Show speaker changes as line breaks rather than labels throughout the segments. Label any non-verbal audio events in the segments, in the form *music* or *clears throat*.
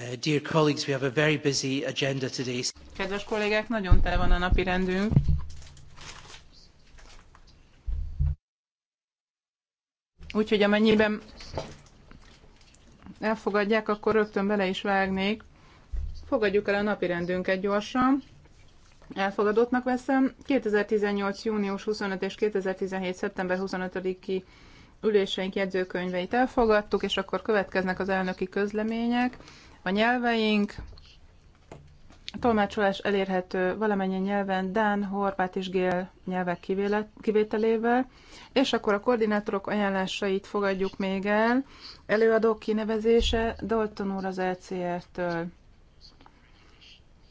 Uh, dear colleagues, we have a very busy agenda today.
Kedves kollégák, nagyon tele van a napi rendünk. Úgyhogy amennyiben elfogadják, akkor rögtön bele is vágnék. Fogadjuk el a napi rendünket gyorsan. Elfogadottnak veszem. 2018. június 25 és 2017. szeptember 25-i üléseink jegyzőkönyveit elfogadtuk, és akkor következnek az elnöki közlemények a nyelveink. A tolmácsolás elérhető valamennyi nyelven, Dán, Horvát és Gél nyelvek kivételével. És akkor a koordinátorok ajánlásait fogadjuk még el. Előadók kinevezése Dalton úr az LCR-től. E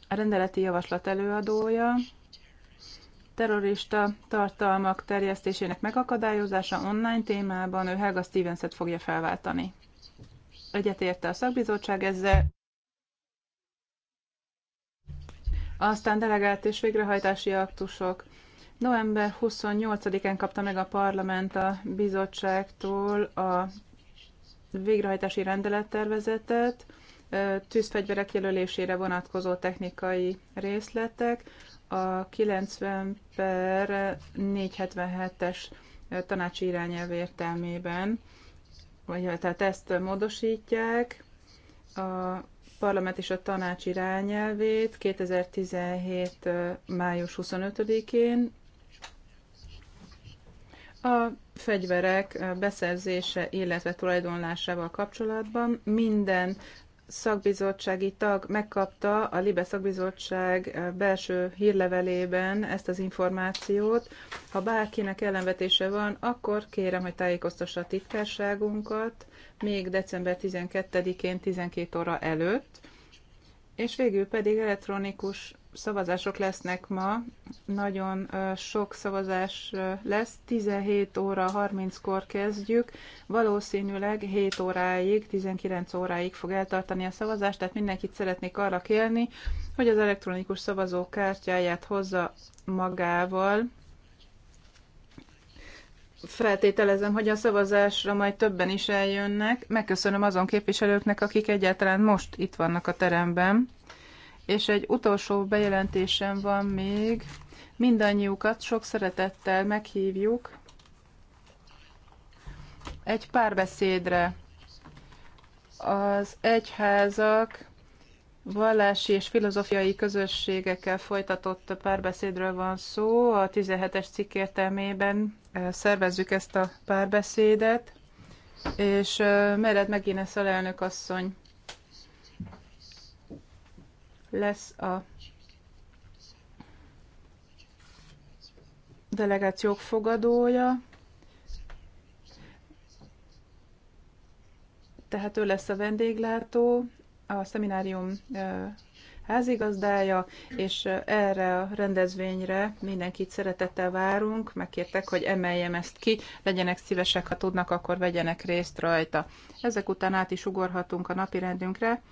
a rendeleti javaslat előadója terrorista tartalmak terjesztésének megakadályozása online témában ő Helga Stevenset fogja felváltani egyetérte a szakbizottság ezzel. Aztán delegált és végrehajtási aktusok. November 28-án kapta meg a parlament a bizottságtól a végrehajtási rendelettervezetet, tűzfegyverek jelölésére vonatkozó technikai részletek, a 90 per 477-es tanácsi irányelv értelmében vagy tehát ezt módosítják, a parlament és a tanács irányelvét 2017. május 25-én a fegyverek beszerzése, illetve tulajdonlásával kapcsolatban minden szakbizottsági tag megkapta a Libe szakbizottság eh, belső hírlevelében ezt az információt. Ha bárkinek ellenvetése van, akkor kérem, hogy tájékoztassa a titkárságunkat még december 12-én 12 óra előtt, és végül pedig elektronikus szavazások lesznek ma, nagyon sok szavazás lesz, 17 óra 30-kor kezdjük, valószínűleg 7 óráig, 19 óráig fog eltartani a szavazást, tehát mindenkit szeretnék arra kérni, hogy az elektronikus szavazókártyáját hozza magával, Feltételezem, hogy a szavazásra majd többen is eljönnek. Megköszönöm azon képviselőknek, akik egyáltalán most itt vannak a teremben. És egy utolsó bejelentésem van még. Mindannyiukat sok szeretettel meghívjuk egy párbeszédre. Az egyházak vallási és filozófiai közösségekkel folytatott párbeszédről van szó. A 17-es cikk értelmében eh, szervezzük ezt a párbeszédet, és eh, mered megint a elnök asszony lesz a delegációk fogadója, tehát ő lesz a vendéglátó, a szeminárium házigazdája, és erre a rendezvényre mindenkit szeretettel várunk. Megkértek, hogy emeljem ezt ki, legyenek szívesek, ha tudnak, akkor vegyenek részt rajta. Ezek után át is ugorhatunk a napi rendünkre.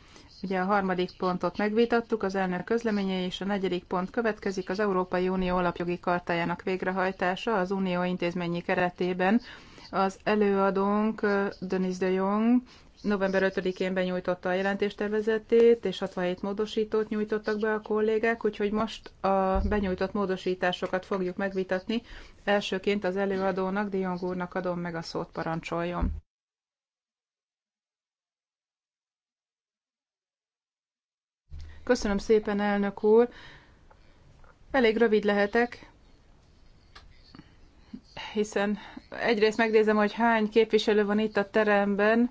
Ugye a harmadik pontot megvitattuk, az elnök közleménye és a negyedik pont következik, az Európai Unió alapjogi kartájának végrehajtása az unió intézményi keretében. Az előadónk Denis de Jong november 5-én benyújtotta a jelentéstervezetét, és 67 módosítót nyújtottak be a kollégák, úgyhogy most a benyújtott módosításokat fogjuk megvitatni. Elsőként az előadónak, Dion úrnak adom meg a szót, parancsoljon. Köszönöm szépen, elnök úr. Elég rövid lehetek, hiszen egyrészt megnézem, hogy hány képviselő van itt a teremben,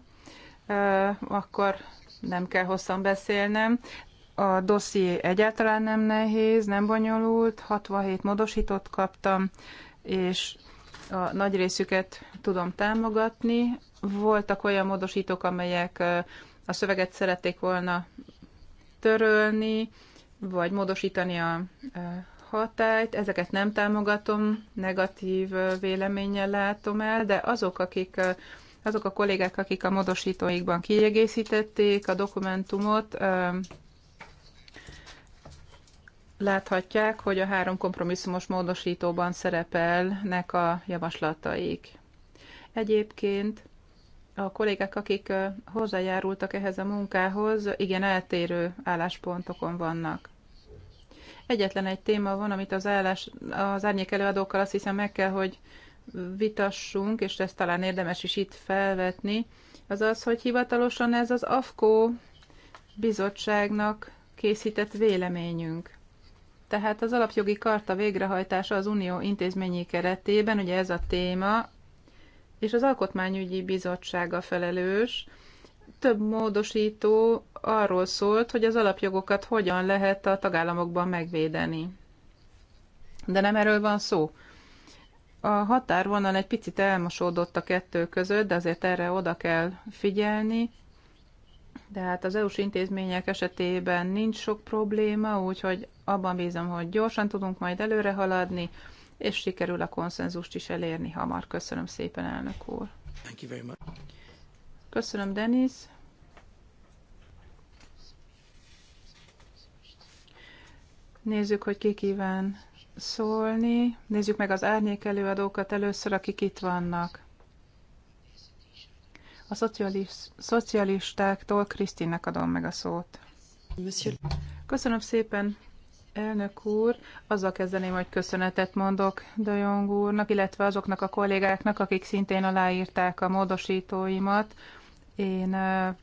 akkor nem kell hosszan beszélnem. A dosszié egyáltalán nem nehéz, nem bonyolult, 67 módosítót kaptam, és a nagy részüket tudom támogatni. Voltak olyan módosítók, amelyek a szöveget szerették volna törölni, vagy módosítani a e, hatályt, ezeket nem támogatom, negatív e, véleménnyel látom el, de azok, akik e, azok a kollégák, akik a módosítóikban kiegészítették a dokumentumot, láthatják, hogy a három kompromisszumos módosítóban szerepelnek a javaslataik. Egyébként a kollégák, akik hozzájárultak ehhez a munkához, igen eltérő álláspontokon vannak. Egyetlen egy téma van, amit az, állás, az árnyék előadókkal azt hiszem meg kell, hogy vitassunk, és ezt talán érdemes is itt felvetni, az az, hogy hivatalosan ez az AFKO bizottságnak készített véleményünk. Tehát az alapjogi karta végrehajtása az unió intézményi keretében, ugye ez a téma, és az Alkotmányügyi Bizottsága felelős. Több módosító arról szólt, hogy az alapjogokat hogyan lehet a tagállamokban megvédeni. De nem erről van szó. A határvonal egy picit elmosódott a kettő között, de azért erre oda kell figyelni. De hát az EU-s intézmények esetében nincs sok probléma, úgyhogy abban bízom, hogy gyorsan tudunk majd előre haladni és sikerül a konszenzust is elérni hamar. Köszönöm szépen, elnök úr. Thank you very much. Köszönöm, Denis. Nézzük, hogy ki kíván szólni. Nézzük meg az árnyék előadókat először, akik itt vannak. A szocialis- szocialistáktól Krisztinnek adom meg a szót. Köszönöm szépen, Elnök úr, azzal kezdeném, hogy köszönetet mondok Dajong úrnak, illetve azoknak a kollégáknak, akik szintén aláírták a módosítóimat. Én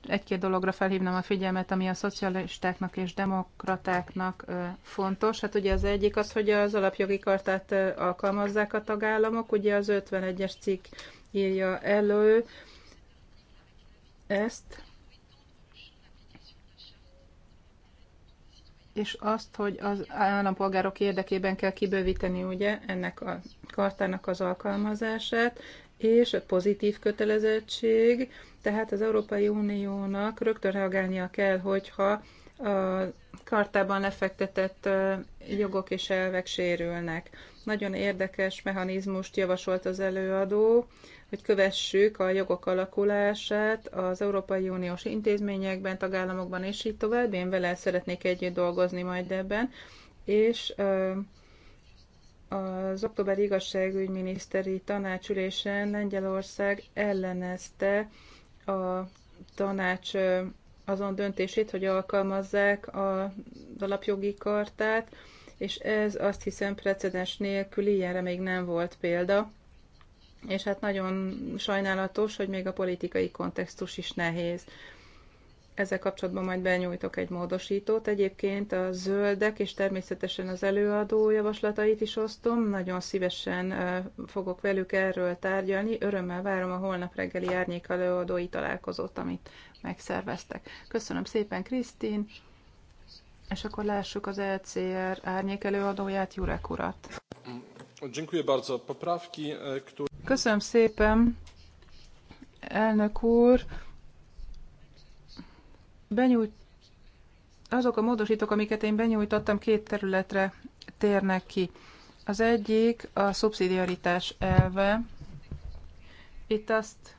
egy-két dologra felhívnám a figyelmet, ami a szocialistáknak és demokratáknak fontos. Hát ugye az egyik az, hogy az alapjogi kartát alkalmazzák a tagállamok, ugye az 51-es cikk írja elő ezt, és azt, hogy az állampolgárok érdekében kell kibővíteni ugye ennek a kartának az alkalmazását, és pozitív kötelezettség, tehát az Európai Uniónak rögtön reagálnia kell, hogyha a kartában lefektetett jogok és elvek sérülnek. Nagyon érdekes mechanizmust javasolt az előadó, hogy kövessük a jogok alakulását az Európai Uniós intézményekben, tagállamokban és így tovább. Én vele szeretnék együtt dolgozni majd ebben. És az októberi igazságügyminiszteri tanácsülésen Lengyelország ellenezte a tanács azon döntését, hogy alkalmazzák az alapjogi kartát, és ez azt hiszem precedens nélkül ilyenre még nem volt példa, és hát nagyon sajnálatos, hogy még a politikai kontextus is nehéz. Ezzel kapcsolatban majd benyújtok egy módosítót. Egyébként a zöldek és természetesen az előadó javaslatait is osztom. Nagyon szívesen fogok velük erről tárgyalni. Örömmel várom a holnap reggeli árnyék előadói találkozót, amit megszerveztek. Köszönöm szépen, Krisztin! És akkor lássuk az LCR e árnyék előadóját, Jurek urat. E, Köszönöm szépen, elnök úr. Benyújt, azok a módosítók, amiket én benyújtottam, két területre térnek ki. Az egyik a szubszidiaritás elve. Itt azt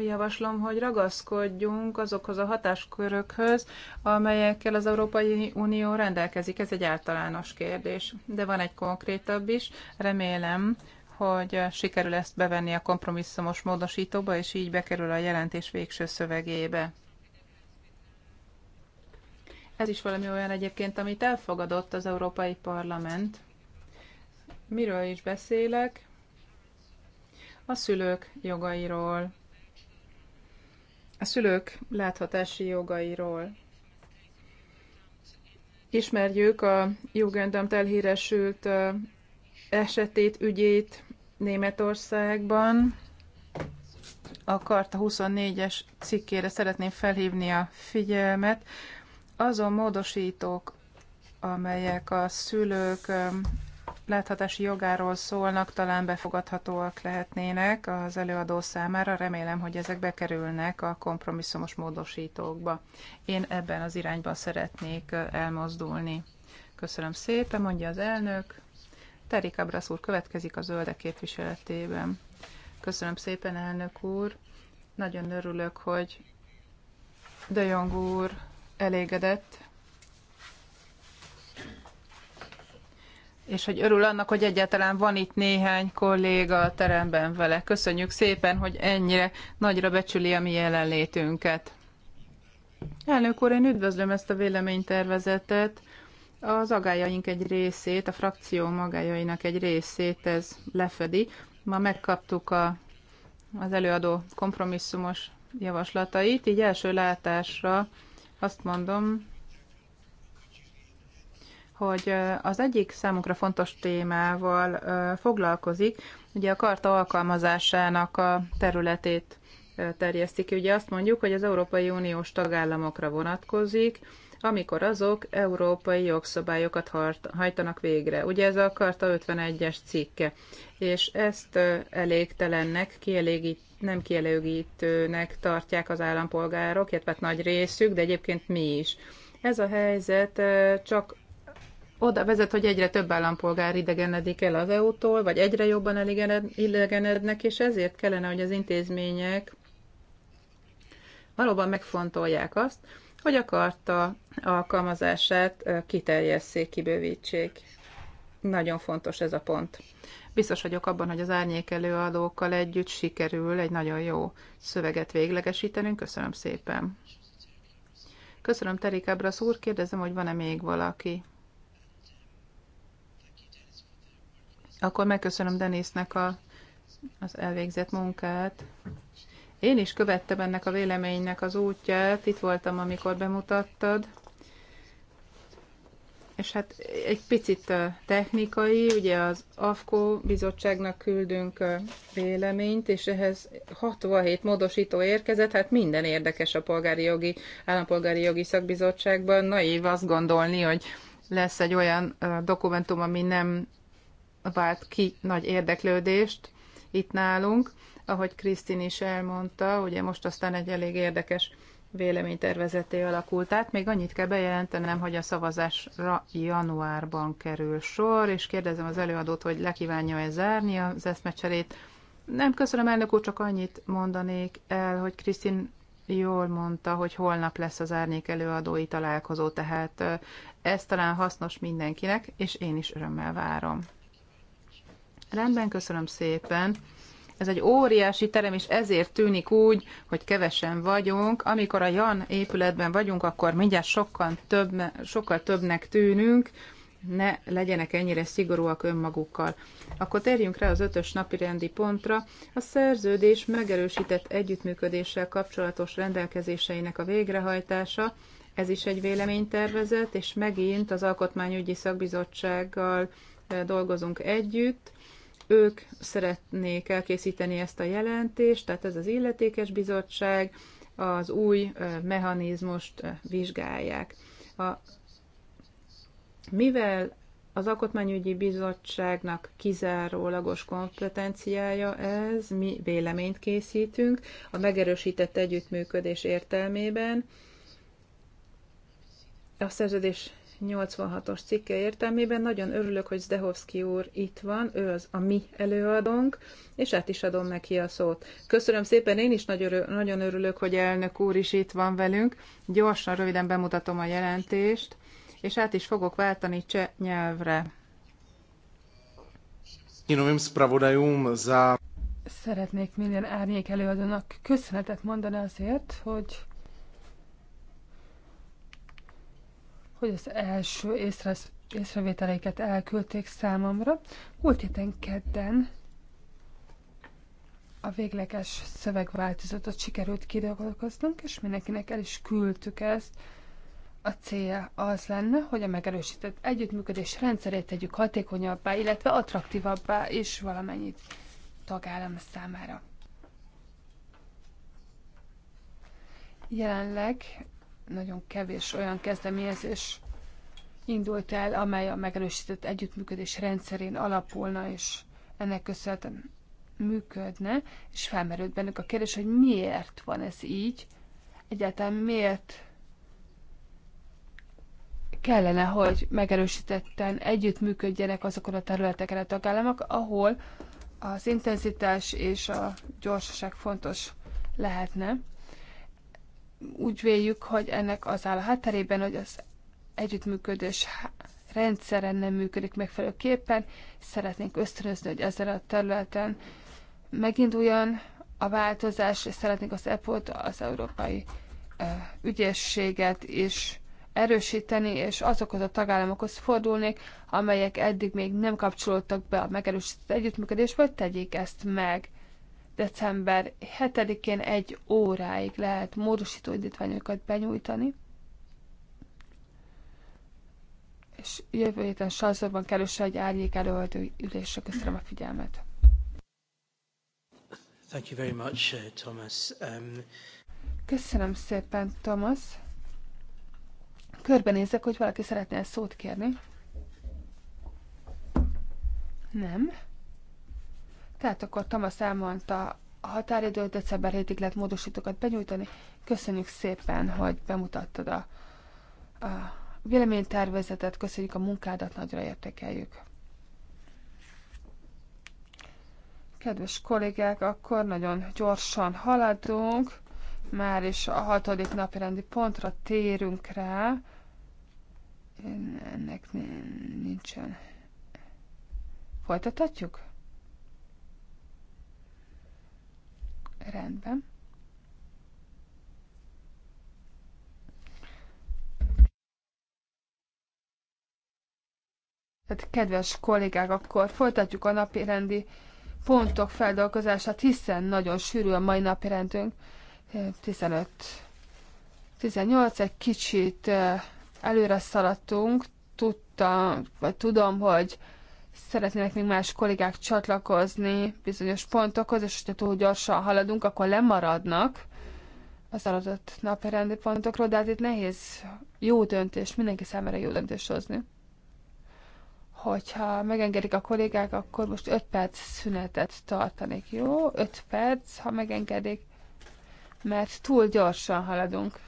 javaslom, hogy ragaszkodjunk azokhoz a hatáskörökhöz, amelyekkel az Európai Unió rendelkezik. Ez egy általános kérdés, de van egy konkrétabb is. Remélem, hogy sikerül ezt bevenni a kompromisszumos módosítóba, és így bekerül a jelentés végső szövegébe. Ez is valami olyan egyébként, amit elfogadott az Európai Parlament. Miről is beszélek? A szülők jogairól a szülők láthatási jogairól. Ismerjük a Jugendamt elhíresült esetét, ügyét Németországban. A Karta 24-es cikkére szeretném felhívni a figyelmet. Azon módosítók, amelyek a szülők láthatási jogáról szólnak, talán befogadhatóak lehetnének az előadó számára. Remélem, hogy ezek bekerülnek a kompromisszumos módosítókba. Én ebben az irányban szeretnék elmozdulni. Köszönöm szépen, mondja az elnök. Terik Abrasz úr következik a zöldek képviseletében. Köszönöm szépen, elnök úr. Nagyon örülök, hogy De Jong úr elégedett és hogy örül annak, hogy egyáltalán van itt néhány kolléga a teremben vele. Köszönjük szépen, hogy ennyire nagyra becsüli a mi jelenlétünket. Elnök úr, én üdvözlöm ezt a véleménytervezetet. Az agájaink egy részét, a frakció magájainak egy részét ez lefedi. Ma megkaptuk a, az előadó kompromisszumos javaslatait, így első látásra azt mondom, hogy az egyik számunkra fontos témával foglalkozik, ugye a karta alkalmazásának a területét terjesztik ki. Ugye azt mondjuk, hogy az Európai Uniós tagállamokra vonatkozik, amikor azok európai jogszabályokat hajtanak végre. Ugye ez a Karta 51-es cikke, és ezt elégtelennek, kielégít, nem kielégítőnek tartják az állampolgárok, illetve hát nagy részük, de egyébként mi is. Ez a helyzet csak oda vezet, hogy egyre több állampolgár idegenedik el az EU-tól, vagy egyre jobban idegenednek, és ezért kellene, hogy az intézmények valóban megfontolják azt, hogy akarta alkalmazását kiterjesszék, kibővítsék. Nagyon fontos ez a pont. Biztos vagyok abban, hogy az árnyék előadókkal együtt sikerül egy nagyon jó szöveget véglegesítenünk. Köszönöm szépen. Köszönöm, Terik Ábrasz úr. Kérdezem, hogy van-e még valaki? Akkor megköszönöm Denisnek a, az elvégzett munkát. Én is követtem ennek a véleménynek az útját, itt voltam, amikor bemutattad. És hát egy picit technikai, ugye az AFKO bizottságnak küldünk véleményt, és ehhez 67 módosító érkezett, hát minden érdekes a polgári jogi, állampolgári jogi szakbizottságban. Naív azt gondolni, hogy lesz egy olyan dokumentum, ami nem vált ki nagy érdeklődést itt nálunk. Ahogy Krisztin is elmondta, ugye most aztán egy elég érdekes véleménytervezeté alakult át. Még annyit kell bejelentenem, hogy a szavazásra januárban kerül sor, és kérdezem az előadót, hogy lekívánja-e zárni az eszmecserét. Nem, köszönöm elnök úr, csak annyit mondanék el, hogy Krisztin jól mondta, hogy holnap lesz az árnyék előadói találkozó, tehát ez talán hasznos mindenkinek, és én is örömmel várom. Rendben, köszönöm szépen. Ez egy óriási terem, és ezért tűnik úgy, hogy kevesen vagyunk. Amikor a Jan épületben vagyunk, akkor mindjárt sokkal, több, sokkal többnek tűnünk. Ne legyenek ennyire szigorúak önmagukkal. Akkor térjünk rá az ötös napi rendi pontra. A szerződés megerősített együttműködéssel kapcsolatos rendelkezéseinek a végrehajtása. Ez is egy véleménytervezet, és megint az Alkotmányügyi Szakbizottsággal eh, dolgozunk együtt ők szeretnék elkészíteni ezt a jelentést, tehát ez az illetékes bizottság az új mechanizmust vizsgálják. A, mivel az Alkotmányügyi Bizottságnak kizárólagos kompetenciája ez, mi véleményt készítünk a megerősített együttműködés értelmében. A szerződés 86-os cikke értelmében. Nagyon örülök, hogy Zdehovszki úr itt van, ő az a mi előadónk, és át is adom neki a szót. Köszönöm szépen, én is nagyon örülök, hogy elnök úr is itt van velünk. Gyorsan, röviden bemutatom a jelentést, és át is fogok váltani cseh nyelvre.
Szeretnék minden árnyék előadónak köszönetet mondani azért, hogy hogy az első észre, észrevételeiket elküldték számomra. Múlt héten kedden a végleges szövegváltozatot sikerült kidolgoznunk, és mindenkinek el is küldtük ezt. A célja az lenne, hogy a megerősített együttműködés rendszerét tegyük hatékonyabbá, illetve attraktívabbá is valamennyit tagállam számára. Jelenleg nagyon kevés olyan kezdeményezés indult el, amely a megerősített együttműködés rendszerén alapulna, és ennek köszönhetően működne, és felmerült bennük a kérdés, hogy miért van ez így, egyáltalán miért kellene, hogy megerősítetten együttműködjenek azokon a területeken a tagállamok, ahol az intenzitás és a gyorsaság fontos lehetne úgy véljük, hogy ennek az áll a hátterében, hogy az együttműködés rendszeren nem működik megfelelőképpen. Szeretnénk ösztönözni, hogy ezzel a területen meginduljon a változás, és szeretnénk az EPO-t, az Európai ügyességet is erősíteni, és azokhoz a tagállamokhoz fordulnék, amelyek eddig még nem kapcsolódtak be a megerősített együttműködésbe, tegyék ezt meg december 7-én egy óráig lehet módosító indítványokat benyújtani. És jövő héten Salzorban kerülse egy árnyék előadó ülésre. Köszönöm a figyelmet.
Thank you very much, uh, Thomas. Um...
Köszönöm szépen, Thomas. Körbenézek, hogy valaki szeretne szót kérni. Nem. Tehát akkor Tamasz elmondta a határidőt, december 7-ig lehet módosítókat benyújtani. Köszönjük szépen, hogy bemutattad a, a véleménytervezetet, köszönjük a munkádat, nagyra értékeljük. Kedves kollégák, akkor nagyon gyorsan haladunk, már is a hatodik napi rendi pontra térünk rá. Ennek nincsen. Folytatjuk. Rendben. kedves kollégák, akkor folytatjuk a napi rendi pontok feldolgozását, hiszen nagyon sűrű a mai napi rendünk. 15 18, egy kicsit eh, előre szaladtunk, tudtam, vagy tudom, hogy szeretnének még más kollégák csatlakozni bizonyos pontokhoz, és hogyha túl gyorsan haladunk, akkor lemaradnak az adott napi rendi pontokról, de hát itt nehéz jó döntést, mindenki számára jó döntést hozni. Hogyha megengedik a kollégák, akkor most 5 perc szünetet tartanék, jó? 5 perc, ha megengedik, mert túl gyorsan haladunk.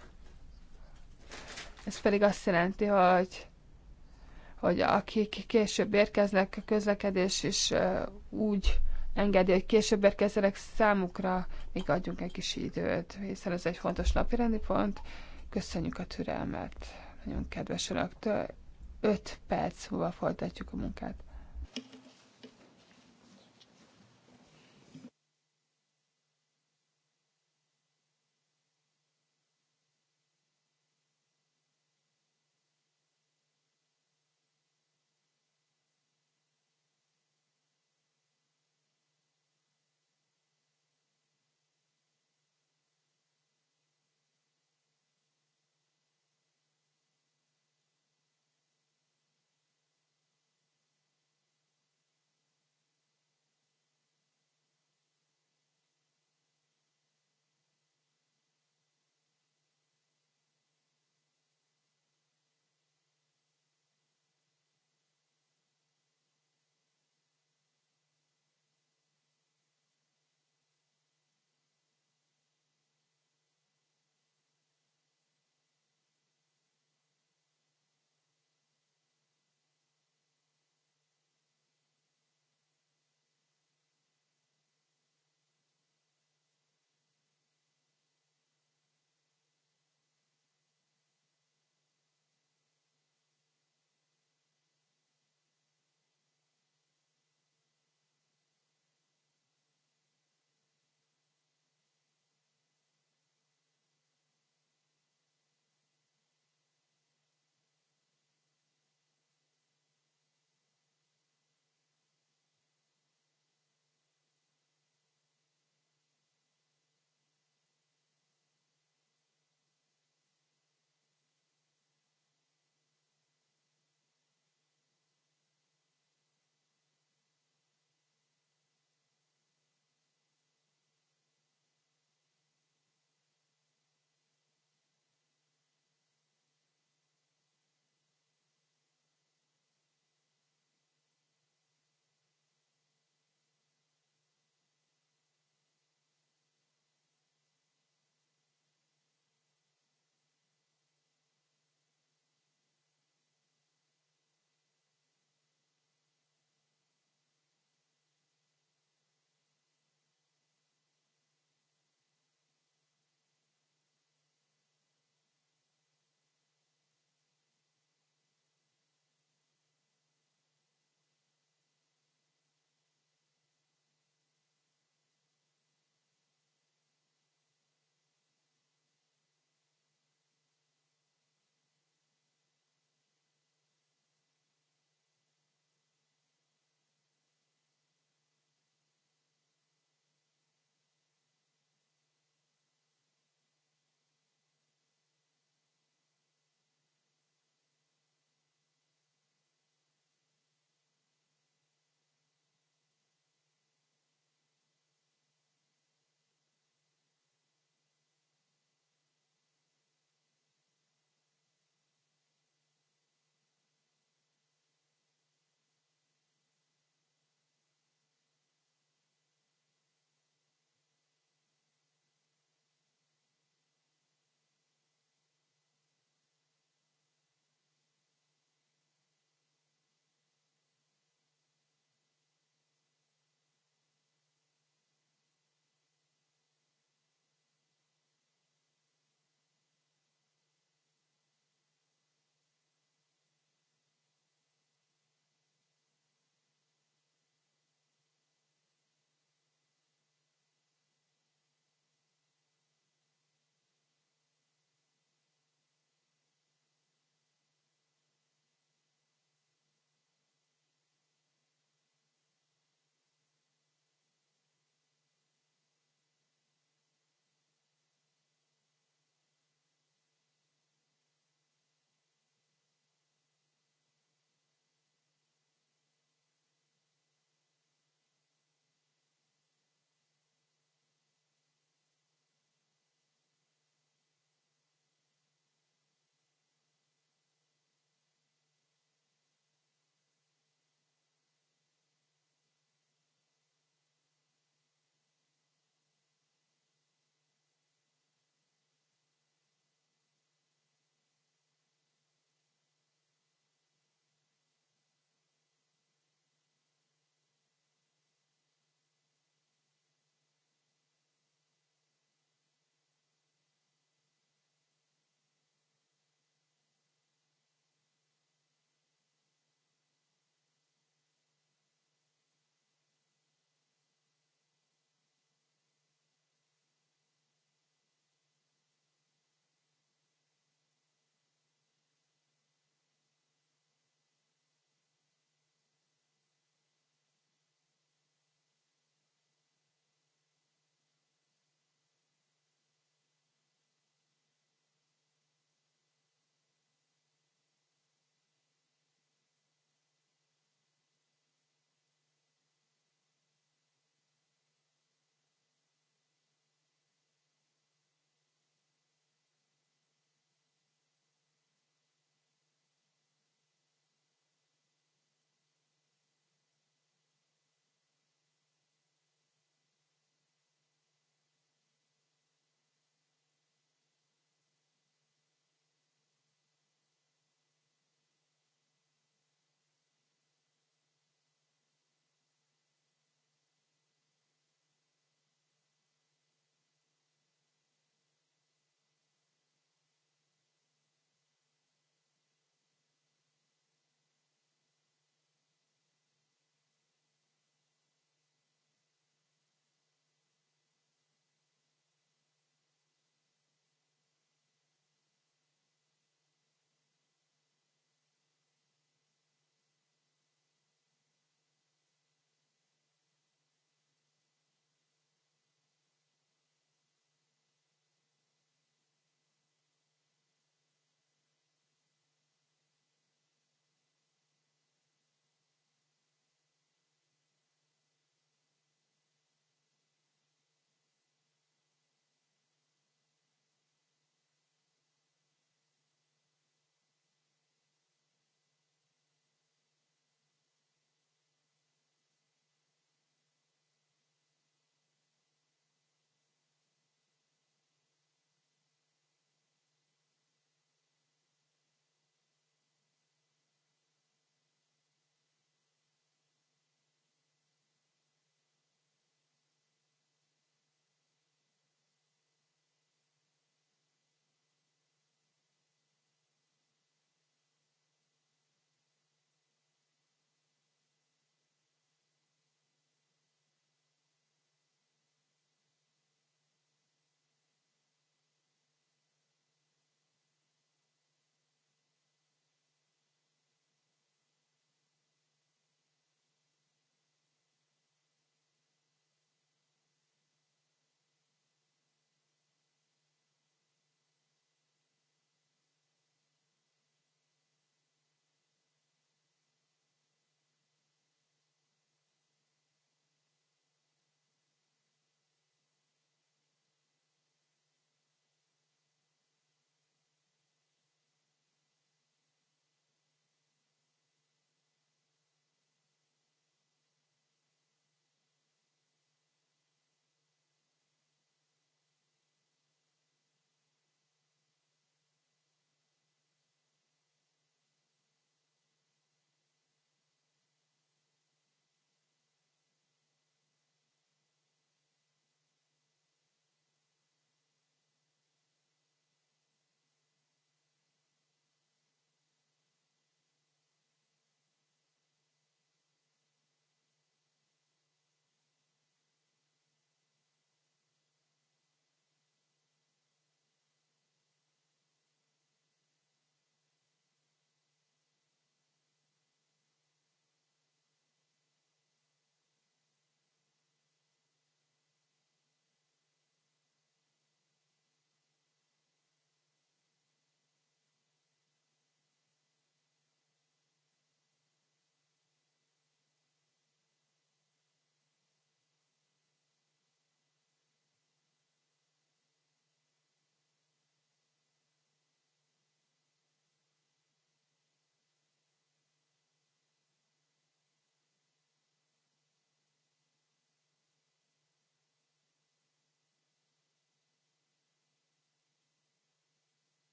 Ez pedig azt jelenti, hogy hogy akik később érkeznek, a közlekedés is úgy engedi, hogy később érkezzenek számukra, még adjunk egy kis időt, hiszen ez egy fontos napirendi pont. Köszönjük a türelmet, nagyon kedves önöktől. Öt perc múlva folytatjuk a munkát.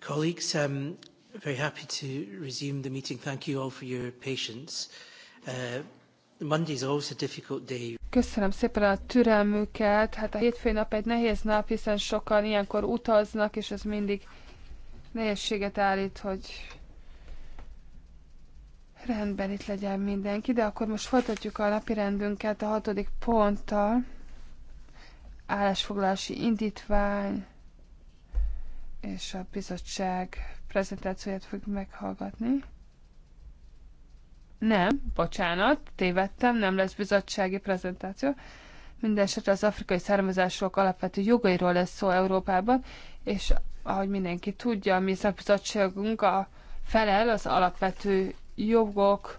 Colleagues, I'm very happy to resume the meeting. Thank you all for your patience. Uh, Monday is always a difficult day.
Köszönöm szépen a türelmüket. Hát a hétfői nap egy nehéz nap, hiszen sokan ilyenkor utaznak, és ez mindig nehézséget állít, hogy rendben itt legyen mindenki, de akkor most folytatjuk a napi rendünket a hatodik ponttal. Állásfoglalási indítvány és a bizottság prezentációját fog meghallgatni. Nem, bocsánat, tévedtem, nem lesz bizottsági prezentáció. Mindenesetre az afrikai származások alapvető jogairól lesz szó Európában, és ahogy mindenki tudja, mi szakbizottságunk a felel az alapvető jogok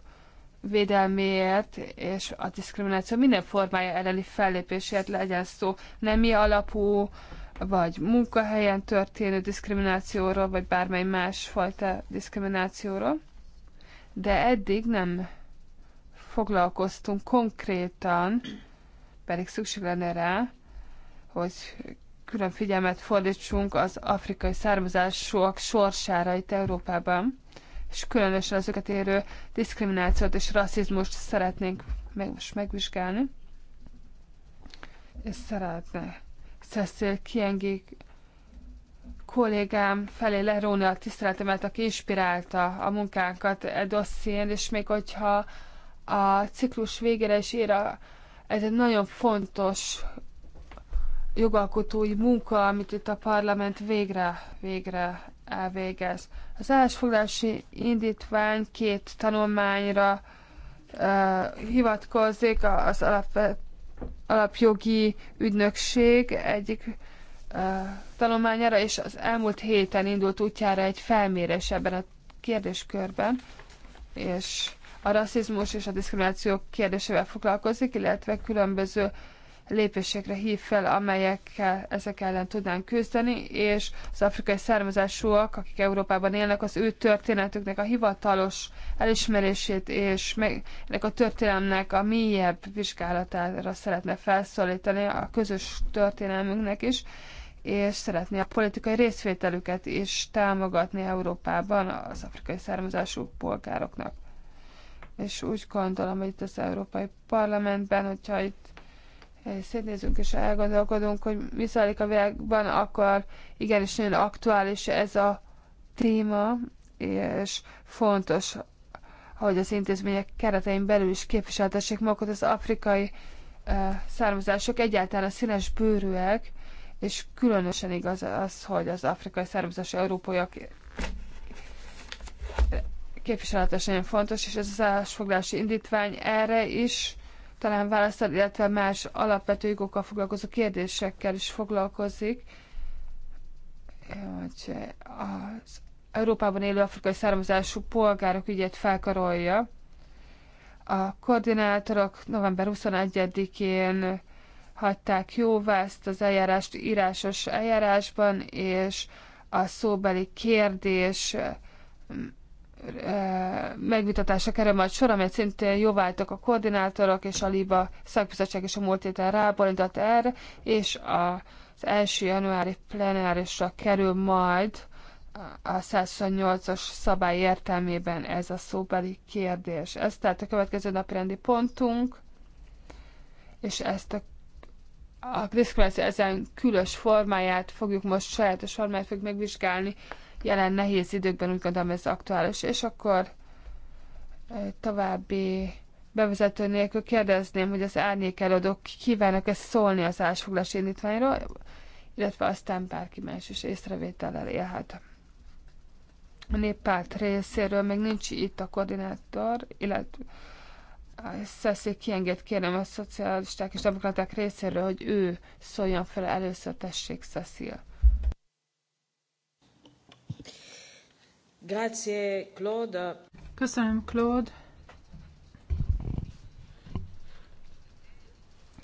védelméért és a diszkrimináció minden formája elleni fellépésért legyen szó nemi alapú, vagy munkahelyen történő diszkriminációról, vagy bármely másfajta diszkriminációról, de eddig nem foglalkoztunk konkrétan, pedig szükség lenne rá, hogy külön figyelmet fordítsunk az afrikai származásúak sorsára itt Európában, és különösen az őket érő diszkriminációt és rasszizmust szeretnénk meg, most megvizsgálni. És szeretnék Cecil Kiengi kollégám felé leróni a tiszteletemet, aki inspirálta a munkánkat e dosszén, és még hogyha a ciklus végére is ér, a, ez egy nagyon fontos jogalkotói munka, amit itt a parlament végre, végre elvégez. Az állásfoglalási indítvány két tanulmányra uh, hivatkozik, az alapvető alapjogi ügynökség egyik tanulmányára, és az elmúlt héten indult útjára egy felmérés ebben a kérdéskörben, és a rasszizmus és a diszkrimináció kérdésével foglalkozik, illetve különböző lépésekre hív fel, amelyekkel ezek ellen tudnánk küzdeni, és az afrikai származásúak, akik Európában élnek, az ő történetüknek a hivatalos elismerését és meg, ennek a történelmnek a mélyebb vizsgálatára szeretne felszólítani a közös történelmünknek is, és szeretné a politikai részvételüket is támogatni Európában az afrikai származású polgároknak. És úgy gondolom, hogy itt az Európai Parlamentben, hogyha itt szétnézünk és elgondolkodunk, hogy mi zajlik a világban, akkor igenis nagyon aktuális ez a téma, és fontos, hogy az intézmények keretein belül is képviseltessék magukat az afrikai származások egyáltalán a színes bőrűek, és különösen igaz az, hogy az afrikai származású európaiak képviseletesen fontos, és ez az állásfoglási indítvány erre is talán válaszol, illetve más alapvető jogokkal foglalkozó kérdésekkel is foglalkozik. az Európában élő afrikai származású polgárok ügyet felkarolja. A koordinátorok november 21-én hagyták jóvá ezt az eljárást írásos eljárásban, és a szóbeli kérdés megvitatása kerül majd sor, amelyet szintén jóváltak a koordinátorok, és a LIBA szakbizottság és a múlt héten ráborított erre, és a, az első januári plenárisra kerül majd a 128-as szabály értelmében ez a szóbeli kérdés. Ez tehát a következő napi rendi pontunk, és ezt a a diszkrimináció ezen különös formáját fogjuk most sajátos formáját fogjuk megvizsgálni jelen nehéz időkben úgy gondolom ez aktuális. És akkor további bevezető nélkül kérdezném, hogy az árnyékelődők kívánok kívánnak-e szólni az állásfoglás indítványról, illetve aztán bárki más is észrevétellel élhet. A néppárt részéről még nincs itt a koordinátor, illetve Szeszi kienged kérem a szocialisták és demokraták részéről, hogy ő szóljon fel először, tessék Szeszil.
Grazie, Claude.
Köszönöm, Claude.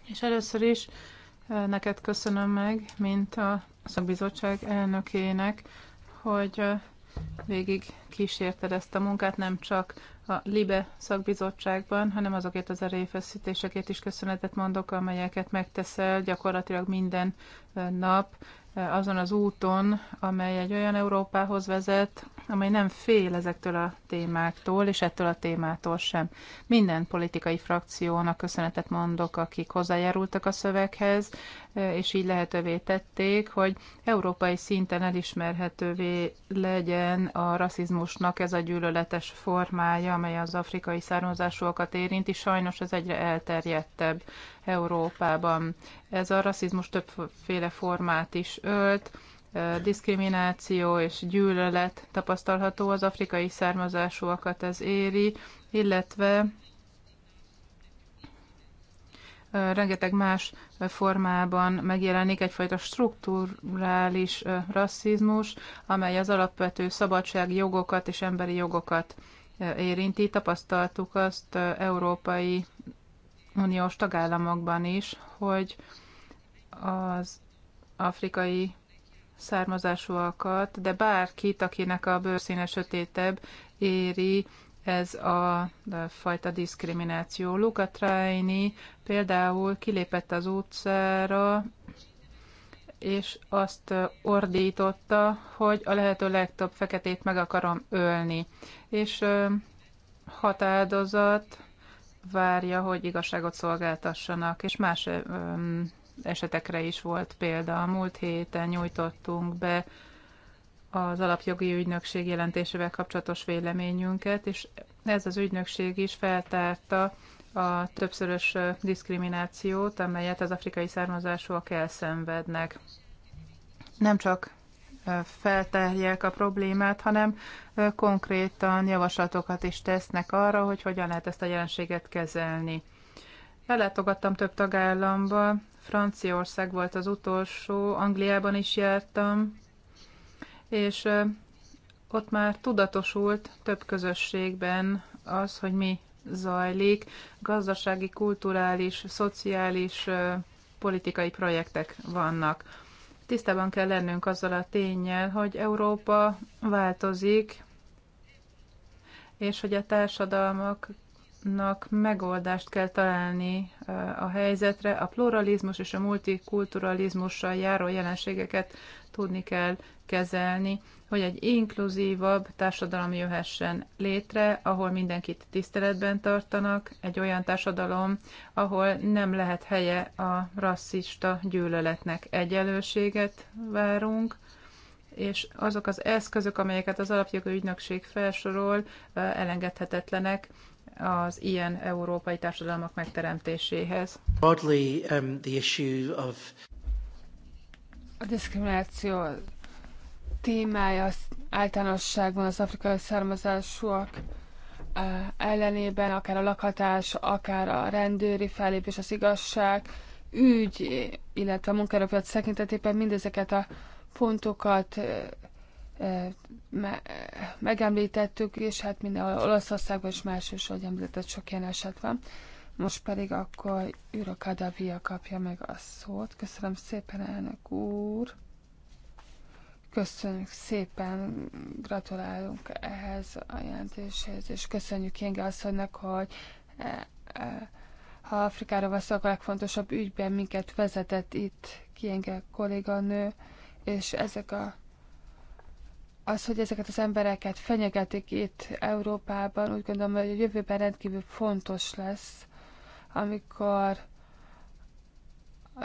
És először is eh, neked köszönöm meg, mint a szakbizottság elnökének, hogy eh, végig kísérted ezt a munkát, nem csak a LIBE szakbizottságban, hanem azokért az erőfeszítésekért is köszönetet mondok, amelyeket megteszel gyakorlatilag minden eh, nap azon az úton, amely egy olyan Európához vezet, amely nem fél ezektől a témáktól, és ettől a témától sem. Minden politikai frakciónak köszönetet mondok, akik hozzájárultak a szöveghez, és így lehetővé tették, hogy európai szinten elismerhetővé legyen a rasszizmusnak ez a gyűlöletes formája, amely az afrikai származásúakat érinti. Sajnos ez egyre elterjedtebb Európában. Ez a rasszizmus többféle formát is ölt, diszkrimináció és gyűlölet tapasztalható az afrikai származásúakat ez éri, illetve rengeteg más formában megjelenik egyfajta strukturális rasszizmus, amely az alapvető szabadságjogokat és emberi jogokat érinti. Tapasztaltuk azt európai uniós tagállamokban is, hogy az afrikai származásúakat, de bárkit, akinek a bőrszíne sötétebb, éri ez a fajta diszkrimináció. Luca Traini például kilépett az utcára, és azt ordította, hogy a lehető legtöbb feketét meg akarom ölni. És hat áldozat várja, hogy igazságot szolgáltassanak, és más esetekre is volt példa. A múlt héten nyújtottunk be az alapjogi ügynökség jelentésével kapcsolatos véleményünket, és ez az ügynökség is feltárta a többszörös diszkriminációt, amelyet az afrikai származásúak elszenvednek. Nem csak feltárják a problémát, hanem konkrétan javaslatokat is tesznek arra, hogy hogyan lehet ezt a jelenséget kezelni. Ellátogattam több tagállamba, Franciaország volt az utolsó, Angliában is jártam, és ott már tudatosult több közösségben az, hogy mi zajlik, gazdasági, kulturális, szociális, politikai projektek vannak. Tisztában kell lennünk azzal a tényel, hogy Európa változik, és hogy a társadalmak nak megoldást kell találni a helyzetre. A pluralizmus és a multikulturalizmussal járó jelenségeket tudni kell kezelni, hogy egy inkluzívabb társadalom jöhessen létre, ahol mindenkit tiszteletben tartanak, egy olyan társadalom, ahol nem lehet helye a rasszista gyűlöletnek. Egyenlőséget várunk, és azok az eszközök, amelyeket az alapjogi ügynökség felsorol, elengedhetetlenek az ilyen európai társadalmak megteremtéséhez.
Broadly, um, the issue of...
A diszkrimináció témája az
általánosságban az afrikai származásúak eh, ellenében, akár a lakhatás, akár a rendőri fellépés, az igazság, ügy, illetve a munkaerőpiac tekintetében mindezeket a pontokat eh, me megemlítettük, és hát minden Olaszországban is más is, hogy említett, sok ilyen eset van. Most pedig akkor Jura Kadavia kapja meg a szót. Köszönöm szépen, elnök úr! Köszönjük szépen, gratulálunk ehhez a jelentéshez, és köszönjük Jenge asszonynak, hogy e, e, ha Afrikára veszek a legfontosabb ügyben minket vezetett itt Jenge kolléganő, és ezek a az, hogy ezeket az embereket fenyegetik itt Európában, úgy gondolom, hogy a jövőben rendkívül fontos lesz, amikor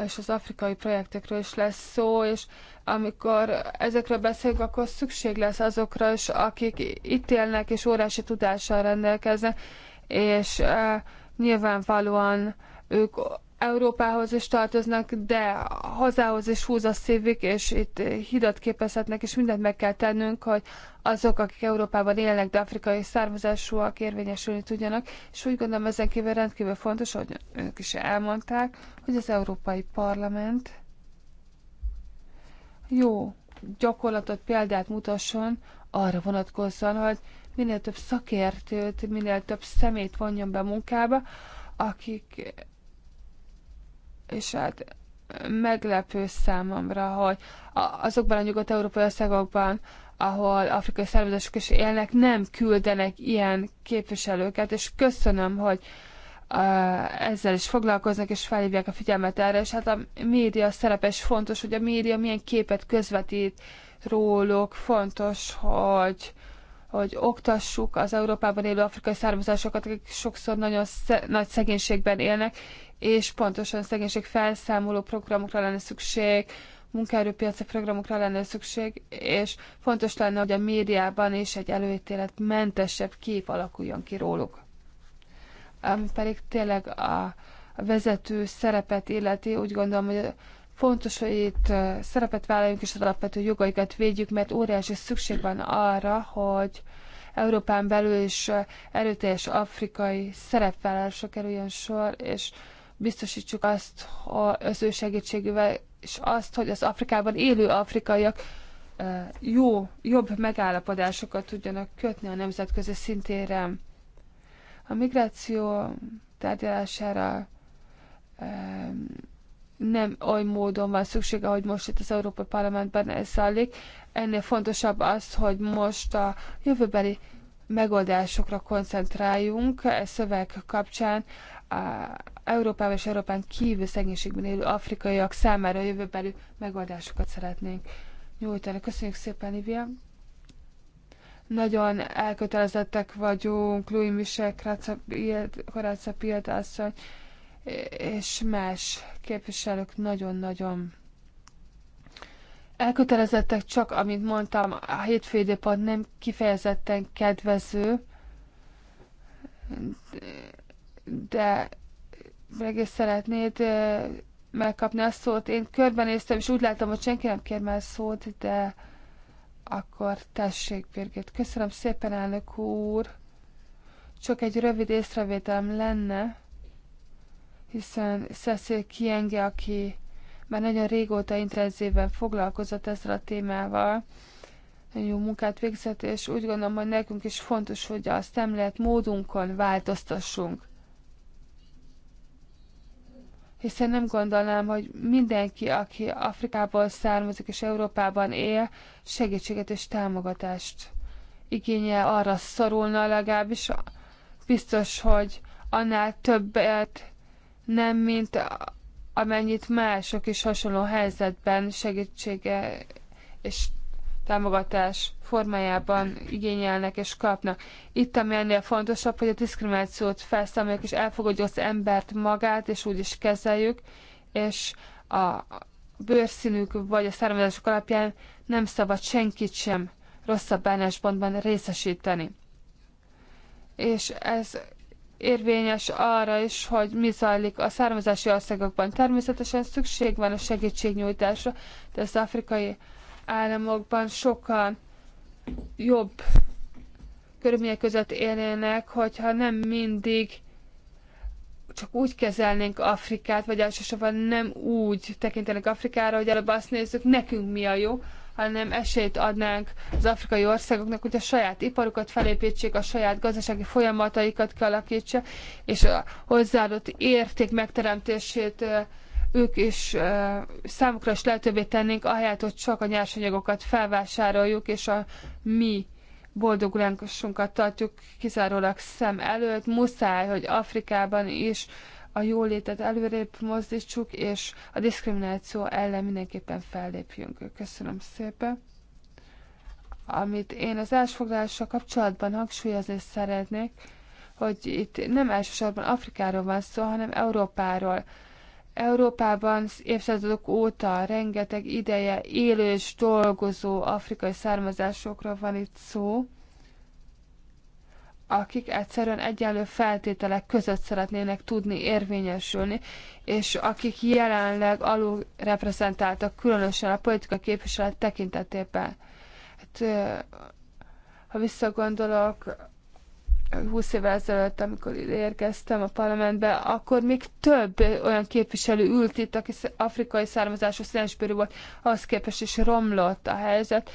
és az afrikai projektekről is lesz szó, és amikor ezekről beszélünk, akkor szükség lesz azokra is, akik itt élnek és órási tudással rendelkeznek, és uh, nyilvánvalóan ők Európához is tartoznak, de hazához is húz a szívük, és itt hidat képezhetnek, és mindent meg kell tennünk, hogy azok, akik Európában élnek, de afrikai származásúak érvényesülni tudjanak, és úgy gondolom ezen kívül rendkívül fontos, hogy ők is elmondták, hogy az Európai Parlament jó gyakorlatot, példát mutasson arra vonatkozóan, hogy minél több szakértőt, minél több szemét vonjon be munkába, akik és hát meglepő számomra, hogy azokban a nyugat-európai országokban, ahol afrikai szervezetek is élnek, nem küldenek ilyen képviselőket, és köszönöm, hogy ezzel is foglalkoznak, és felhívják a figyelmet erre, és hát a média szerepe is fontos, hogy a média milyen képet közvetít róluk, fontos, hogy hogy oktassuk az Európában élő afrikai származásokat, akik sokszor nagyon sze- nagy szegénységben élnek, és pontosan szegénység felszámoló programokra lenne szükség, munkaerőpiaci programokra lenne szükség, és fontos lenne, hogy a médiában is egy előítélet mentesebb kép alakuljon ki róluk. Ami pedig tényleg a vezető szerepet illeti, úgy gondolom, hogy fontos, hogy itt szerepet vállaljunk és az alapvető jogaikat védjük, mert óriási szükség van arra, hogy Európán belül is erőteljes afrikai szerepvállalásra kerüljön sor, és biztosítsuk azt az ő segítségével, és azt, hogy az Afrikában élő afrikaiak jó, jobb megállapodásokat tudjanak kötni a nemzetközi szintére. A migráció tárgyalására nem oly módon van szüksége, hogy most itt az Európai Parlamentben ez zajlik. Ennél fontosabb az, hogy most a jövőbeli megoldásokra koncentráljunk e szöveg kapcsán, Európában és Európán kívül szegénységben élő afrikaiak számára jövőbeli megoldásokat szeretnénk nyújtani. Köszönjük szépen, Ivia! Nagyon elkötelezettek vagyunk, Louis Michel, Karáca Pildászony és más képviselők nagyon-nagyon elkötelezettek, csak amint mondtam, a hétfői nem kifejezetten kedvező, de is szeretnéd megkapni a szót. Én körbenéztem, és úgy láttam, hogy senki nem kér már szót, de akkor tessék, Birgit. Köszönöm szépen, elnök úr. Csak egy rövid észrevételem lenne, hiszen Cecil Kienge, aki már nagyon régóta intenzíven foglalkozott ezzel a témával, nagyon jó munkát végzett, és úgy gondolom, hogy nekünk is fontos, hogy a szemlélet módunkon változtassunk hiszen nem gondolnám, hogy mindenki, aki Afrikából származik és Európában él, segítséget és támogatást igényel, arra szorulna legalábbis. Biztos, hogy annál többet nem, mint amennyit mások is hasonló helyzetben segítsége és támogatás formájában igényelnek és kapnak. Itt, ami ennél fontosabb, hogy a diszkriminációt felszámoljuk és elfogadjuk az embert magát, és úgy is kezeljük, és a bőrszínük vagy a származásuk alapján nem szabad senkit sem rosszabb bánásbontban részesíteni. És ez érvényes arra is, hogy mi zajlik a származási országokban. Természetesen szükség van a segítségnyújtásra, de az afrikai államokban sokkal jobb körülmények között élnének, hogyha nem mindig csak úgy kezelnénk Afrikát, vagy elsősorban nem úgy tekintenek Afrikára, hogy előbb azt nézzük, nekünk mi a jó, hanem esélyt adnánk az afrikai országoknak, hogy a saját iparukat felépítsék, a saját gazdasági folyamataikat kialakítsa, és a hozzáadott érték megteremtését ők is számukra is lehetővé tennénk, ahelyett, hogy csak a nyersanyagokat felvásároljuk, és a mi boldogulánkosunkat tartjuk kizárólag szem előtt. Muszáj, hogy Afrikában is a jólétet előrébb mozdítsuk, és a diszkrimináció ellen mindenképpen fellépjünk. Köszönöm szépen. Amit én az elsfoglalással kapcsolatban hangsúlyozni szeretnék, hogy itt nem elsősorban Afrikáról van szó, hanem Európáról. Európában évszázadok óta rengeteg ideje élő és dolgozó afrikai származásokra van itt szó, akik egyszerűen egyenlő feltételek között szeretnének tudni érvényesülni, és akik jelenleg alul reprezentáltak, különösen a politika képviselet tekintetében. Hát, ha visszagondolok 20 évvel ezelőtt, amikor érkeztem a parlamentbe, akkor még több olyan képviselő ült itt, aki afrikai származású színesbőrű volt, ahhoz képest is romlott a helyzet,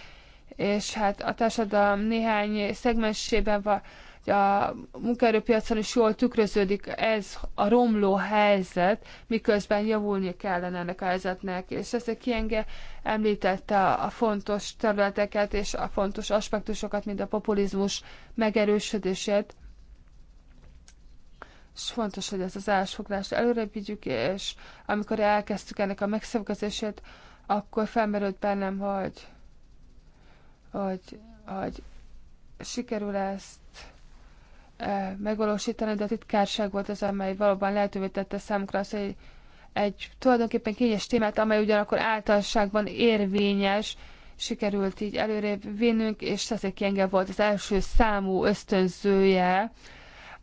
és hát a társadalom néhány szegmensében van a munkaerőpiacon is jól tükröződik ez a romló helyzet, miközben javulni kellene ennek a helyzetnek. És a Kienge említette a fontos területeket és a fontos aspektusokat, mint a populizmus megerősödését. És fontos, hogy ezt az állásfoglalást előre vigyük, és amikor elkezdtük ennek a megszövgezését, akkor felmerült bennem, hogy, hogy, hogy sikerül ezt megvalósítani, de a titkárság volt az, amely valóban lehetővé tette számukra azt, hogy egy tulajdonképpen kényes témát, amely ugyanakkor általánosságban érvényes, sikerült így előrébb vinnünk, és Szeszéki Jenge volt az első számú ösztönzője,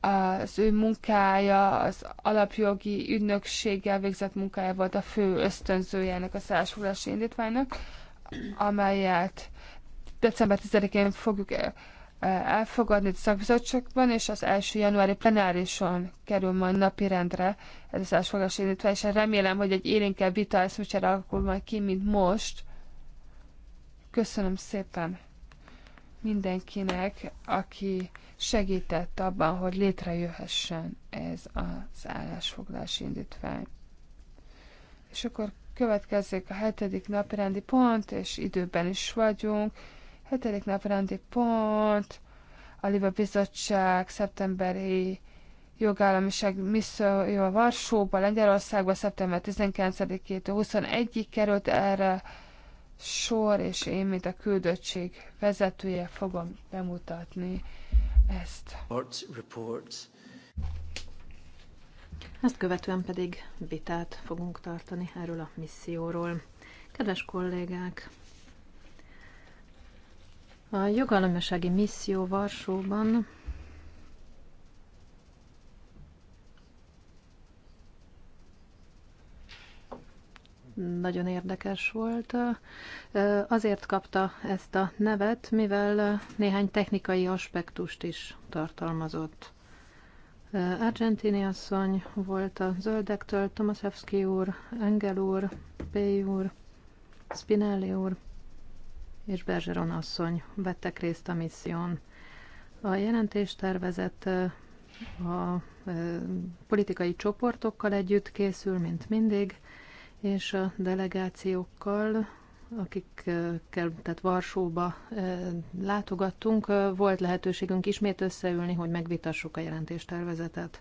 az ő munkája, az alapjogi ügynökséggel végzett munkája volt a fő ösztönzője ennek a szállásfoglalási indítványnak, amelyet december 10-én fogjuk elfogadni a szakbizottságban, és az első januári plenárison kerül majd napirendre ez az elfogadás indítva, és hát remélem, hogy egy élénkebb vita eszmecsere alakul majd ki, mint most. Köszönöm szépen mindenkinek, aki segített abban, hogy létrejöhessen ez az állásfoglalási indítvány. És akkor következik a hetedik napirendi pont, és időben is vagyunk. Hetedik naprendi pont, a Liba Bizottság szeptemberi jogállamiság missziója Varsóba, Lengyelországba szeptember 19-től 21-ig került erre sor, és én, mint a küldöttség vezetője fogom bemutatni ezt.
Ezt követően pedig vitát fogunk tartani erről a misszióról. Kedves kollégák, a jogállamisági misszió Varsóban nagyon érdekes volt. Azért kapta ezt a nevet, mivel néhány technikai aspektust is tartalmazott. Argentini asszony volt a zöldektől, Tomaszewski úr, Engel úr, P. úr, Spinelli úr, és Bergeron asszony vettek részt a misszión. A tervezett a politikai csoportokkal együtt készül, mint mindig, és a delegációkkal, akikkel, tehát Varsóba látogattunk, volt lehetőségünk ismét összeülni, hogy megvitassuk a jelentéstervezetet.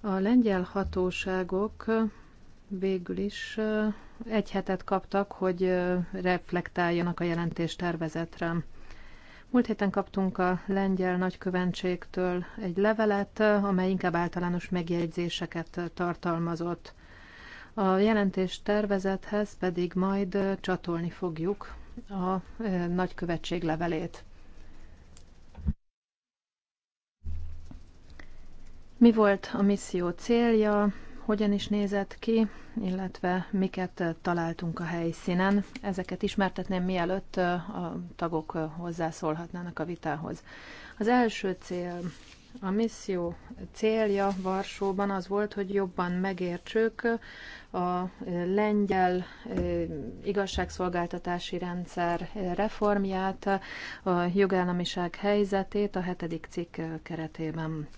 A lengyel hatóságok végül is egy hetet kaptak, hogy reflektáljanak a jelentés tervezetre. Múlt héten kaptunk a lengyel nagyköventségtől egy levelet, amely inkább általános megjegyzéseket tartalmazott. A jelentés tervezethez pedig majd csatolni fogjuk a nagykövetség levelét. Mi volt a misszió célja? hogyan is nézett ki, illetve miket találtunk a helyszínen. Ezeket ismertetném, mielőtt a tagok hozzászólhatnának a vitához. Az első cél, a misszió célja Varsóban az volt, hogy jobban megértsük a lengyel igazságszolgáltatási rendszer reformját, a jogállamiság helyzetét a hetedik cikk keretében.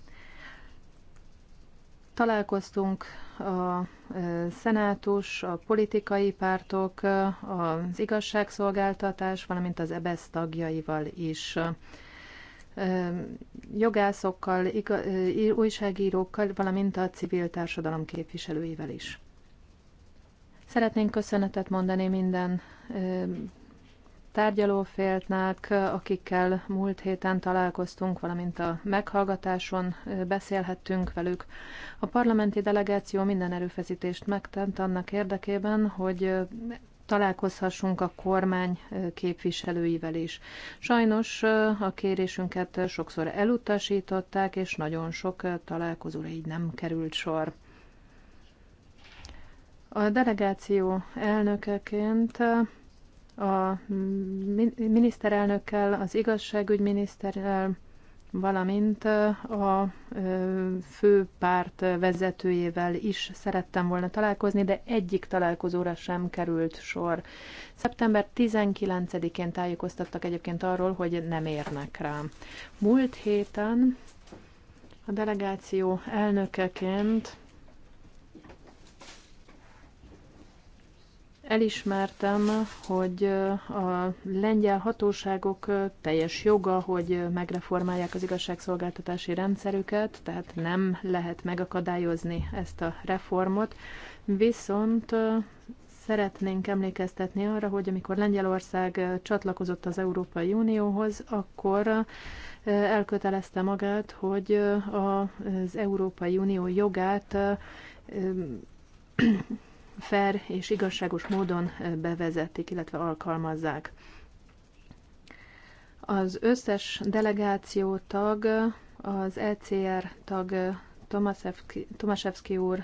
Találkoztunk a szenátus, a politikai pártok, az igazságszolgáltatás, valamint az EBSZ e tagjaival is jogászokkal, újságírókkal, valamint a civil társadalom képviselőivel is. Szeretnénk köszönetet mondani minden tárgyalófélnek, akikkel múlt héten találkoztunk, valamint a meghallgatáson beszélhettünk velük. A parlamenti delegáció minden erőfeszítést megtent annak érdekében, hogy találkozhassunk a kormány képviselőivel is. Sajnos a kérésünket sokszor elutasították, és nagyon sok találkozóra így nem került sor. A delegáció elnökeként a miniszterelnökkel, az igazságügyminiszterrel, valamint a fő párt vezetőjével is szerettem volna találkozni, de egyik találkozóra sem került sor. Szeptember 19-én tájékoztattak egyébként arról, hogy nem érnek rá. Múlt héten a delegáció elnökeként Elismertem, hogy a lengyel hatóságok teljes joga, hogy megreformálják az igazságszolgáltatási rendszerüket, tehát nem lehet megakadályozni ezt a reformot. Viszont szeretnénk emlékeztetni arra, hogy amikor Lengyelország csatlakozott az Európai Unióhoz, akkor elkötelezte magát, hogy az Európai Unió jogát fair és igazságos módon bevezetik, illetve alkalmazzák. Az összes delegáció tag, az ECR tag Tomaszewski úr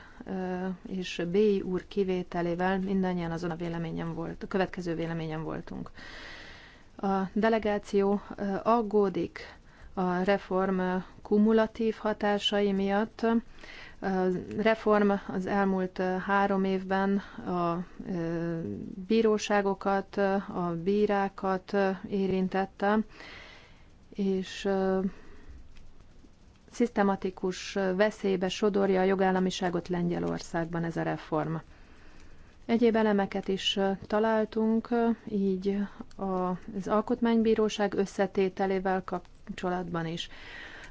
és Béi úr kivételével mindannyian azon a véleményen volt, a következő véleményen voltunk. A delegáció aggódik a reform kumulatív hatásai miatt, a reform az elmúlt három évben a bíróságokat, a bírákat érintette, és szisztematikus veszélybe sodorja a jogállamiságot Lengyelországban ez a reform. Egyéb elemeket is találtunk, így az Alkotmánybíróság összetételével kapcsolatban is.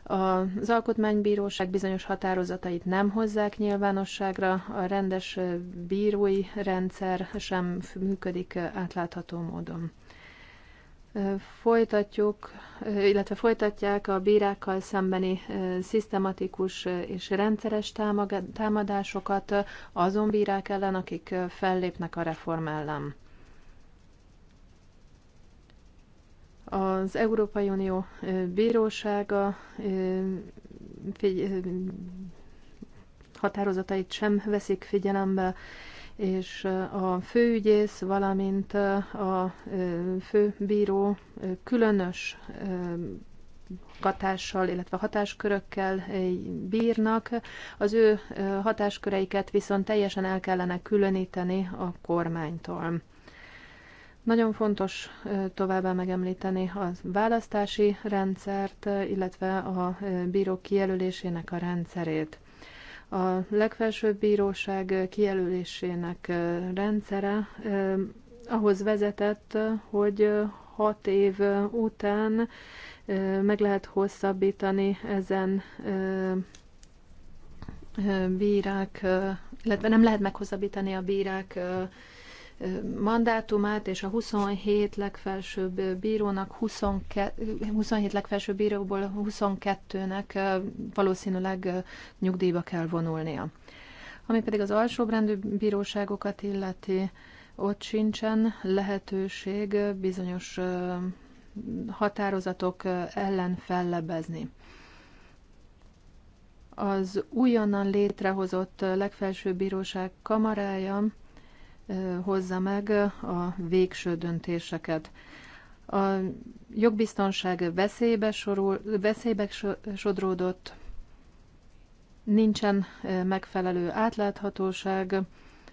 Az alkotmánybíróság bizonyos határozatait nem hozzák nyilvánosságra, a rendes bírói rendszer sem működik átlátható módon. Folytatjuk, illetve folytatják a bírákkal szembeni szisztematikus és rendszeres támadásokat azon bírák ellen, akik fellépnek a reform ellen. Az Európai Unió bírósága határozatait sem veszik figyelembe, és a főügyész, valamint a főbíró különös hatással, illetve hatáskörökkel bírnak. Az ő hatásköreiket viszont teljesen el kellene különíteni a kormánytól. Nagyon fontos továbbá megemlíteni a választási rendszert, illetve a bírók kijelölésének a rendszerét. A legfelsőbb bíróság kijelölésének rendszere ahhoz vezetett, hogy hat év után meg lehet hosszabbítani ezen bírák, illetve nem lehet meghosszabbítani a bírák mandátumát, és a 27 legfelsőbb bírónak, 22, 27 legfelsőbb bíróból 22-nek valószínűleg nyugdíjba kell vonulnia. Ami pedig az alsóbrendű bíróságokat illeti, ott sincsen lehetőség bizonyos határozatok ellen fellebezni az újonnan létrehozott legfelsőbb bíróság kamarája hozza meg a végső döntéseket. A jogbiztonság veszélybe, sorul, veszélybe sodródott, nincsen megfelelő átláthatóság,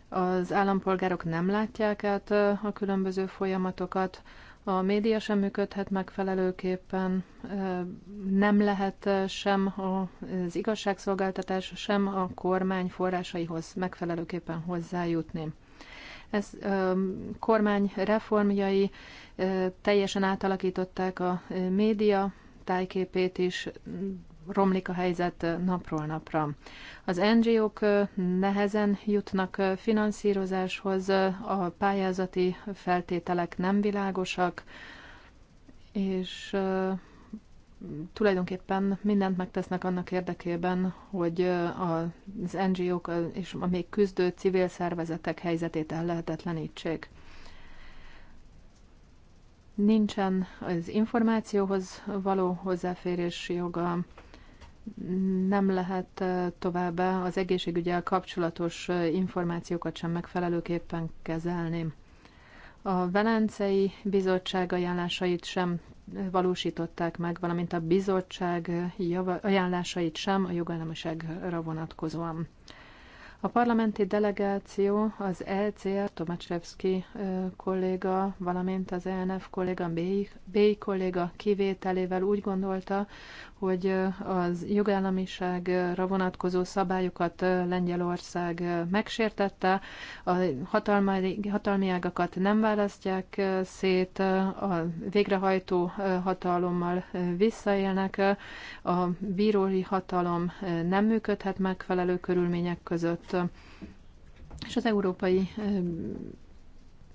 az állampolgárok nem látják át a különböző folyamatokat, a média sem működhet megfelelőképpen, nem lehet sem az igazságszolgáltatás, sem a kormány forrásaihoz megfelelőképpen hozzájutni. Ez kormány reformjai teljesen átalakították a média tájképét is, romlik a helyzet napról napra. Az NGO-k nehezen jutnak finanszírozáshoz, a pályázati feltételek nem világosak, és tulajdonképpen mindent megtesznek annak érdekében, hogy az NGO-k és a még küzdő civil szervezetek helyzetét ellehetetlenítsék. Nincsen az információhoz való hozzáférési joga, nem lehet továbbá az egészségügyel kapcsolatos információkat sem megfelelőképpen kezelni. A Velencei Bizottság ajánlásait sem valósították meg, valamint a bizottság java, ajánlásait sem a jogállamiságra vonatkozóan. A parlamenti delegáció, az ECR, Tomaszewski kolléga, valamint az ENF kolléga, BI kolléga kivételével úgy gondolta, hogy az jogállamiságra vonatkozó szabályokat Lengyelország megsértette, a hatalmi, hatalmi ágakat nem választják szét, a végrehajtó hatalommal visszaélnek, a bírói hatalom nem működhet megfelelő körülmények között, és az Európai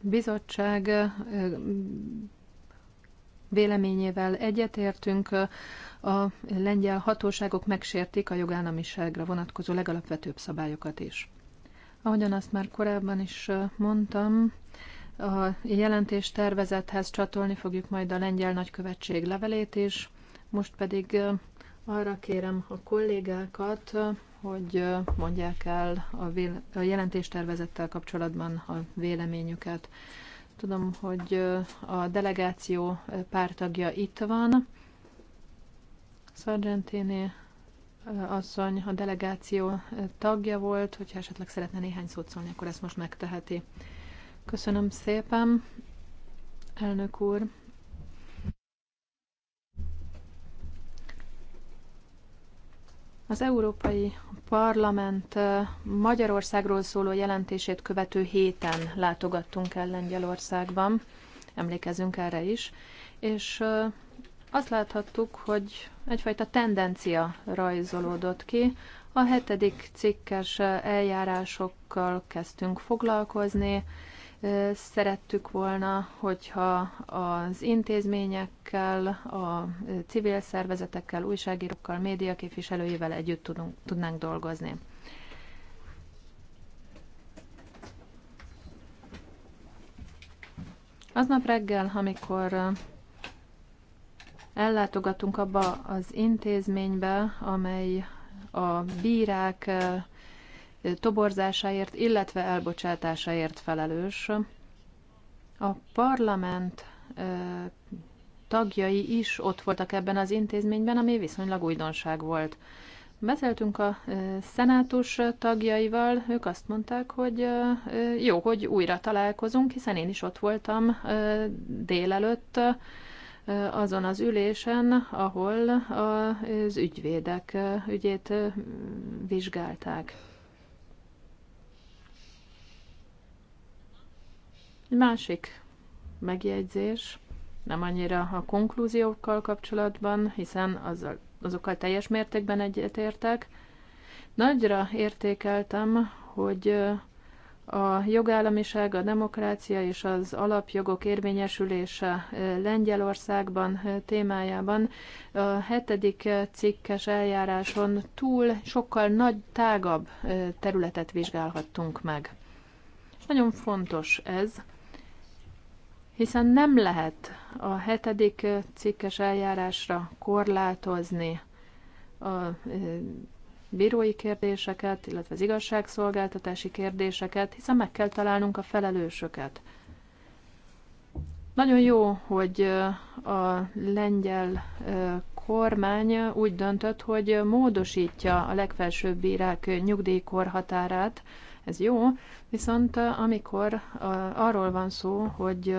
Bizottság véleményével egyetértünk, a lengyel hatóságok megsértik a jogállamiságra vonatkozó legalapvetőbb szabályokat is. Ahogyan azt már korábban is mondtam, a jelentés tervezethez csatolni fogjuk majd a lengyel nagykövetség levelét is, most pedig arra kérem a kollégákat, hogy mondják el a, véle- a jelentéstervezettel kapcsolatban a véleményüket. Tudom, hogy a delegáció pártagja itt van. Sargentini asszony a delegáció tagja volt, hogyha esetleg szeretne néhány szót szólni, akkor ezt most megteheti. Köszönöm szépen, elnök úr. Az Európai Parlament Magyarországról szóló jelentését követő héten látogattunk el Lengyelországban, emlékezünk erre is, és azt láthattuk, hogy egyfajta tendencia rajzolódott ki. A hetedik cikkes eljárásokkal kezdtünk foglalkozni, Szerettük volna, hogyha az intézményekkel, a civil szervezetekkel, újságírókkal, média képviselőivel együtt tudunk, tudnánk dolgozni. Aznap reggel, amikor ellátogatunk abba az intézménybe, amely a bírák toborzásáért, illetve elbocsátásáért felelős. A parlament tagjai is ott voltak ebben az intézményben, ami viszonylag újdonság volt. Beszéltünk a szenátus tagjaival, ők azt mondták, hogy jó, hogy újra találkozunk, hiszen én is ott voltam délelőtt azon az ülésen, ahol az ügyvédek ügyét vizsgálták. Egy másik megjegyzés, nem annyira a konklúziókkal kapcsolatban, hiszen azzal, azokkal teljes mértékben egyetértek. Nagyra értékeltem, hogy a jogállamiság, a demokrácia és az alapjogok érvényesülése Lengyelországban témájában a hetedik cikkes eljáráson túl sokkal nagy, tágabb területet vizsgálhattunk meg. Nagyon fontos ez, hiszen nem lehet a hetedik cikkes eljárásra korlátozni a bírói kérdéseket, illetve az igazságszolgáltatási kérdéseket, hiszen meg kell találnunk a felelősöket. Nagyon jó, hogy a lengyel kormány úgy döntött, hogy módosítja a legfelsőbb bírák nyugdíjkorhatárát, ez jó, viszont amikor arról van szó, hogy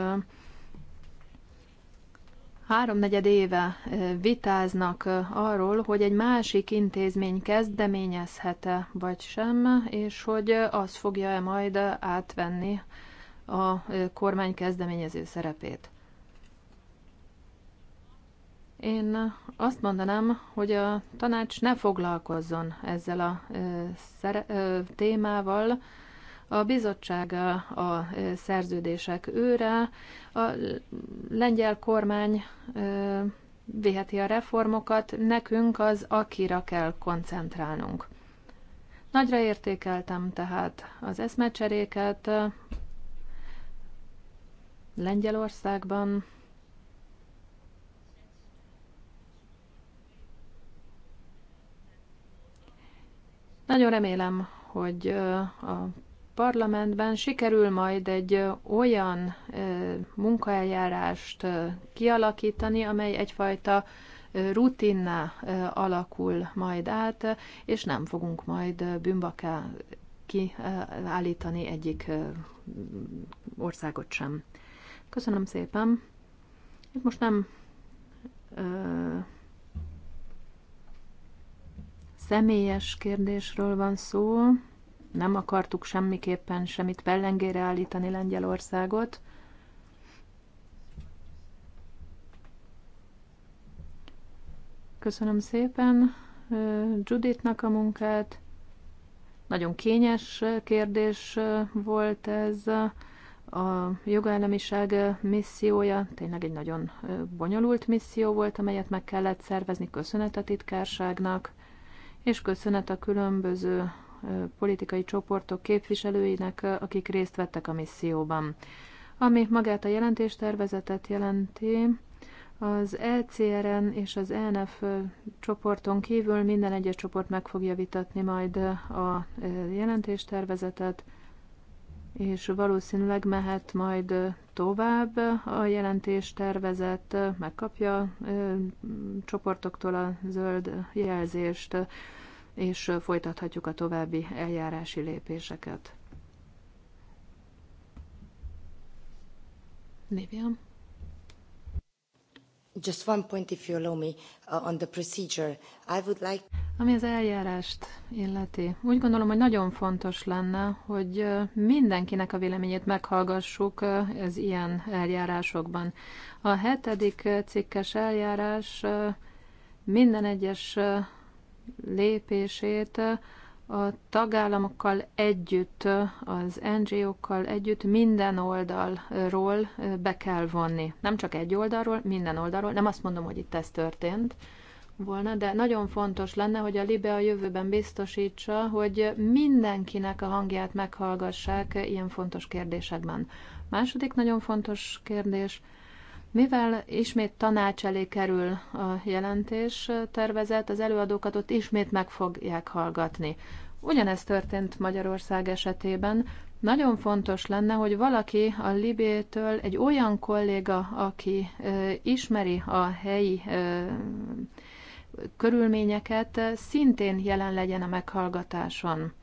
háromnegyed éve vitáznak arról, hogy egy másik intézmény kezdeményezhet-e vagy sem, és hogy az fogja-e majd átvenni a kormány kezdeményező szerepét. Én azt mondanám, hogy a tanács ne foglalkozzon ezzel a témával. A bizottság a szerződések őre, a lengyel kormány viheti a reformokat, nekünk az akira kell koncentrálnunk. Nagyra értékeltem tehát az eszmecseréket Lengyelországban, Nagyon remélem, hogy a parlamentben sikerül majd egy olyan munkaeljárást kialakítani, amely egyfajta rutinná alakul majd át, és nem fogunk majd bűnbaká kiállítani egyik országot sem. Köszönöm szépen. Itt most nem Személyes kérdésről van szó. Nem akartuk semmiképpen semmit pellengére állítani Lengyelországot. Köszönöm szépen Juditnak a munkát. Nagyon kényes kérdés volt ez. A jogállamiság missziója tényleg egy nagyon bonyolult misszió volt, amelyet meg kellett szervezni köszönet a titkárságnak és köszönet a különböző politikai csoportok képviselőinek, akik részt vettek a misszióban. Ami magát a jelentéstervezetet jelenti, az ECRN és az ENF csoporton kívül minden egyes csoport meg fogja vitatni majd a jelentéstervezetet, és valószínűleg mehet majd tovább a jelentéstervezet, megkapja csoportoktól a zöld jelzést és folytathatjuk a további eljárási lépéseket. Lívia? Just one point, if you allow me, uh, on the procedure. I would like... Ami az eljárást illeti, úgy gondolom, hogy nagyon fontos lenne, hogy mindenkinek a véleményét meghallgassuk az ilyen eljárásokban. A hetedik cikkes eljárás minden egyes lépését a tagállamokkal együtt, az NGO-kkal együtt minden oldalról be kell vonni. Nem csak egy oldalról, minden oldalról. Nem azt mondom, hogy itt ez történt volna, de nagyon fontos lenne, hogy a Libe a jövőben biztosítsa, hogy mindenkinek a hangját meghallgassák ilyen fontos kérdésekben. Második nagyon fontos kérdés – mivel ismét tanács elé kerül a jelentés tervezet, az előadókat ott ismét meg fogják hallgatni. Ugyanez történt Magyarország esetében. Nagyon fontos lenne, hogy valaki a Libétől egy olyan kolléga, aki ö, ismeri a helyi ö, körülményeket, szintén jelen legyen a meghallgatáson.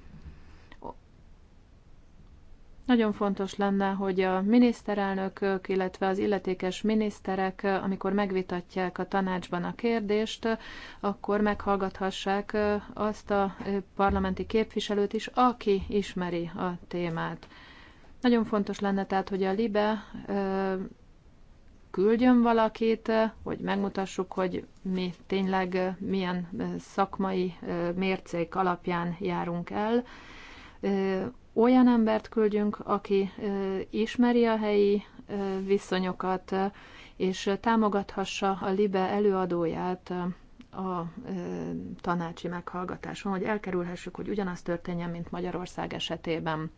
Nagyon fontos lenne, hogy a miniszterelnökök, illetve az illetékes miniszterek, amikor megvitatják a tanácsban a kérdést, akkor meghallgathassák azt a parlamenti képviselőt is, aki ismeri a témát. Nagyon fontos lenne tehát, hogy a LIBE küldjön valakit, hogy megmutassuk, hogy mi tényleg milyen szakmai mércék alapján járunk el olyan embert küldjünk, aki ismeri a helyi viszonyokat, és támogathassa a LIBE előadóját a tanácsi meghallgatáson, hogy elkerülhessük, hogy ugyanaz történjen, mint Magyarország esetében.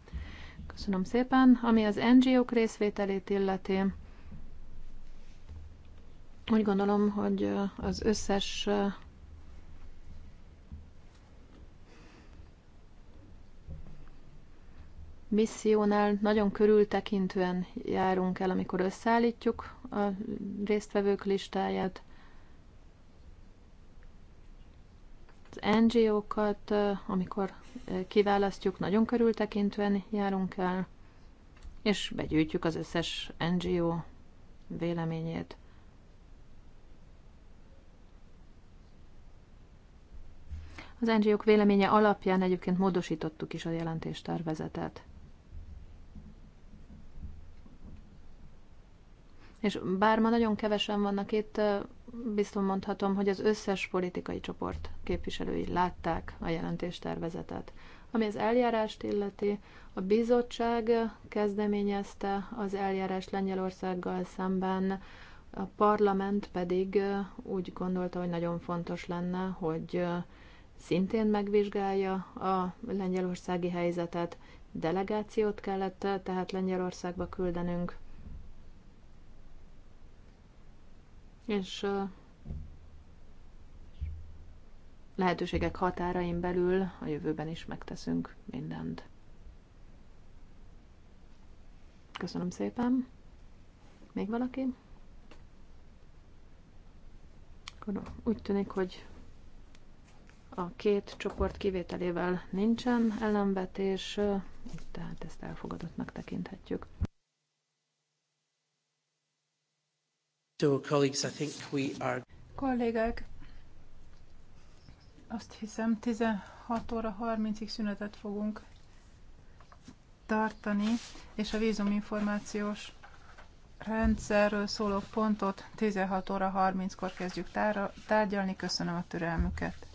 Köszönöm szépen. Ami az NGO-k részvételét illeti, úgy gondolom, hogy az összes missziónál nagyon körültekintően járunk el, amikor összeállítjuk a résztvevők listáját. Az NGO-kat, eh, amikor eh, kiválasztjuk, nagyon körültekintően járunk el, és begyűjtjük az összes NGO véleményét. Az NGO-k véleménye alapján egyébként módosítottuk is a jelentéstervezetet. És bár ma nagyon kevesen vannak itt, biztos mondhatom, hogy az összes politikai csoport képviselői látták a jelentéstervezetet. Ami az eljárást illeti, a bizottság kezdeményezte az eljárást Lengyelországgal szemben, a parlament pedig úgy gondolta, hogy nagyon fontos lenne, hogy szintén megvizsgálja a lengyelországi helyzetet. Delegációt kellett tehát Lengyelországba küldenünk, És lehetőségek határain belül a jövőben is megteszünk mindent. Köszönöm szépen. Még valaki? Úgy tűnik, hogy a két csoport kivételével nincsen ellenvetés, tehát ezt elfogadottnak
tekinthetjük. So, colleagues, I think we are...
Kollégák, azt hiszem 16 óra 30-ig szünetet fogunk tartani, és a vízuminformációs rendszerről szóló pontot 16 óra 30-kor kezdjük tárgyalni. Köszönöm a türelmüket.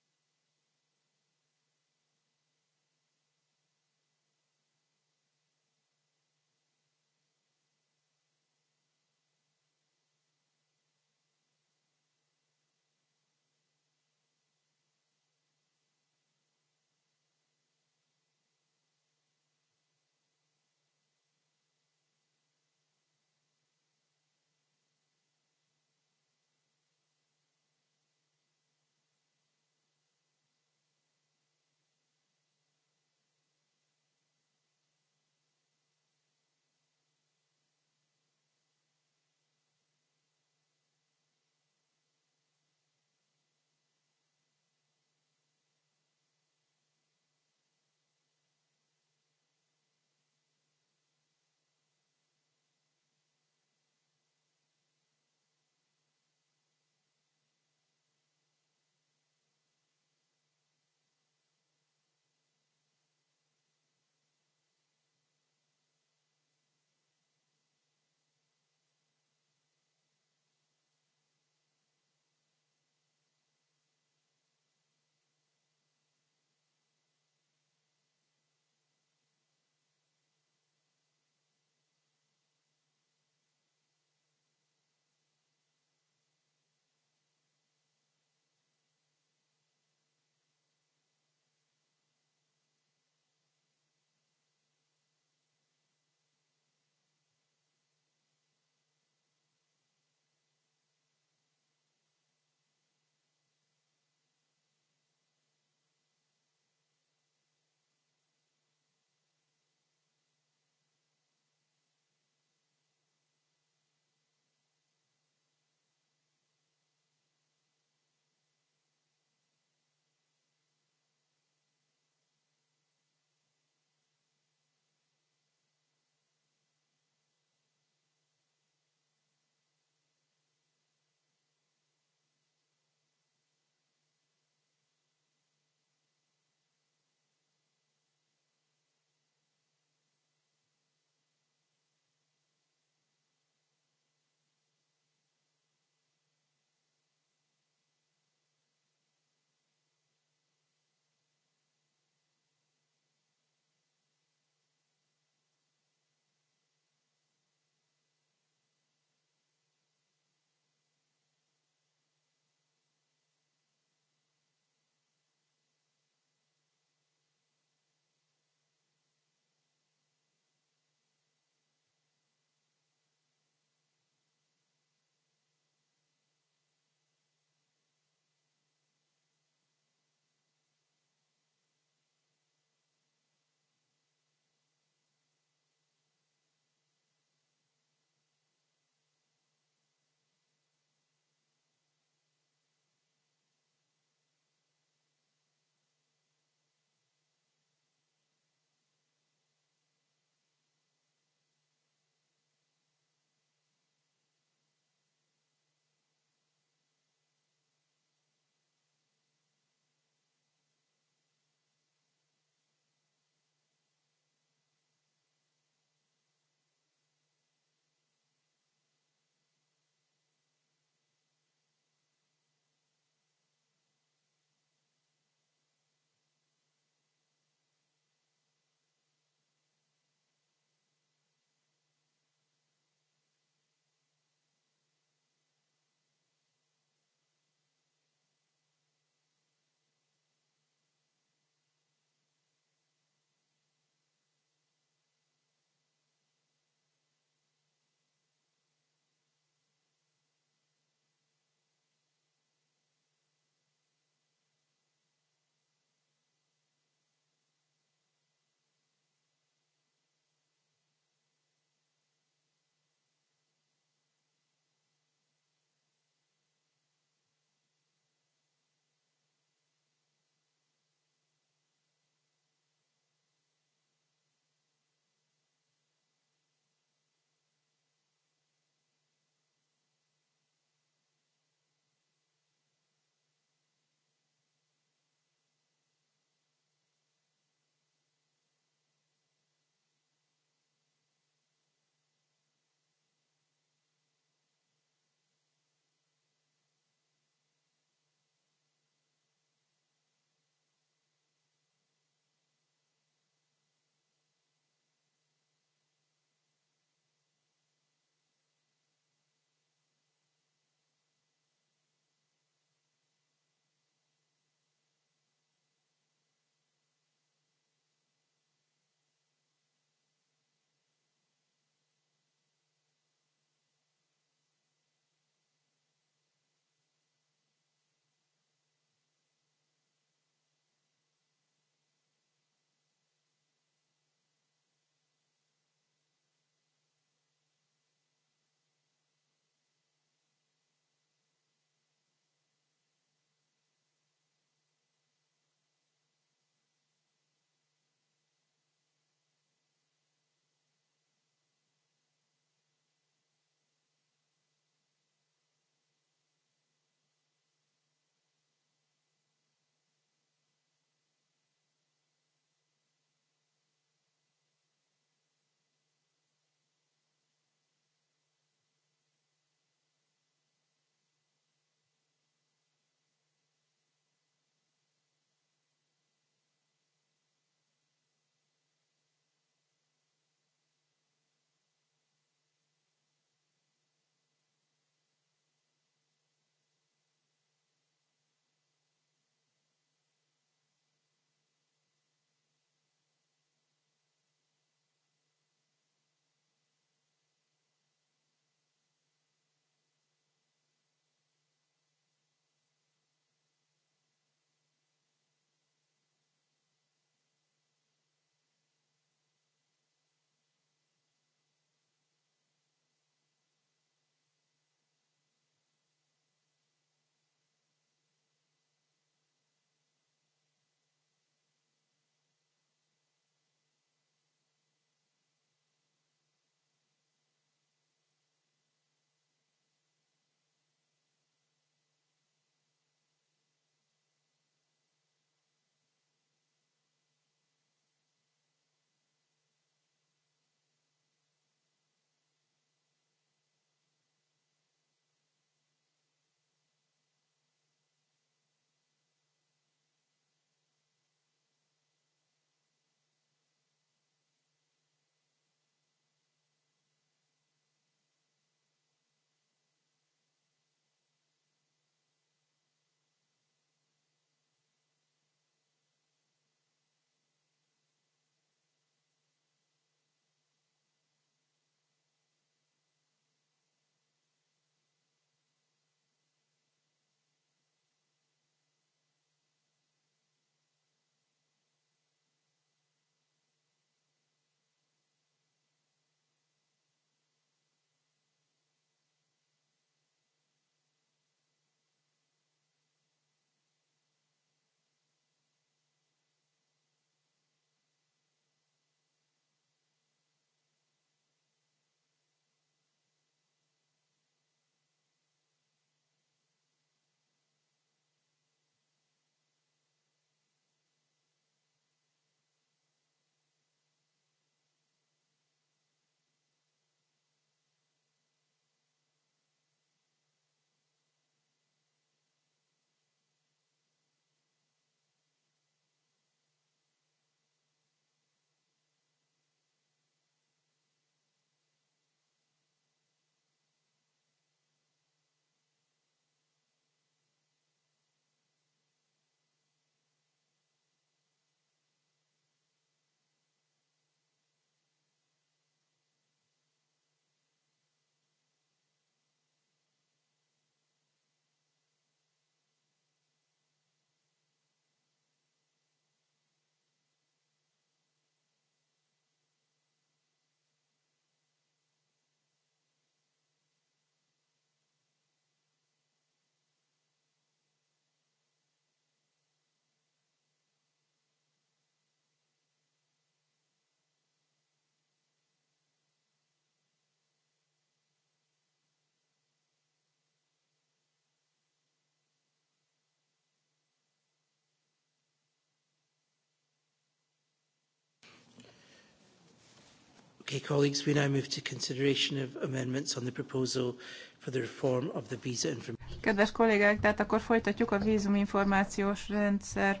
Okay, colleagues, we now move to consideration of amendments on the proposal for the reform of the visa information. Kedves
kollégák, tehát akkor folytatjuk a vízuminformációs rendszer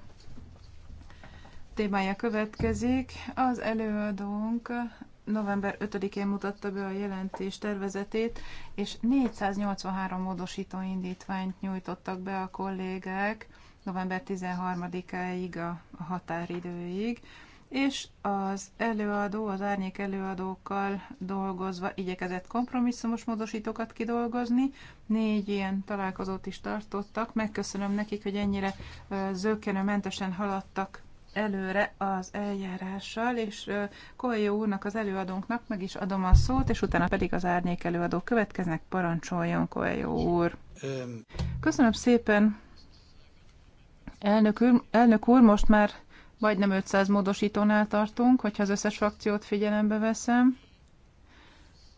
témája következik. Az előadónk november 5-én mutatta be a jelentés tervezetét, és 483 módosító indítványt nyújtottak be a kollégák november 13-áig a határidőig és az előadó, az árnyék előadókkal dolgozva igyekezett kompromisszumos módosítókat kidolgozni. Négy ilyen találkozót is tartottak. Megköszönöm nekik, hogy ennyire zöggenőmentesen haladtak előre az eljárással, és Kolyó úrnak, az előadónknak meg is adom a szót, és utána pedig az árnyék előadók következnek. Parancsoljon, Kolyó úr! Köszönöm szépen, elnök úr, elnök úr most már majdnem 500 módosítónál tartunk, hogyha az összes frakciót figyelembe veszem.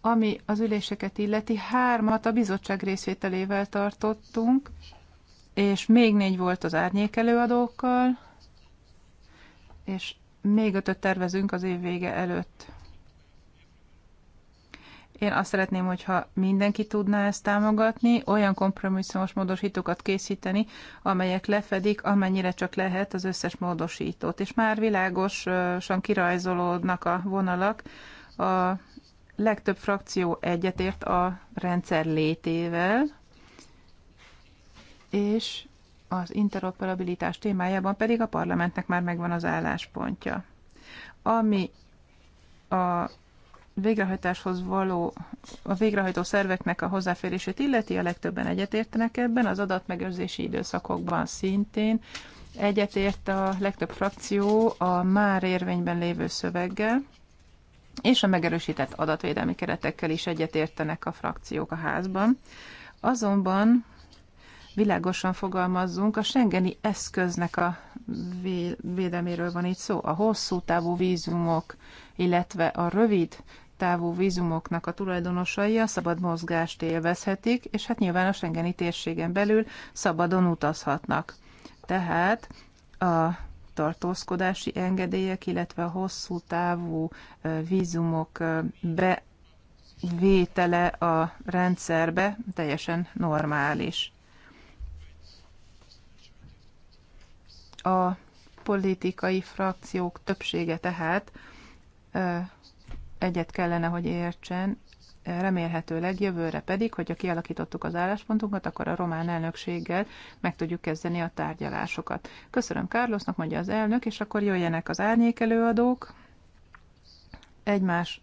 Ami az üléseket illeti, hármat a bizottság részvételével tartottunk, és még négy volt az árnyék előadókkal, és még ötöt tervezünk az év vége előtt. Én azt szeretném, hogyha mindenki tudná ezt támogatni, olyan kompromisszumos módosítókat készíteni, amelyek lefedik, amennyire csak lehet az összes módosítót. És már világosan kirajzolódnak a vonalak. A legtöbb frakció egyetért a rendszer létével, és az interoperabilitás témájában pedig a parlamentnek már megvan az álláspontja. Ami a végrehajtáshoz való, a végrehajtó szerveknek a hozzáférését illeti, a legtöbben egyetértenek ebben, az adatmegőrzési időszakokban szintén egyetért a legtöbb frakció a már érvényben lévő szöveggel, és a megerősített adatvédelmi keretekkel is egyetértenek a frakciók a házban. Azonban világosan fogalmazzunk, a Schengeni eszköznek a védelméről van itt szó, a hosszú távú vízumok, illetve a rövid távú vízumoknak a tulajdonosai a szabad mozgást élvezhetik, és hát nyilván a Schengeni térségen belül szabadon utazhatnak. Tehát a tartózkodási engedélyek, illetve a hosszú távú vízumok bevétele a rendszerbe teljesen normális. A politikai frakciók többsége tehát egyet kellene, hogy értsen, remélhetőleg jövőre pedig, hogyha kialakítottuk az álláspontunkat, akkor a román elnökséggel meg tudjuk kezdeni a tárgyalásokat. Köszönöm Carlosnak, mondja az elnök, és akkor jöjjenek az árnyékelőadók. Egymás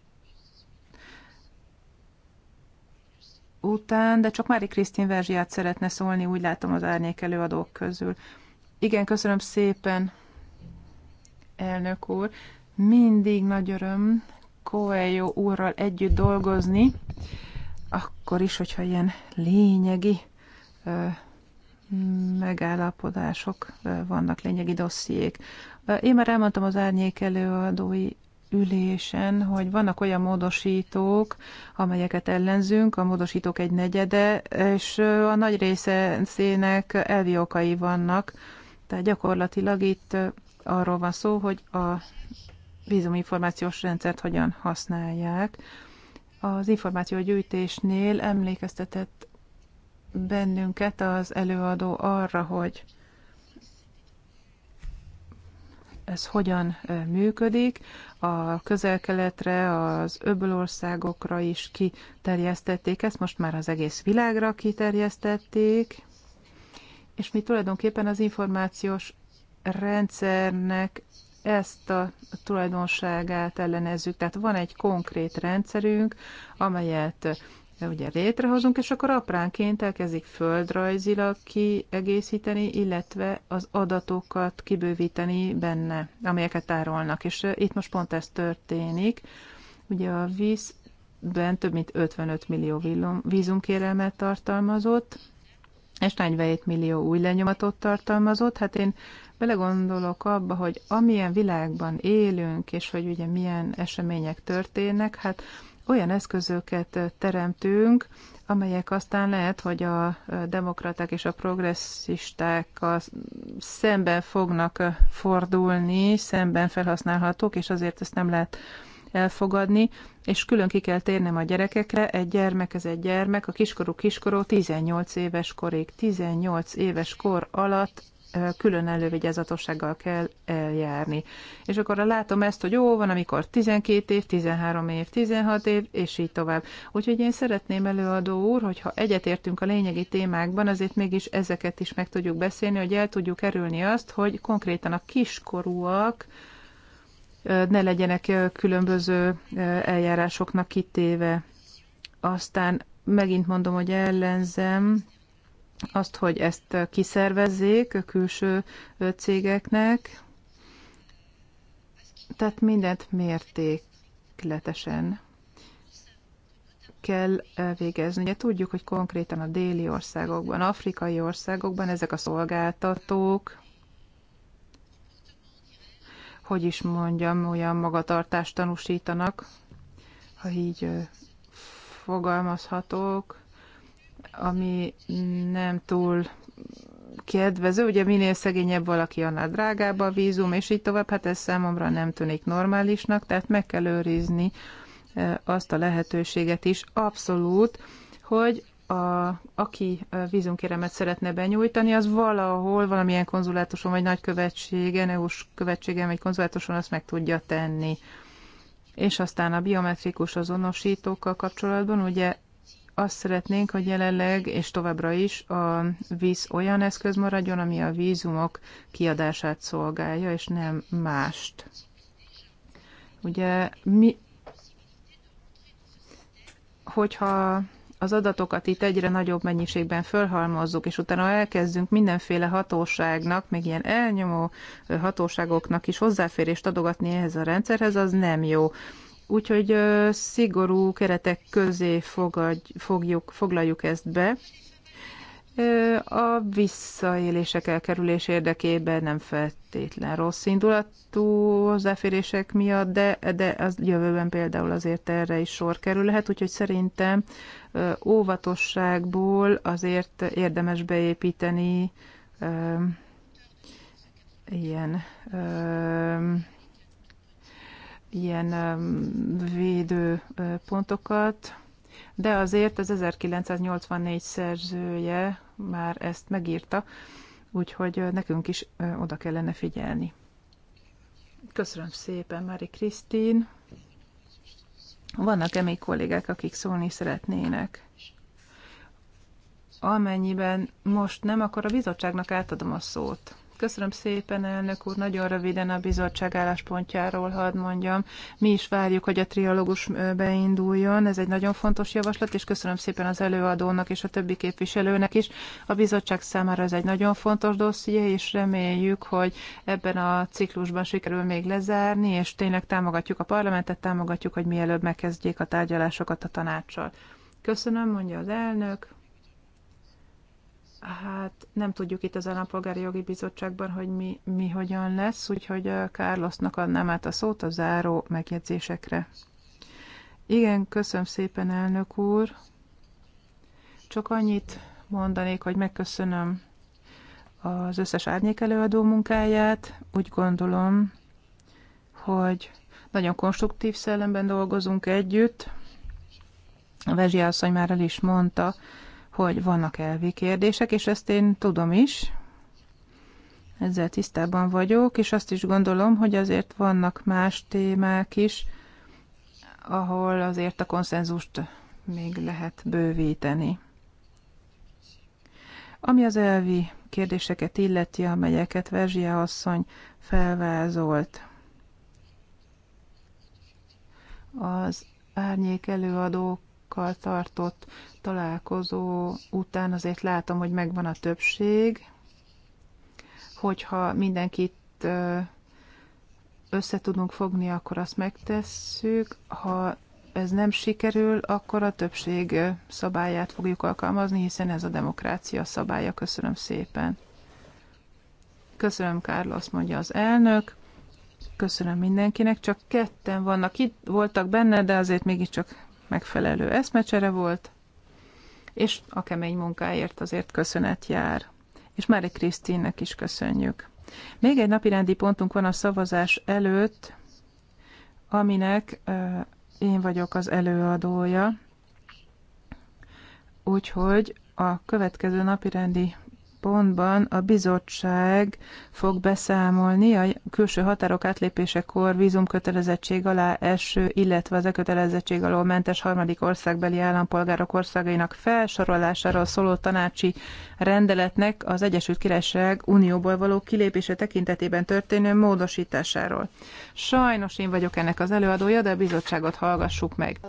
után, de csak Mári Krisztin verziát szeretne szólni, úgy látom az árnyék előadók közül. Igen, köszönöm szépen, elnök úr. Mindig nagy öröm, Coelho úrral együtt dolgozni, akkor is, hogyha ilyen lényegi megállapodások vannak, lényegi dossziék. Én már elmondtam az árnyék előadói ülésen, hogy vannak olyan módosítók, amelyeket ellenzünk, a módosítók egy negyede, és a nagy része szének elvi okai vannak. Tehát gyakorlatilag itt arról van szó, hogy a vízuminformációs rendszert hogyan használják. Az információgyűjtésnél emlékeztetett bennünket az előadó arra, hogy ez hogyan működik. A közel-keletre, az öbölországokra is kiterjesztették ezt, most már az egész világra kiterjesztették, és mi tulajdonképpen az információs rendszernek ezt a tulajdonságát ellenezzük. Tehát van egy konkrét rendszerünk, amelyet eh, ugye létrehozunk, és akkor apránként elkezdik földrajzilag kiegészíteni, illetve az adatokat kibővíteni benne, amelyeket tárolnak. És eh, itt most pont ez történik. Ugye a vízben több mint 55 millió vízunkérelmet tartalmazott, és 47 millió új lenyomatot tartalmazott. Hát én belegondolok abba, hogy amilyen világban élünk, és hogy ugye milyen események történnek, hát olyan eszközöket teremtünk, amelyek aztán lehet, hogy a demokraták és a progresszisták szemben fognak fordulni, szemben felhasználhatók, és azért ezt nem lehet elfogadni, és külön ki kell térnem a gyerekekre, egy gyermek ez egy gyermek, a kiskorú kiskorú 18 éves korig, 18 éves kor alatt külön elővigyázatossággal kell eljárni. És akkor látom ezt, hogy jó, van, amikor 12 év, 13 év, 16 év, és így tovább. Úgyhogy én szeretném előadó úr, hogyha egyetértünk a lényegi témákban, azért mégis ezeket is meg tudjuk beszélni, hogy el tudjuk kerülni azt, hogy konkrétan a kiskorúak ne legyenek különböző eljárásoknak kitéve. Aztán megint mondom, hogy ellenzem, azt, hogy ezt kiszervezzék a külső cégeknek, tehát mindent mértékletesen kell elvégezni. Ugye tudjuk, hogy konkrétan a déli országokban, afrikai országokban ezek a szolgáltatók, hogy is mondjam, olyan magatartást tanúsítanak, ha így fogalmazhatok, ami nem túl kedvező, ugye minél szegényebb valaki, annál drágább a vízum, és így tovább, hát ez számomra nem tűnik normálisnak, tehát meg kell őrizni azt a lehetőséget is abszolút, hogy a, aki vízumkéremet szeretne benyújtani, az valahol, valamilyen konzulátuson vagy nagykövetségen, EU-s követségen vagy konzulátuson azt meg tudja tenni. És aztán a biometrikus azonosítókkal kapcsolatban, ugye azt szeretnénk, hogy jelenleg és továbbra is a víz olyan eszköz maradjon, ami a vízumok kiadását szolgálja, és nem mást. Ugye mi, hogyha az adatokat itt egyre nagyobb mennyiségben fölhalmozzuk, és utána elkezdünk mindenféle hatóságnak, még ilyen elnyomó hatóságoknak is hozzáférést adogatni ehhez a rendszerhez, az nem jó. Úgyhogy szigorú keretek közé fogadj, fogjuk, foglaljuk ezt be. A visszaélések elkerülés érdekében nem feltétlen rossz indulatú hozzáférések miatt, de, de az jövőben például azért erre is sor kerülhet, úgyhogy szerintem óvatosságból azért érdemes beépíteni ilyen ilyen védő pontokat, de azért az 1984 szerzője már ezt megírta, úgyhogy nekünk is oda kellene figyelni. Köszönöm szépen, Mari Krisztin. Vannak-e még kollégák, akik szólni szeretnének? Amennyiben most nem, akkor a bizottságnak átadom a szót. Köszönöm szépen, elnök úr. Nagyon röviden a bizottság álláspontjáról hadd mondjam. Mi is várjuk, hogy a trialógus beinduljon. Ez egy nagyon fontos javaslat, és köszönöm szépen az előadónak és a többi képviselőnek is. A bizottság számára ez egy nagyon fontos dosszié, és reméljük, hogy ebben a ciklusban sikerül még lezárni, és tényleg támogatjuk a parlamentet, támogatjuk, hogy mielőbb megkezdjék a tárgyalásokat a tanácssal. Köszönöm, mondja az elnök. Hát nem tudjuk itt az Állampolgári Jogi Bizottságban, hogy mi, mi hogyan lesz, úgyhogy Kárlosznak adnám át a szót a záró megjegyzésekre. Igen, köszönöm szépen, elnök úr. Csak annyit mondanék, hogy megköszönöm az összes árnyék előadó munkáját. Úgy gondolom, hogy nagyon konstruktív szellemben dolgozunk együtt. A Vezsi asszony már el is mondta, hogy vannak elvi kérdések, és ezt én tudom is, ezzel tisztában vagyok, és azt is gondolom, hogy azért vannak más témák is, ahol azért a konszenzust még lehet bővíteni. Ami az elvi kérdéseket illeti, amelyeket Verzsia asszony felvázolt, az árnyék előadók kollégákkal tartott találkozó után azért látom, hogy megvan a többség, hogyha mindenkit össze tudunk fogni, akkor azt megtesszük. Ha ez nem sikerül, akkor a többség szabályát fogjuk alkalmazni, hiszen ez a demokrácia szabálya. Köszönöm szépen. Köszönöm, Carlos, mondja az elnök. Köszönöm mindenkinek, csak ketten vannak itt, voltak benne, de azért mégiscsak megfelelő eszmecsere volt, és a kemény munkáért azért köszönet jár. És Mári Krisztinnek is köszönjük. Még egy napirendi pontunk van a szavazás előtt, aminek én vagyok az előadója, úgyhogy a következő napirendi pontban a bizottság fog beszámolni a külső határok átlépésekor vízumkötelezettség alá eső, illetve az ekötelezettség kötelezettség alól mentes harmadik országbeli állampolgárok országainak felsorolásáról szóló tanácsi rendeletnek az Egyesült Királyság Unióból való kilépése tekintetében történő módosításáról. Sajnos én vagyok ennek az előadója, de a bizottságot hallgassuk meg.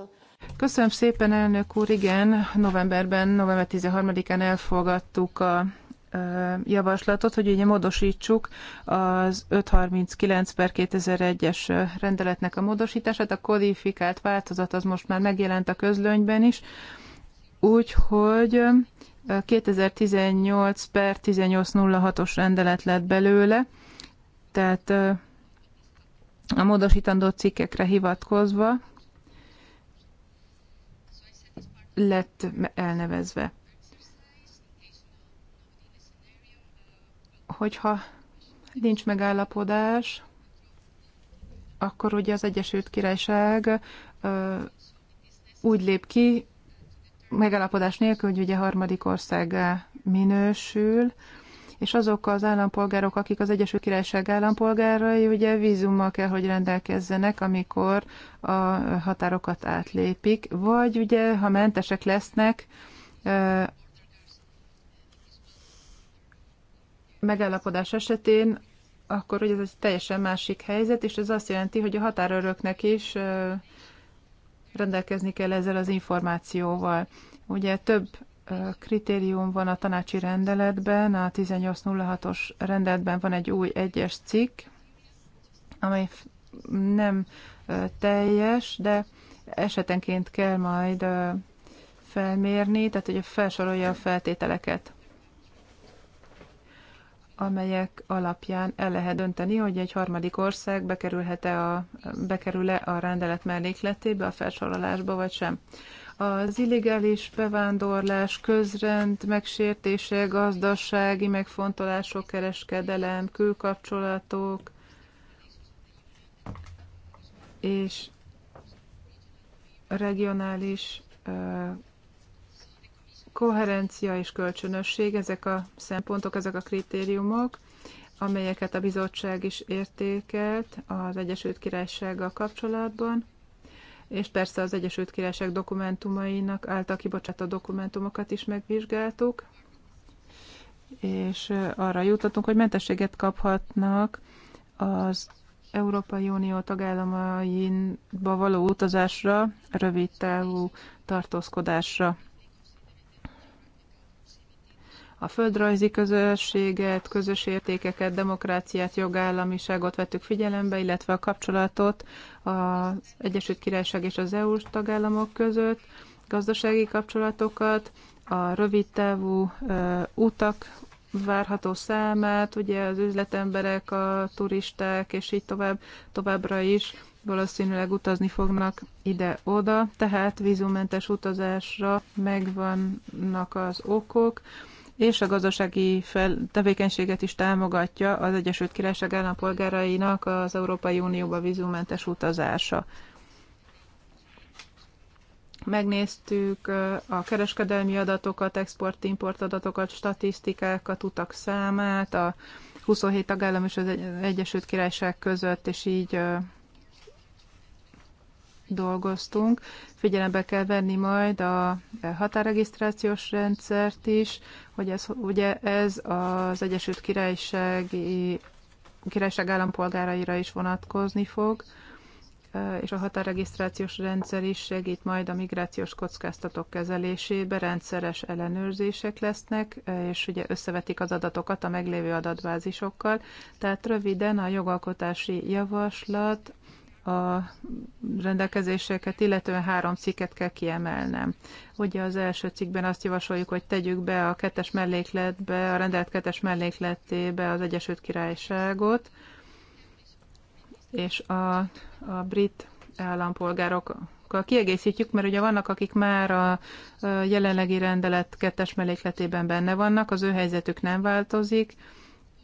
Köszönöm szépen, elnök úr. Igen, novemberben, november 13-án elfogadtuk a javaslatot, hogy ugye módosítsuk az 539 per 2001-es rendeletnek a módosítását. A kodifikált változat az most már megjelent a közlönyben is, úgyhogy 2018 per 1806-os rendelet lett belőle, tehát a módosítandó cikkekre hivatkozva lett elnevezve. hogyha nincs megállapodás, akkor ugye az Egyesült Királyság úgy lép ki, megállapodás nélkül, hogy ugye harmadik országá minősül, és azok az állampolgárok, akik az Egyesült Királyság állampolgárai, ugye vízummal kell, hogy rendelkezzenek, amikor a határokat átlépik, vagy ugye, ha mentesek lesznek megállapodás esetén, akkor ugye ez egy teljesen másik helyzet, és ez azt jelenti, hogy a határőröknek is rendelkezni kell ezzel az információval. Ugye több kritérium van a tanácsi rendeletben, a 1806-os rendeletben van egy új egyes cikk, amely nem teljes, de esetenként kell majd felmérni, tehát ugye felsorolja a feltételeket amelyek alapján el lehet dönteni, hogy egy harmadik ország bekerülhet-e a, bekerül-e a rendelet mellékletébe, a felsorolásba vagy sem. Az illegális bevándorlás, közrend, megsértése, gazdasági megfontolások, kereskedelem, külkapcsolatok, és regionális koherencia és kölcsönösség, ezek a szempontok, ezek a kritériumok, amelyeket a bizottság is értékelt az Egyesült Királysággal kapcsolatban, és persze az Egyesült Királyság dokumentumainak által kibocsátott dokumentumokat is megvizsgáltuk, és arra jutottunk, hogy mentességet kaphatnak az Európai Unió tagállamainba való utazásra, rövid távú tartózkodásra a földrajzi közösséget, közös értékeket, demokráciát, jogállamiságot vettük figyelembe, illetve a kapcsolatot az Egyesült Királyság és az EU-s tagállamok között, gazdasági kapcsolatokat, a rövidtávú utak várható számát, ugye az üzletemberek, a turisták, és így tovább, továbbra is valószínűleg utazni fognak ide-oda, tehát vízumentes utazásra megvannak az okok és a gazdasági fel, tevékenységet is támogatja az Egyesült Királyság állampolgárainak az Európai Unióba vízumentes utazása. Megnéztük a kereskedelmi adatokat, export-import adatokat, statisztikákat, utak számát, a 27 tagállam és az Egyesült Királyság között, és így dolgoztunk. Figyelembe kell venni majd a határregisztrációs rendszert is, hogy ez, ugye ez az Egyesült Királysági, Királyság állampolgáraira is vonatkozni fog, és a határregisztrációs rendszer is segít majd a migrációs kockázatok kezelésébe, rendszeres ellenőrzések lesznek, és ugye összevetik az adatokat a meglévő adatbázisokkal. Tehát röviden a jogalkotási javaslat a rendelkezéseket, illetően három cikket kell kiemelnem. Ugye az első cikkben azt javasoljuk, hogy tegyük be a kettes mellékletbe, a rendelt kettes mellékletébe az Egyesült Királyságot, és a, a brit állampolgárokkal kiegészítjük, mert ugye vannak, akik már a jelenlegi rendelet kettes mellékletében benne vannak, az ő helyzetük nem változik,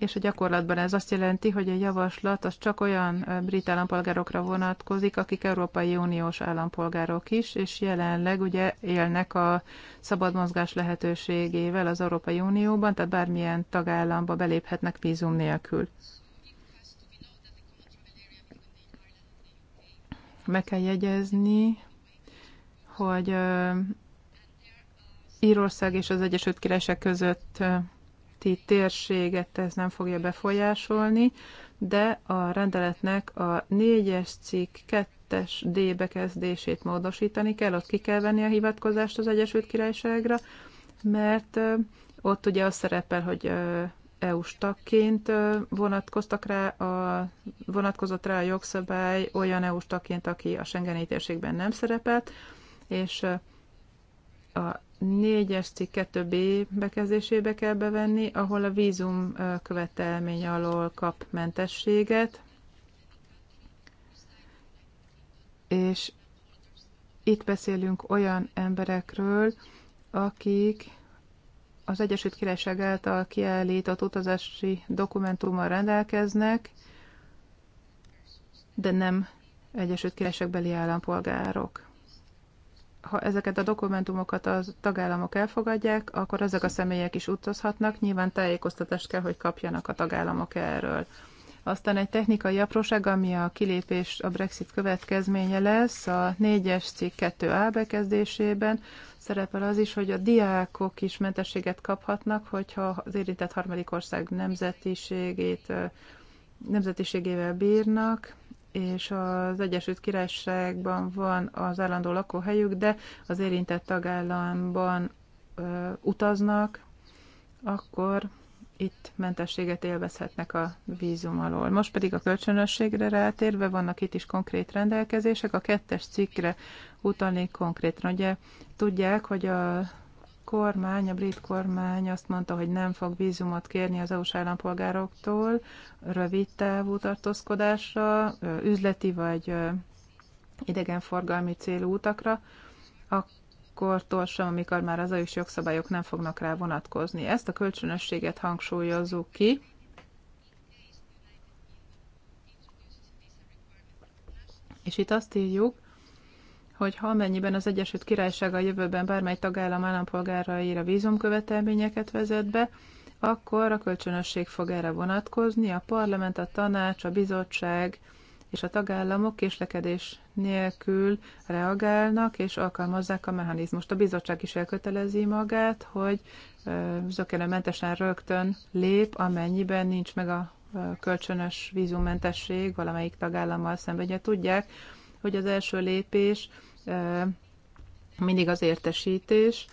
és a gyakorlatban ez azt jelenti, hogy a javaslat az csak olyan brit állampolgárokra vonatkozik, akik Európai Uniós állampolgárok is, és jelenleg ugye élnek a szabad mozgás lehetőségével az Európai Unióban, tehát bármilyen tagállamba beléphetnek vízum nélkül. Meg kell jegyezni, hogy Írország és az Egyesült Királyság között keleti térséget ez nem fogja befolyásolni, de a rendeletnek a négyes cikk 2-es D bekezdését módosítani kell, ott ki kell venni a hivatkozást az Egyesült Királyságra, mert ott ugye az szerepel, hogy EU-s tagként vonatkoztak rá a, vonatkozott rá a jogszabály olyan EU-s tagként, aki a Schengeni térségben nem szerepelt, és a négyes cikk 2b bekezdésébe kell bevenni, ahol a vízum követelmény alól kap mentességet, és itt beszélünk olyan emberekről, akik az Egyesült Királyság által kiállított utazási dokumentummal rendelkeznek, de nem Egyesült beli állampolgárok ha ezeket a dokumentumokat a tagállamok elfogadják, akkor ezek a személyek is utazhatnak, nyilván tájékoztatást kell, hogy kapjanak a tagállamok erről. Aztán egy technikai apróság, ami a kilépés, a Brexit következménye lesz, a 4-es cikk 2A bekezdésében szerepel az is, hogy a diákok is mentességet kaphatnak, hogyha az érintett harmadik ország nemzetiségét, nemzetiségével bírnak, és az Egyesült Királyságban van az állandó lakóhelyük, de az érintett tagállamban ö, utaznak, akkor itt mentességet élvezhetnek a vízum alól. Most pedig a kölcsönösségre rátérve vannak itt is konkrét rendelkezések. A kettes cikkre utalnék konkrétan. Ugye tudják, hogy a kormány, a brit kormány azt mondta, hogy nem fog vízumot kérni az EU-s állampolgároktól rövid távú tartózkodásra, üzleti vagy idegenforgalmi célú utakra, Akkor sem, amikor már az EU-s jogszabályok nem fognak rá vonatkozni. Ezt a kölcsönösséget hangsúlyozzuk ki, és itt azt írjuk, hogy ha amennyiben az Egyesült Királyság a jövőben bármely tagállam állampolgáraira vízumkövetelményeket vezet be, akkor a kölcsönösség fog erre vonatkozni, a parlament, a tanács, a bizottság és a tagállamok késlekedés nélkül reagálnak és alkalmazzák a mechanizmust. A bizottság is elkötelezi magát, hogy zökkenőmentesen rögtön lép, amennyiben nincs meg a kölcsönös vízummentesség valamelyik tagállammal szemben. Ugye tudják, hogy az első lépés mindig az értesítés,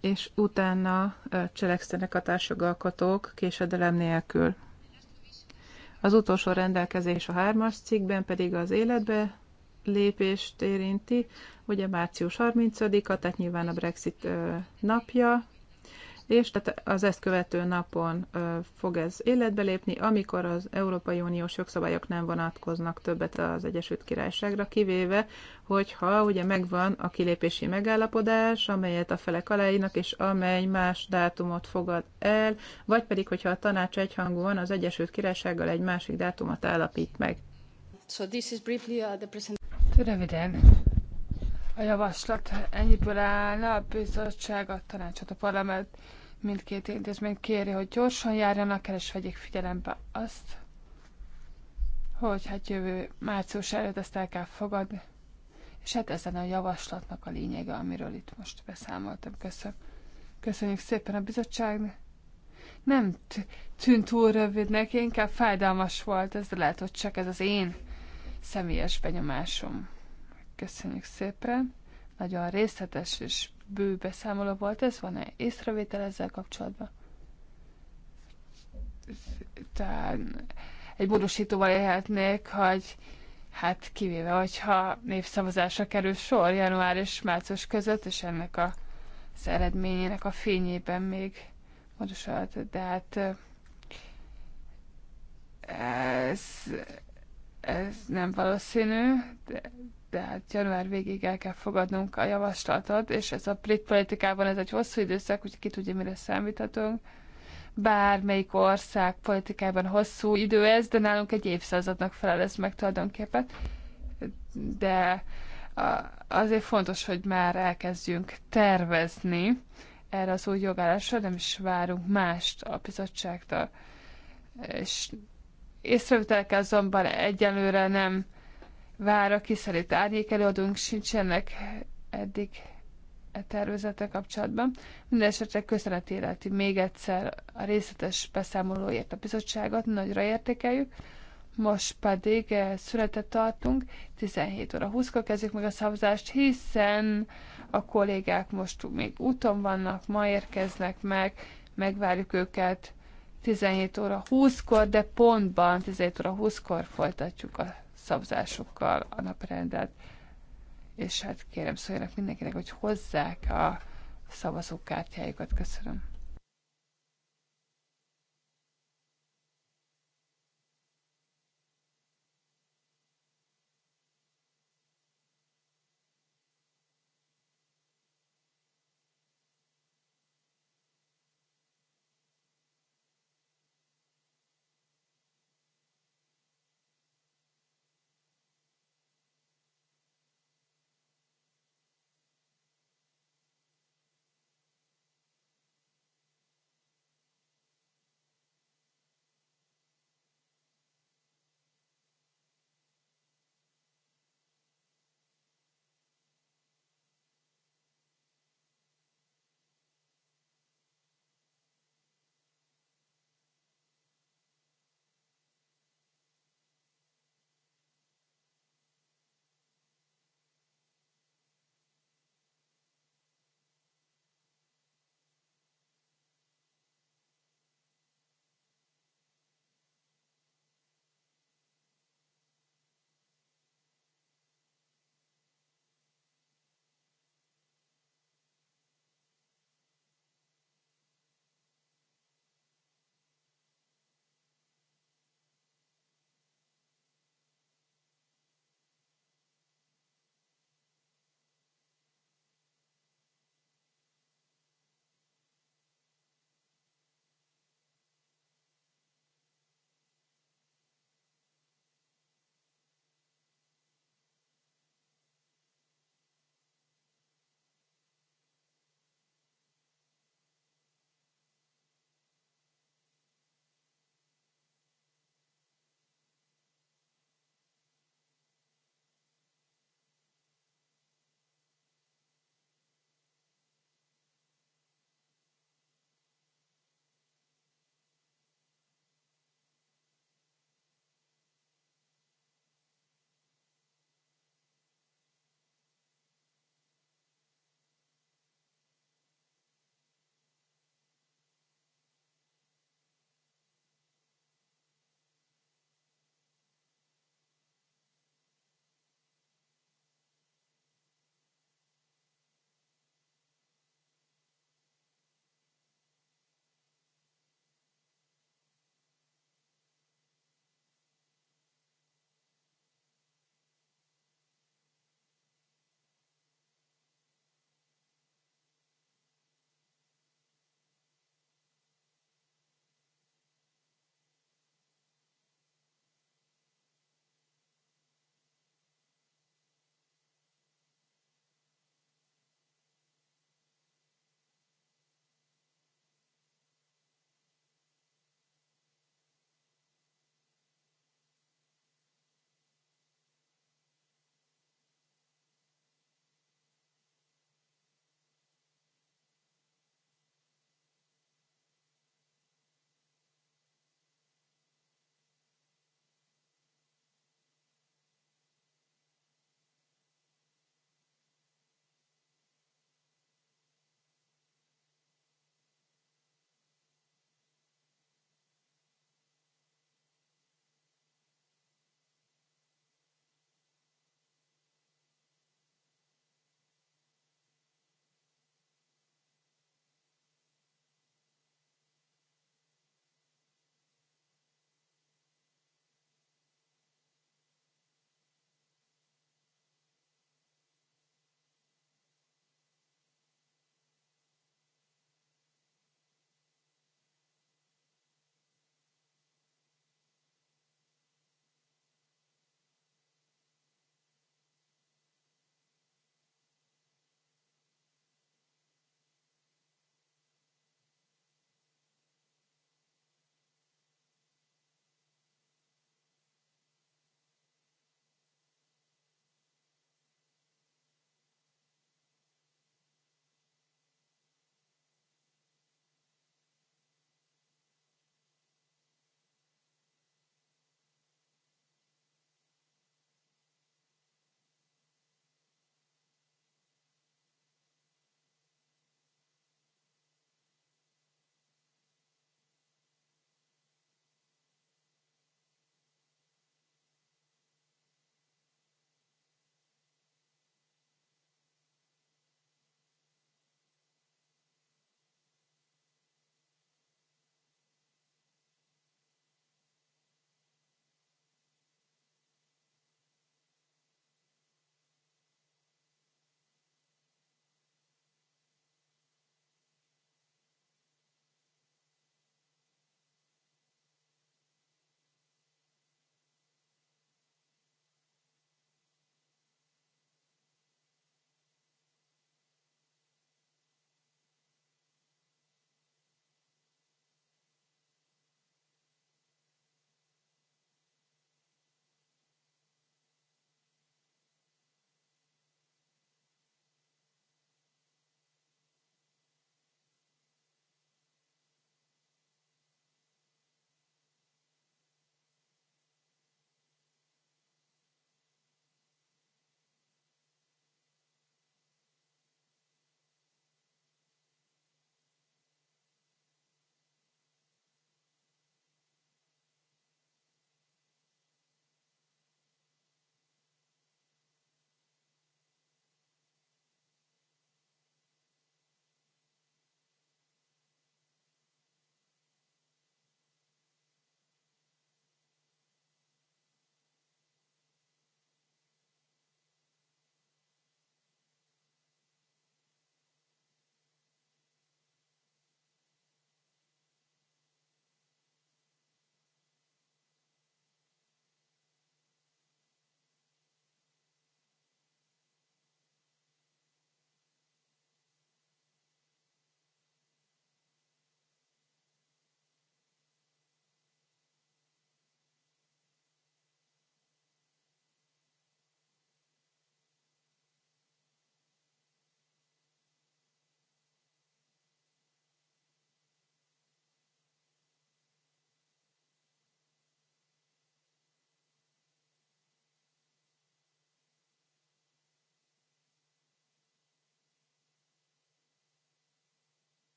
és utána cselekszenek a társjogalkotók késedelem nélkül. Az utolsó rendelkezés a hármas cikkben pedig az életbe lépést érinti, ugye március 30-a, tehát nyilván a Brexit napja, és tehát az ezt követő napon fog ez életbe lépni, amikor az Európai Uniós jogszabályok nem vonatkoznak többet az Egyesült Királyságra, kivéve, hogyha ugye megvan a kilépési megállapodás, amelyet a felek aláírnak, és amely más dátumot fogad el, vagy pedig, hogyha a tanács egyhangúan az Egyesült Királysággal egy másik dátumot állapít meg.
So this is briefly, uh, the present... Röviden, a javaslat ennyiből állna, a bizottság, a tanácsot, a parlament mindkét intézmény kéri, hogy gyorsan járjanak el, és vegyék figyelembe azt, hogy hát jövő március előtt ezt el kell fogadni. És hát ezen a javaslatnak a lényege, amiről itt most beszámoltam. Köszönöm. Köszönjük szépen a bizottságnak. Nem tűnt túl rövidnek, inkább fájdalmas volt, ez de lehet, hogy csak ez az én személyes benyomásom. Köszönjük szépen. Nagyon részletes és bő beszámoló volt ez. Van-e észrevétel ezzel kapcsolatban? Tehát egy módosítóval élhetnék, hogy hát kivéve, hogyha népszavazásra kerül sor január és március között, és ennek a, az eredményének a fényében még módosult, de hát ez, ez nem valószínű, de, tehát január végéig el kell fogadnunk a javaslatot, és ez a brit politikában ez egy hosszú időszak, hogy ki tudja, mire számíthatunk. Bármelyik ország politikában hosszú idő ez, de nálunk egy évszázadnak felel ez meg tulajdonképpen. De azért fontos, hogy már elkezdjünk tervezni erre az új jogállásra, nem is várunk mást a bizottságtól. És észrevételek azonban egyelőre nem vára kiszerít árnyék előadónk sincsenek eddig e tervezete kapcsolatban. Mindenesetre köszönet életi még egyszer a részletes beszámolóért a bizottságot, nagyra értékeljük. Most pedig eh, született tartunk, 17 óra 20-kor kezdjük meg a szavazást, hiszen a kollégák most még úton vannak, ma érkeznek meg, megvárjuk őket 17 óra 20-kor, de pontban 17 óra 20-kor folytatjuk a szabzásokkal a naprendet. És hát kérem szóljanak mindenkinek, hogy hozzák a szavazókártyájukat. Köszönöm.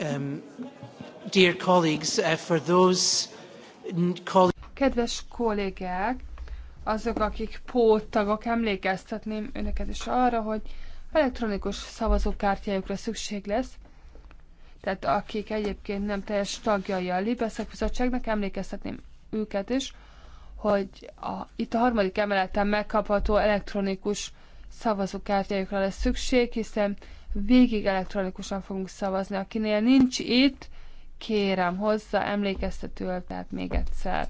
Um, dear colleagues, uh, for those Kedves kollégák, azok, akik
póttagok, emlékeztetném önöket is arra, hogy elektronikus szavazókártyájukra szükség lesz. Tehát akik egyébként nem teljes tagjai a Libeszek Bizottságnak, emlékeztetném őket is, hogy a, itt a harmadik emeleten megkapható elektronikus szavazókártyájukra lesz szükség, hiszen végig elektronikusan fogunk szavazni. Akinél nincs itt, kérem hozzá emlékeztetővel, tehát még egyszer.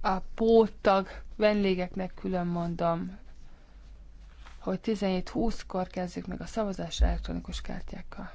A póttag vendégeknek külön mondom, hogy 17-20-kor kezdjük meg a szavazás elektronikus kártyákkal.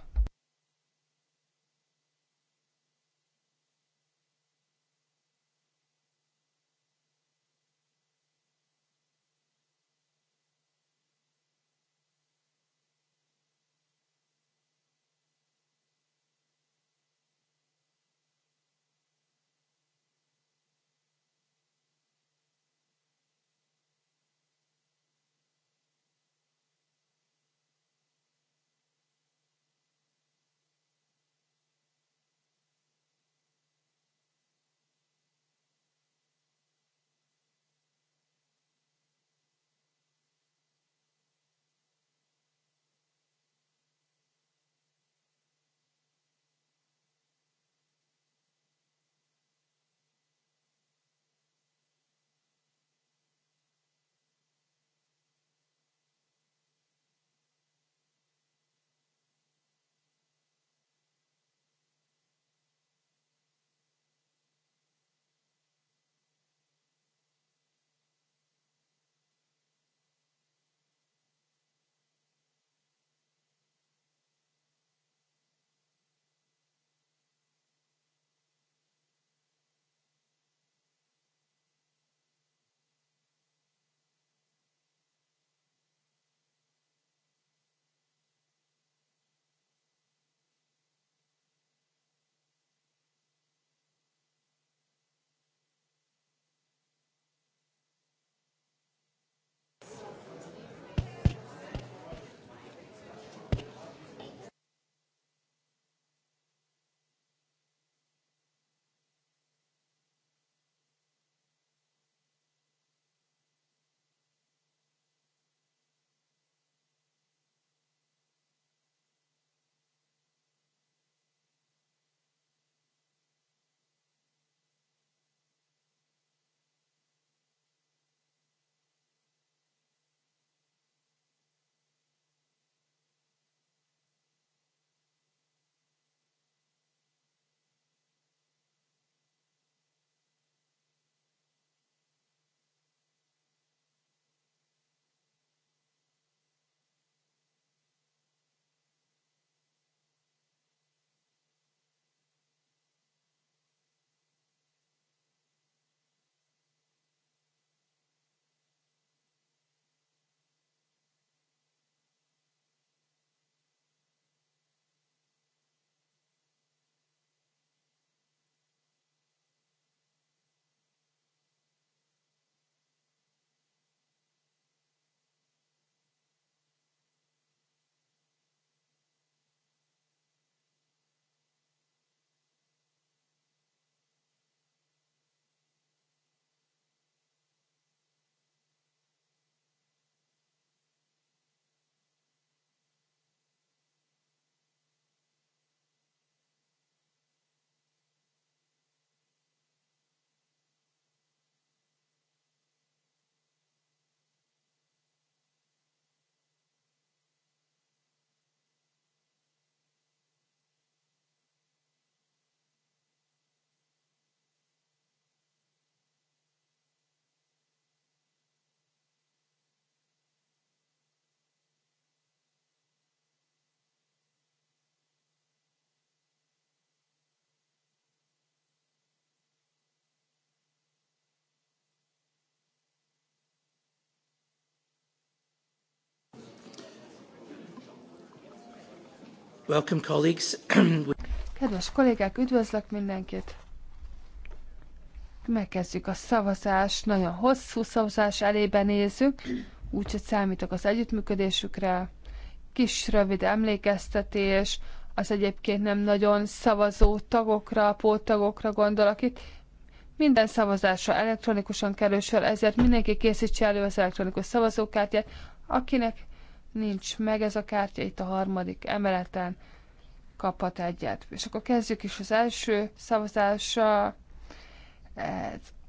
Welcome, colleagues. *clears throat*
Kedves kollégák, üdvözlök mindenkit! Megkezdjük a szavazást. Nagyon hosszú szavazás elébe nézünk, úgyhogy számítok az együttműködésükre. Kis rövid emlékeztetés, az egyébként nem nagyon szavazó tagokra, póttagokra gondolok itt. Minden szavazásra elektronikusan kerül sor, ezért mindenki készítse elő az elektronikus szavazókártyát, akinek nincs meg ez a kártya, itt a harmadik emeleten kaphat egyet. És akkor kezdjük is az első szavazással,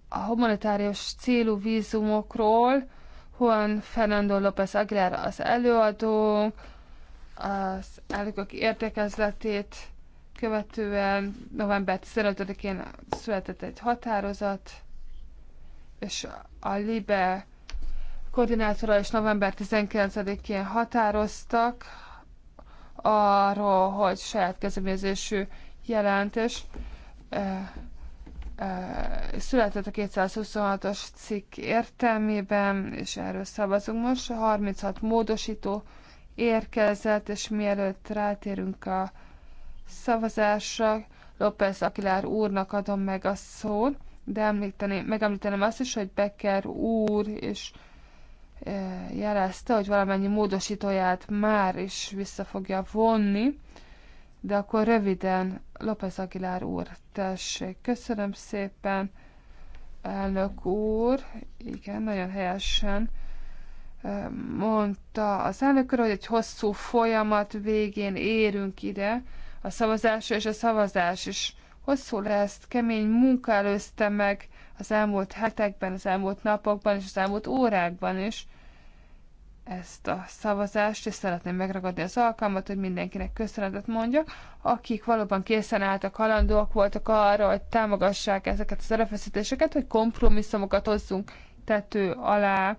a humanitárius célú vízumokról, Juan Fernando López Aguilar az előadó, az elnökök értekezletét követően november 15-én született egy határozat, és a Libe koordinátora is november 19-én határoztak arról, hogy saját kezdeményezésű jelentés eh, eh, született a 226-os cikk értelmében, és erről szavazunk most. 36 módosító érkezett, és mielőtt rátérünk a szavazásra, López Akilár úrnak adom meg a szót, de említeni, megemlíteném azt is, hogy Becker úr és jelezte, hogy valamennyi módosítóját már is vissza fogja vonni, de akkor röviden López Aguilar úr, tessék, köszönöm szépen, elnök úr, igen, nagyon helyesen mondta az úr, hogy egy hosszú folyamat végén érünk ide, a szavazás és a szavazás is hosszú lesz, kemény munka előzte meg az elmúlt hetekben, az elmúlt napokban és az elmúlt órákban is ezt a szavazást, és szeretném megragadni az alkalmat, hogy mindenkinek köszönetet mondjak, akik valóban készen álltak, halandóak voltak arra, hogy támogassák ezeket az erőfeszítéseket, hogy kompromisszumokat hozzunk tető alá,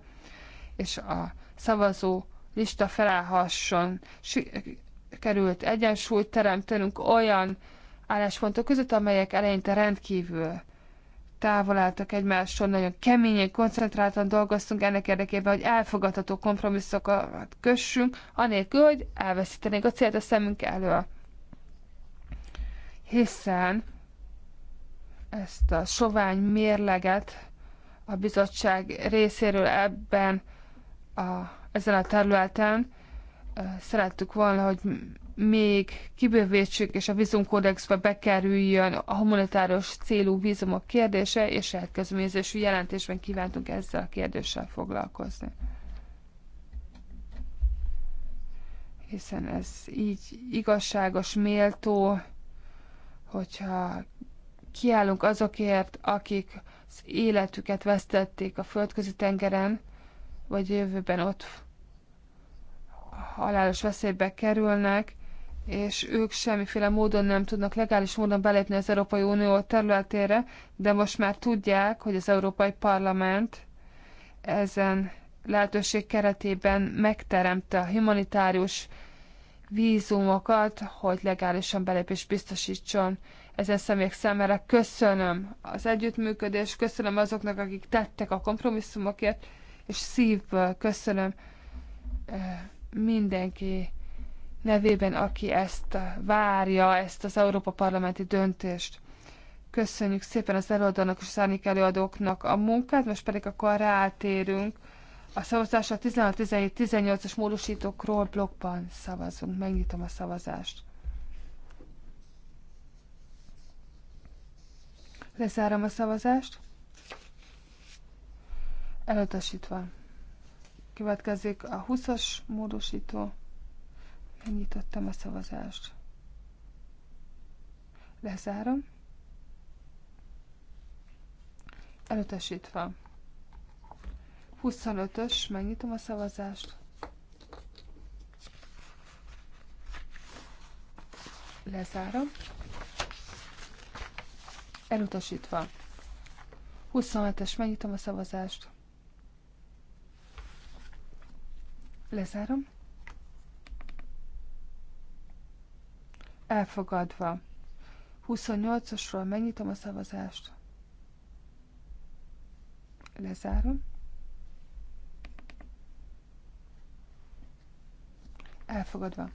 és a szavazó lista felállhasson. Került egyensúlyt teremtenünk olyan álláspontok között, amelyek eleinte rendkívül távol álltak egymástól, nagyon keményen, koncentráltan dolgoztunk ennek érdekében, hogy elfogadható kompromisszokat kössünk, anélkül, hogy elveszítenék a célt a szemünk elől. Hiszen ezt a sovány mérleget a bizottság részéről ebben a, ezen a területen szerettük volna, hogy még kibővítsük és a vízumkódexbe bekerüljön a humanitáros célú vízumok kérdése, és egy közműzésű jelentésben kívántunk ezzel a kérdéssel foglalkozni. Hiszen ez így igazságos, méltó, hogyha kiállunk azokért, akik az életüket vesztették a földközi tengeren, vagy jövőben ott halálos veszélybe kerülnek, és ők semmiféle módon nem tudnak legális módon belépni az Európai Unió területére, de most már tudják, hogy az Európai Parlament ezen lehetőség keretében megteremte a humanitárius vízumokat, hogy legálisan belépés biztosítson ezen személyek számára. Köszönöm az együttműködést, köszönöm azoknak, akik tettek a kompromisszumokért, és szívből köszönöm eh, mindenki nevében, aki ezt várja, ezt az Európa Parlamenti döntést. Köszönjük szépen az előadónak és az előadóknak a munkát, most pedig akkor rátérünk a szavazásra 16-17-18-as módosítókról blogban szavazunk. Megnyitom a szavazást. Lezárom a szavazást. Elutasítva. Következik a 20-as módosító. Megnyitottam a szavazást. Lezárom. Elutasítva. 25-ös, megnyitom a szavazást. Lezárom. Elutasítva. 27-es, megnyitom a szavazást. Lezárom. elfogadva. 28-osról megnyitom a szavazást. Lezárom. Elfogadva.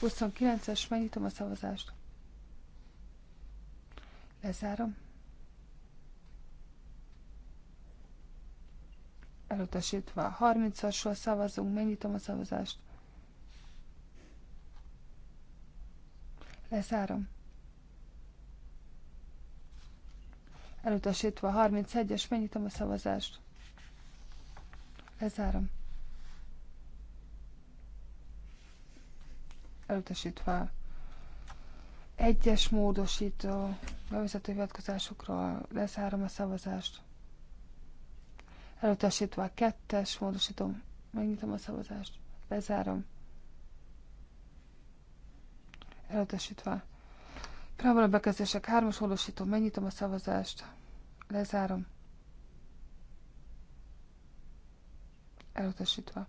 29-es, megnyitom a szavazást. Lezárom. Elutasítva. 30-asról szavazunk, megnyitom a szavazást. Lezárom. Elutasítva 31-es, megnyitom a szavazást. Lezárom. Elutasítva egyes módosító bevezető hivatkozásokról lezárom a szavazást. Elutasítva a 2-es módosítom, megnyitom a szavazást, lezárom elutasítva. a bekezdések hármas holosító, megnyitom a szavazást, lezárom. Elutasítva.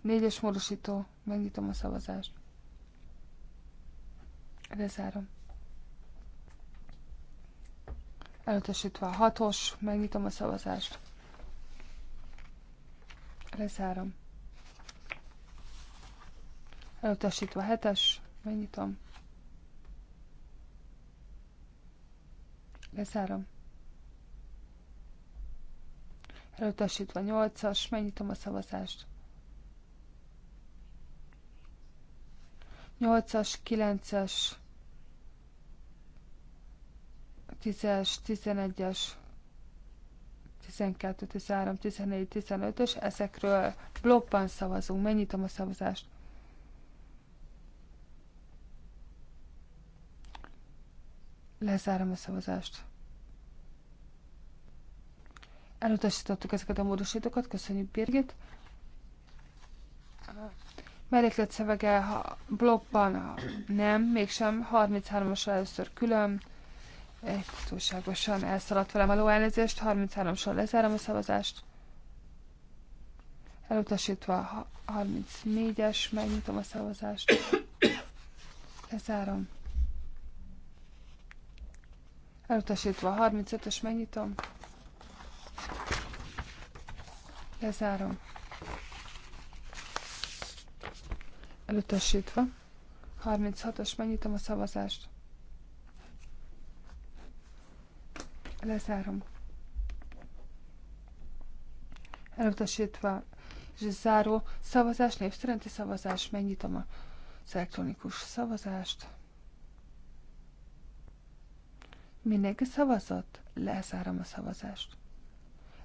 Négyes módosító, megnyitom a szavazást. Lezárom. Elutasítva hatos, megnyitom a szavazást. Lezárom. Elutasítva hetes, megnyitom. Lezárom. Elutasítva nyolcas, megnyitom a szavazást. Nyolcas, kilences, tízes, tizenegyes, 12, 13, 14, 15-ös, ezekről blokkban szavazunk. Megnyitom a szavazást. Lezárom a szavazást. Elutasítottuk ezeket a módosítókat, köszönjük Birgit. Melléklet szövege ha blogban nem, mégsem 33 asra először külön. Egy túlságosan elszaladt velem a lóelnézést, 33-sor lezárom a szavazást. Elutasítva 34-es, megnyitom a szavazást. Lezárom. Elutasítva 35-ös megnyitom. Lezárom. Elutasítva. 36-os megnyitom a szavazást. Lezárom. Elutasítva. És záró szavazás, népszerinti szavazás. Megnyitom az elektronikus szavazást. Mindenki szavazott? Leszárom a szavazást.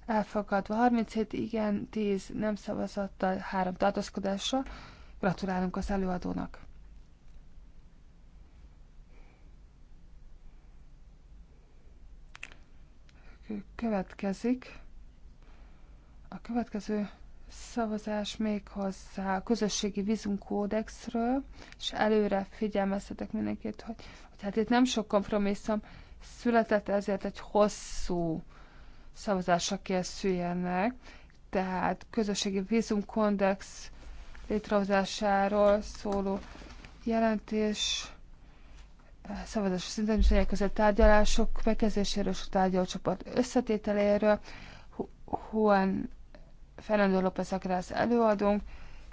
Elfogadva 37 igen, 10 nem szavazattal, 3 tartózkodásra. Gratulálunk az előadónak. Következik a következő szavazás még hozzá a közösségi vízunkódexről, és előre figyelmeztetek mindenkit, hogy, tehát hát itt nem sok kompromisszum született, ezért egy hosszú szavazásra készüljenek. Tehát közösségi vízumkondex létrehozásáról szóló jelentés eh, szavazás szinten is között tárgyalások megkezdéséről és a tárgyalócsoport összetételéről. Juan Fernando López Akrász előadunk,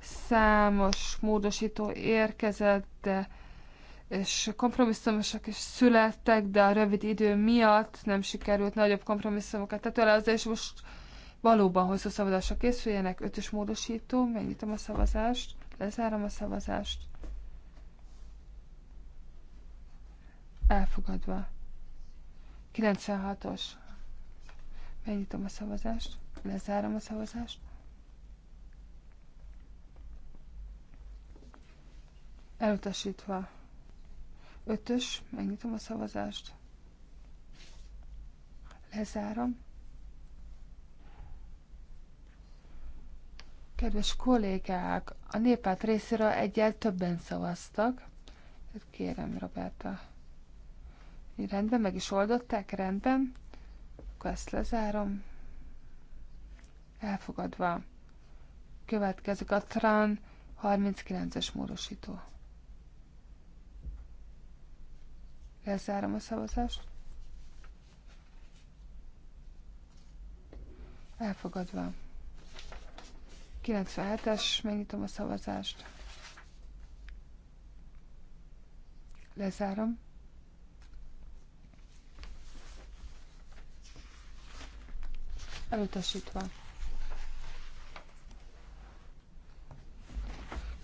számos módosító érkezett, de és kompromisszumosak is születtek, de a rövid idő miatt nem sikerült nagyobb kompromisszumokat tetőlehozni, és most valóban hosszú szavazásra készüljenek, ötös módosító, megnyitom a szavazást, lezárom a szavazást. Elfogadva. 96-os. Megnyitom a szavazást, lezárom a szavazást. Elutasítva. Ötös, megnyitom a szavazást. Lezárom. Kedves kollégák, a népát részéről egyel többen szavaztak. Hát kérem, Roberta. Rendben, meg is oldották, rendben. Akkor ezt lezárom. Elfogadva. Következik a TRAN 39-es módosító. Lezárom a szavazást. Elfogadva. 97-es, megnyitom a szavazást. Lezárom. Elutasítva.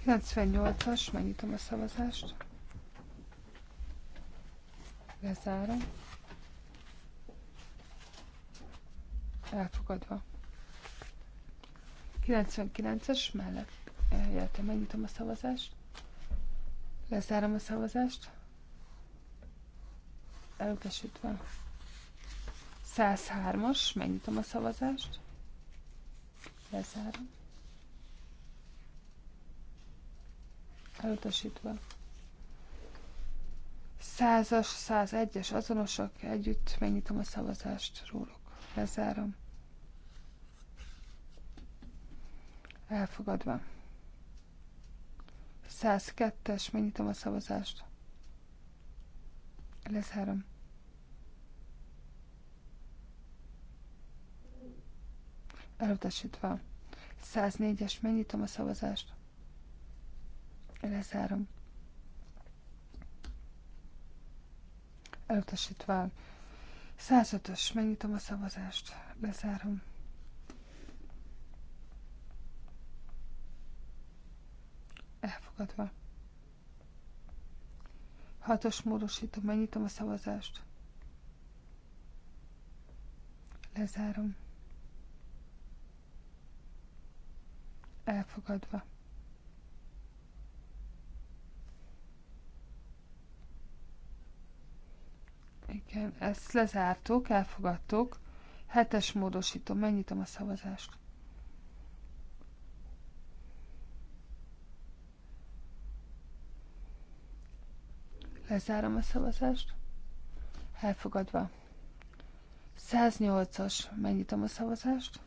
98-as, megnyitom a szavazást. Lezárom. Elfogadva. 99-es mellett eljöttem, eh, megnyitom a szavazást. Lezárom a szavazást. Elutasítva. 103-as, megnyitom a szavazást. Lezárom. Elutasítva százas, as 101 azonosok együtt. Megnyitom a szavazást róluk. Lezárom. Elfogadva. 102-es, megnyitom a szavazást. Lezárom. Elutasítva. 104-es, megnyitom a szavazást. Lezárom. elutasítva. 105-ös, megnyitom a szavazást, lezárom. Elfogadva. 6-os módosítom, megnyitom a szavazást. Lezárom. Elfogadva. Igen, ezt lezártuk, elfogadtuk. Hetes módosítom, megnyitom a szavazást. Lezárom a szavazást. Elfogadva. 108-as, megnyitom a szavazást.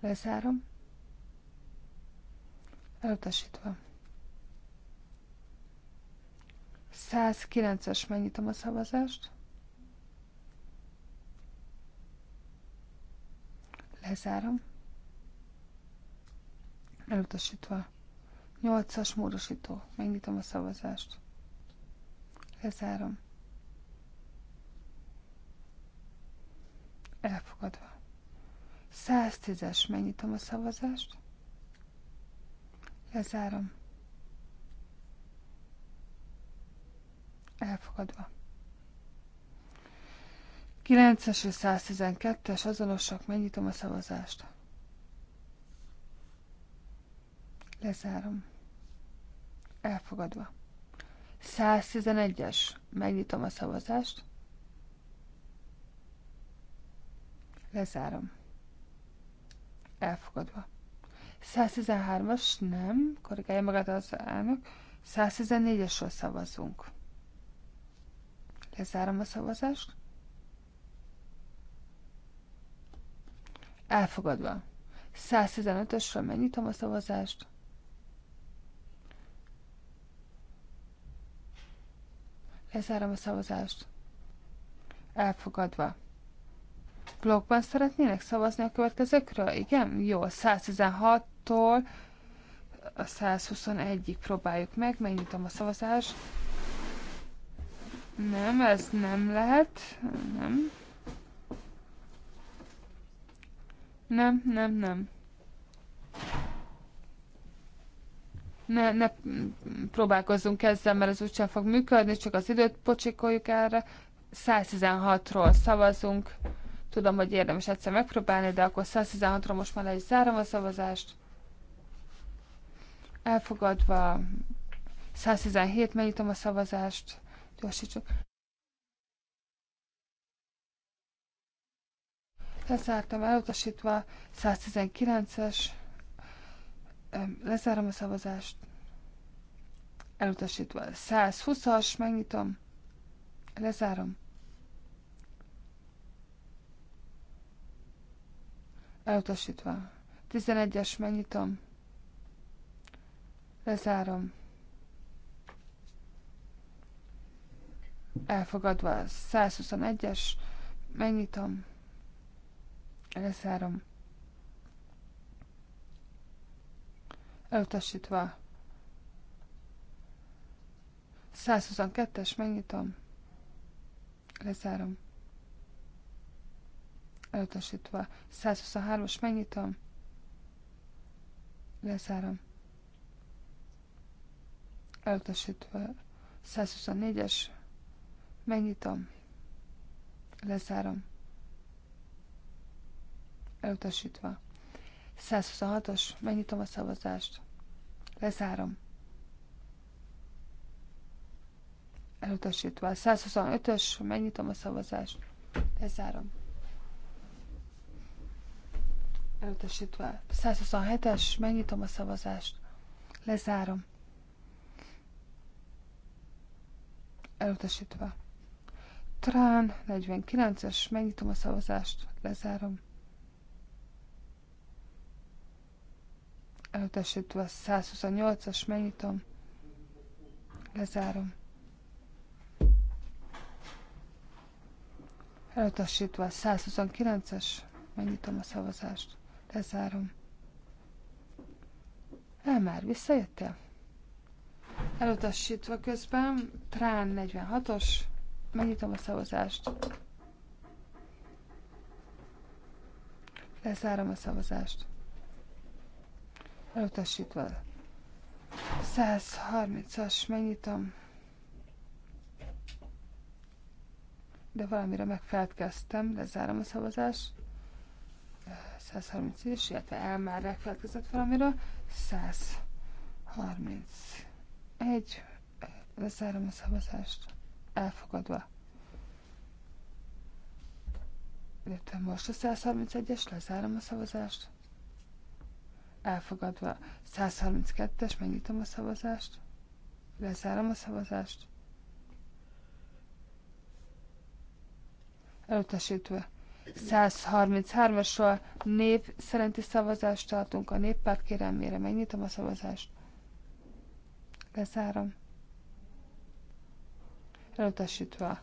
Lezárom. Elutasítva. 109-es, megnyitom a szavazást. Lezárom. Elutasítva. 8-as módosító, megnyitom a szavazást. Lezárom. Elfogadva. 110-es, megnyitom a szavazást. Lezárom. Elfogadva. 9-es és 112-es azonosak, megnyitom a szavazást. Lezárom. Elfogadva. 111-es, megnyitom a szavazást. Lezárom. Elfogadva. 113-as, nem, korrigálja magát az elnök. 114-esről szavazunk. Lezárom a szavazást. Elfogadva. 115-ösről megnyitom a szavazást. Lezárom a szavazást. Elfogadva. Blogban szeretnének szavazni a következőkről? Igen? Jó, 116 tól a 121-ig próbáljuk meg, megnyitom a szavazást. Nem, ez nem lehet, nem. Nem, nem, nem. Ne, ne próbálkozzunk ezzel, mert ez úgysem fog működni, csak az időt pocsikoljuk erre. 116-ról szavazunk. Tudom, hogy érdemes egyszer megpróbálni, de akkor 116-ról most már le is zárom a szavazást elfogadva 117, megnyitom a szavazást, gyorsítsuk. Lezártam, elutasítva 119-es, lezárom a szavazást, elutasítva 120-as, megnyitom, lezárom. Elutasítva. 11-es, megnyitom. Lezárom. Elfogadva a 121-es. Megnyitom. Lezárom. Elutasítva. 122-es. Megnyitom. Lezárom. Elutasítva. 123-as. Megnyitom. Lezárom elutasítva 124-es, megnyitom, lezárom, elutasítva 126-os, megnyitom a szavazást, lezárom, elutasítva 125-ös, megnyitom a szavazást, lezárom, elutasítva 127-es, megnyitom a szavazást, lezárom, elutasítva. Trán 49-es, megnyitom a szavazást, lezárom. Elutasítva 128-as, megnyitom, lezárom. Elutasítva 129-es, megnyitom a szavazást, lezárom. El már visszajöttél? Elutasítva közben, Trán 46-os, megnyitom a szavazást. Lezárom a szavazást. Elutasítva. 130-as, megnyitom. De valamire megfelelkeztem, lezárom a szavazást. 130 is, illetve el már megfelelkezett valamire. 130. Egy, lezárom a szavazást. Elfogadva. Jöttem most a 131-es, lezárom a szavazást. Elfogadva. 132-es, megnyitom a szavazást. Lezárom a szavazást. Elutasítva. 133-asról nép szerinti szavazást tartunk a néppárt kérelmére. Megnyitom a szavazást. Bezárom. Elutasítva.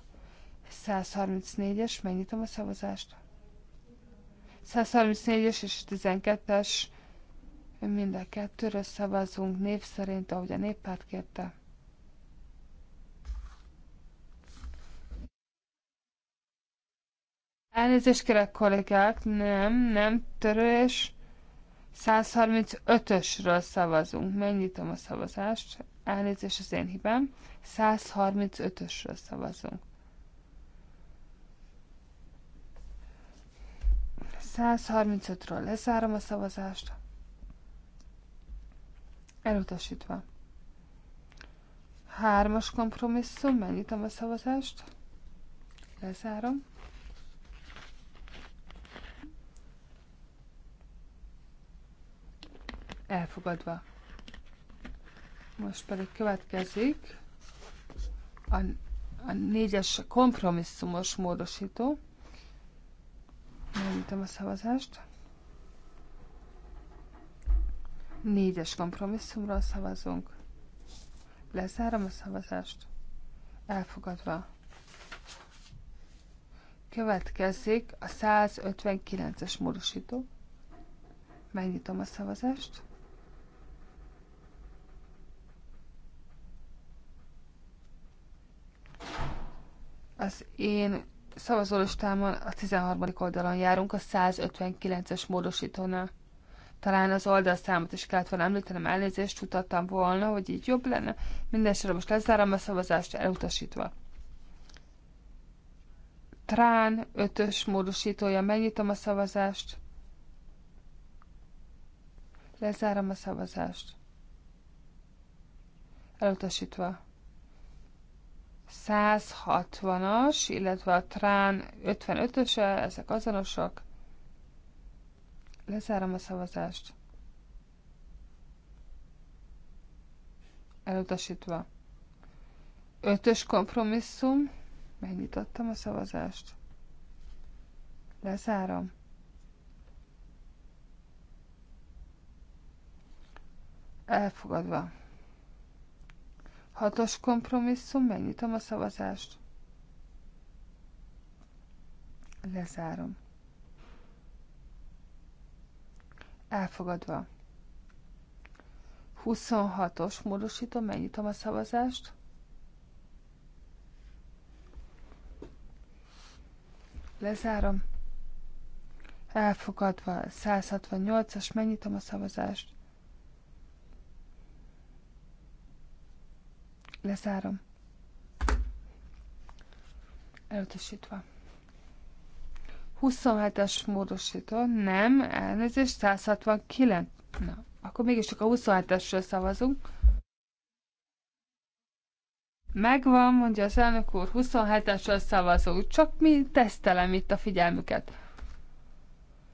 134-es, megnyitom a szavazást. 134-es és 12-es, mind a kettőről szavazunk név szerint, ahogy a néppárt kérte. Elnézést kérek kollégák, nem, nem, törés. 135-ösről szavazunk. Megnyitom a szavazást. Elnézést az én hibám. 135-ösről szavazunk. 135-ről lezárom a szavazást. Elutasítva. Hármas kompromisszum, megnyitom a szavazást. Lezárom. Elfogadva. Most pedig következik a, a négyes kompromisszumos módosító. Megnyitom a szavazást. Négyes kompromisszumról szavazunk. Lezárom a szavazást. Elfogadva. Következik a 159-es módosító. Megnyitom a szavazást. Az én szavazólistámon a 13. oldalon járunk, a 159-es módosítónál. Talán az oldalszámot is kellett volna említenem, elnézést tudtam volna, hogy így jobb lenne. Mindenesetre most lezárom a szavazást elutasítva. Trán 5-ös módosítója, megnyitom a szavazást. Lezárom a szavazást. Elutasítva. 160-as, illetve a Trán 55-öse, ezek azonosak. Lezárom a szavazást. Elutasítva. Ötös kompromisszum. Megnyitottam a szavazást. Lezárom. Elfogadva. Hatos kompromisszum, megnyitom a szavazást. Lezárom. Elfogadva. 26-os módosítom, megnyitom a szavazást. Lezárom. Elfogadva. 168-as, megnyitom a szavazást. Lezárom. Elutasítva. 27-es módosító, nem, elnézést, 169. Na, akkor mégiscsak a 27-esről szavazunk. Megvan, mondja az elnök úr, 27-esről szavazunk, csak mi tesztelem itt a figyelmüket.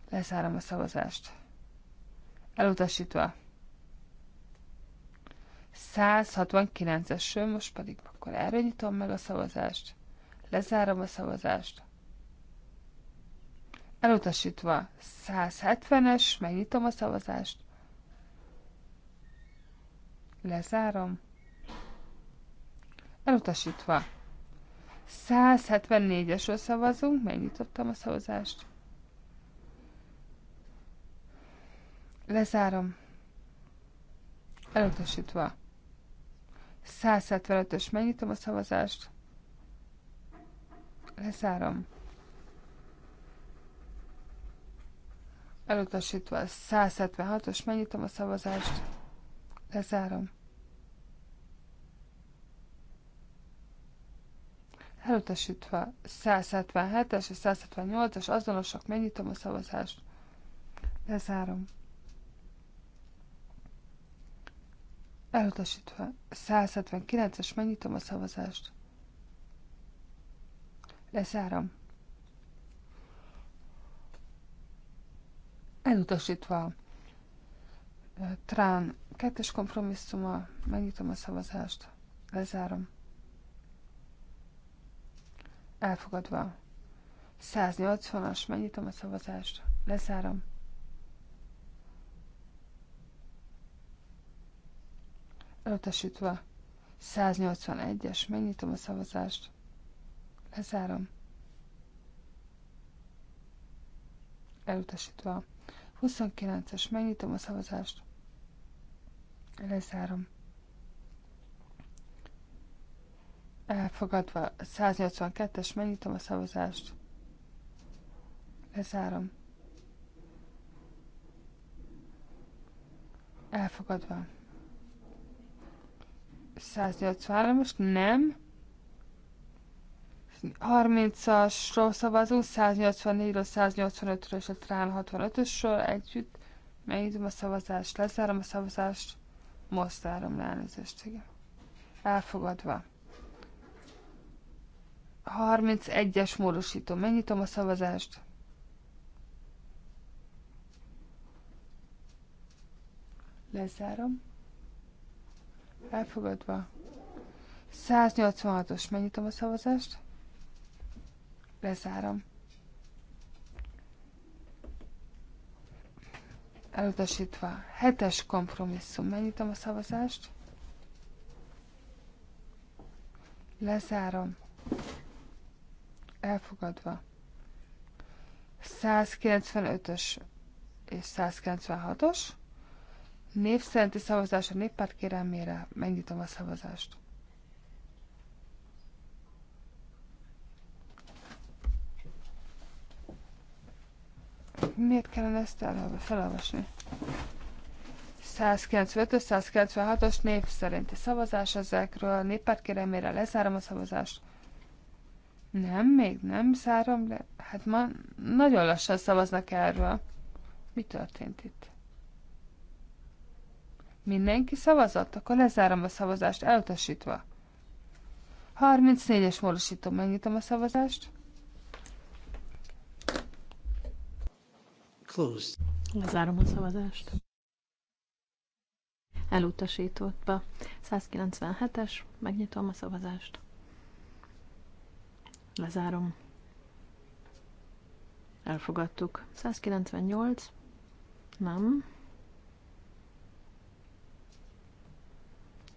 Lezárom a szavazást. Elutasítva. 169-esről, most pedig akkor erre nyitom meg a szavazást. Lezárom a szavazást. Elutasítva 170-es, megnyitom a szavazást. Lezárom. Elutasítva 174-esről szavazunk, megnyitottam a szavazást. Lezárom. Elutasítva. 175-ös, megnyitom a szavazást. Lezárom. Elutasítva a 176-os, megnyitom a szavazást. Lezárom. Elutasítva 177-es és 178-as azonosak, megnyitom a szavazást. Lezárom. Elutasítva. 179-es, megnyitom a szavazást. Lezárom. Elutasítva. Trán kettes kompromisszuma, megnyitom a szavazást. Lezárom. Elfogadva. 180-as, megnyitom a szavazást. Lezárom. elutasítva. 181-es, megnyitom a szavazást. Lezárom. Elutasítva. 29-es, megnyitom a szavazást. Lezárom. Elfogadva. 182-es, megnyitom a szavazást. Lezárom. Elfogadva. 183-as, nem. 30-asról szavazunk, 184-ről, 185-ről és a Trán 65-ösről együtt. Megnyitom a szavazást, lezárom a szavazást, most zárom le elnézést, igen. Elfogadva. 31-es módosító, megnyitom a szavazást. Lezárom. Elfogadva. 186-os. Megnyitom a szavazást. Lezárom. Elutasítva. 7-es kompromisszum. Megnyitom a szavazást. Lezárom. Elfogadva. 195-ös és 196-os. Név szerinti szavazás a néppárt kérelmére. Megnyitom a szavazást. Miért kellene ezt felolvasni? 195-196-os név szerinti szavazás ezekről. A néppárt kérelmére lezárom a szavazást. Nem, még nem zárom, de hát ma nagyon lassan szavaznak erről. Mi történt itt? Mindenki szavazott? Akkor lezárom a szavazást, elutasítva. 34-es módosítom, megnyitom a szavazást. Closed. Lezárom a szavazást.
Elutasítottba. 197-es, megnyitom a szavazást. Lezárom. Elfogadtuk. 198. Nem.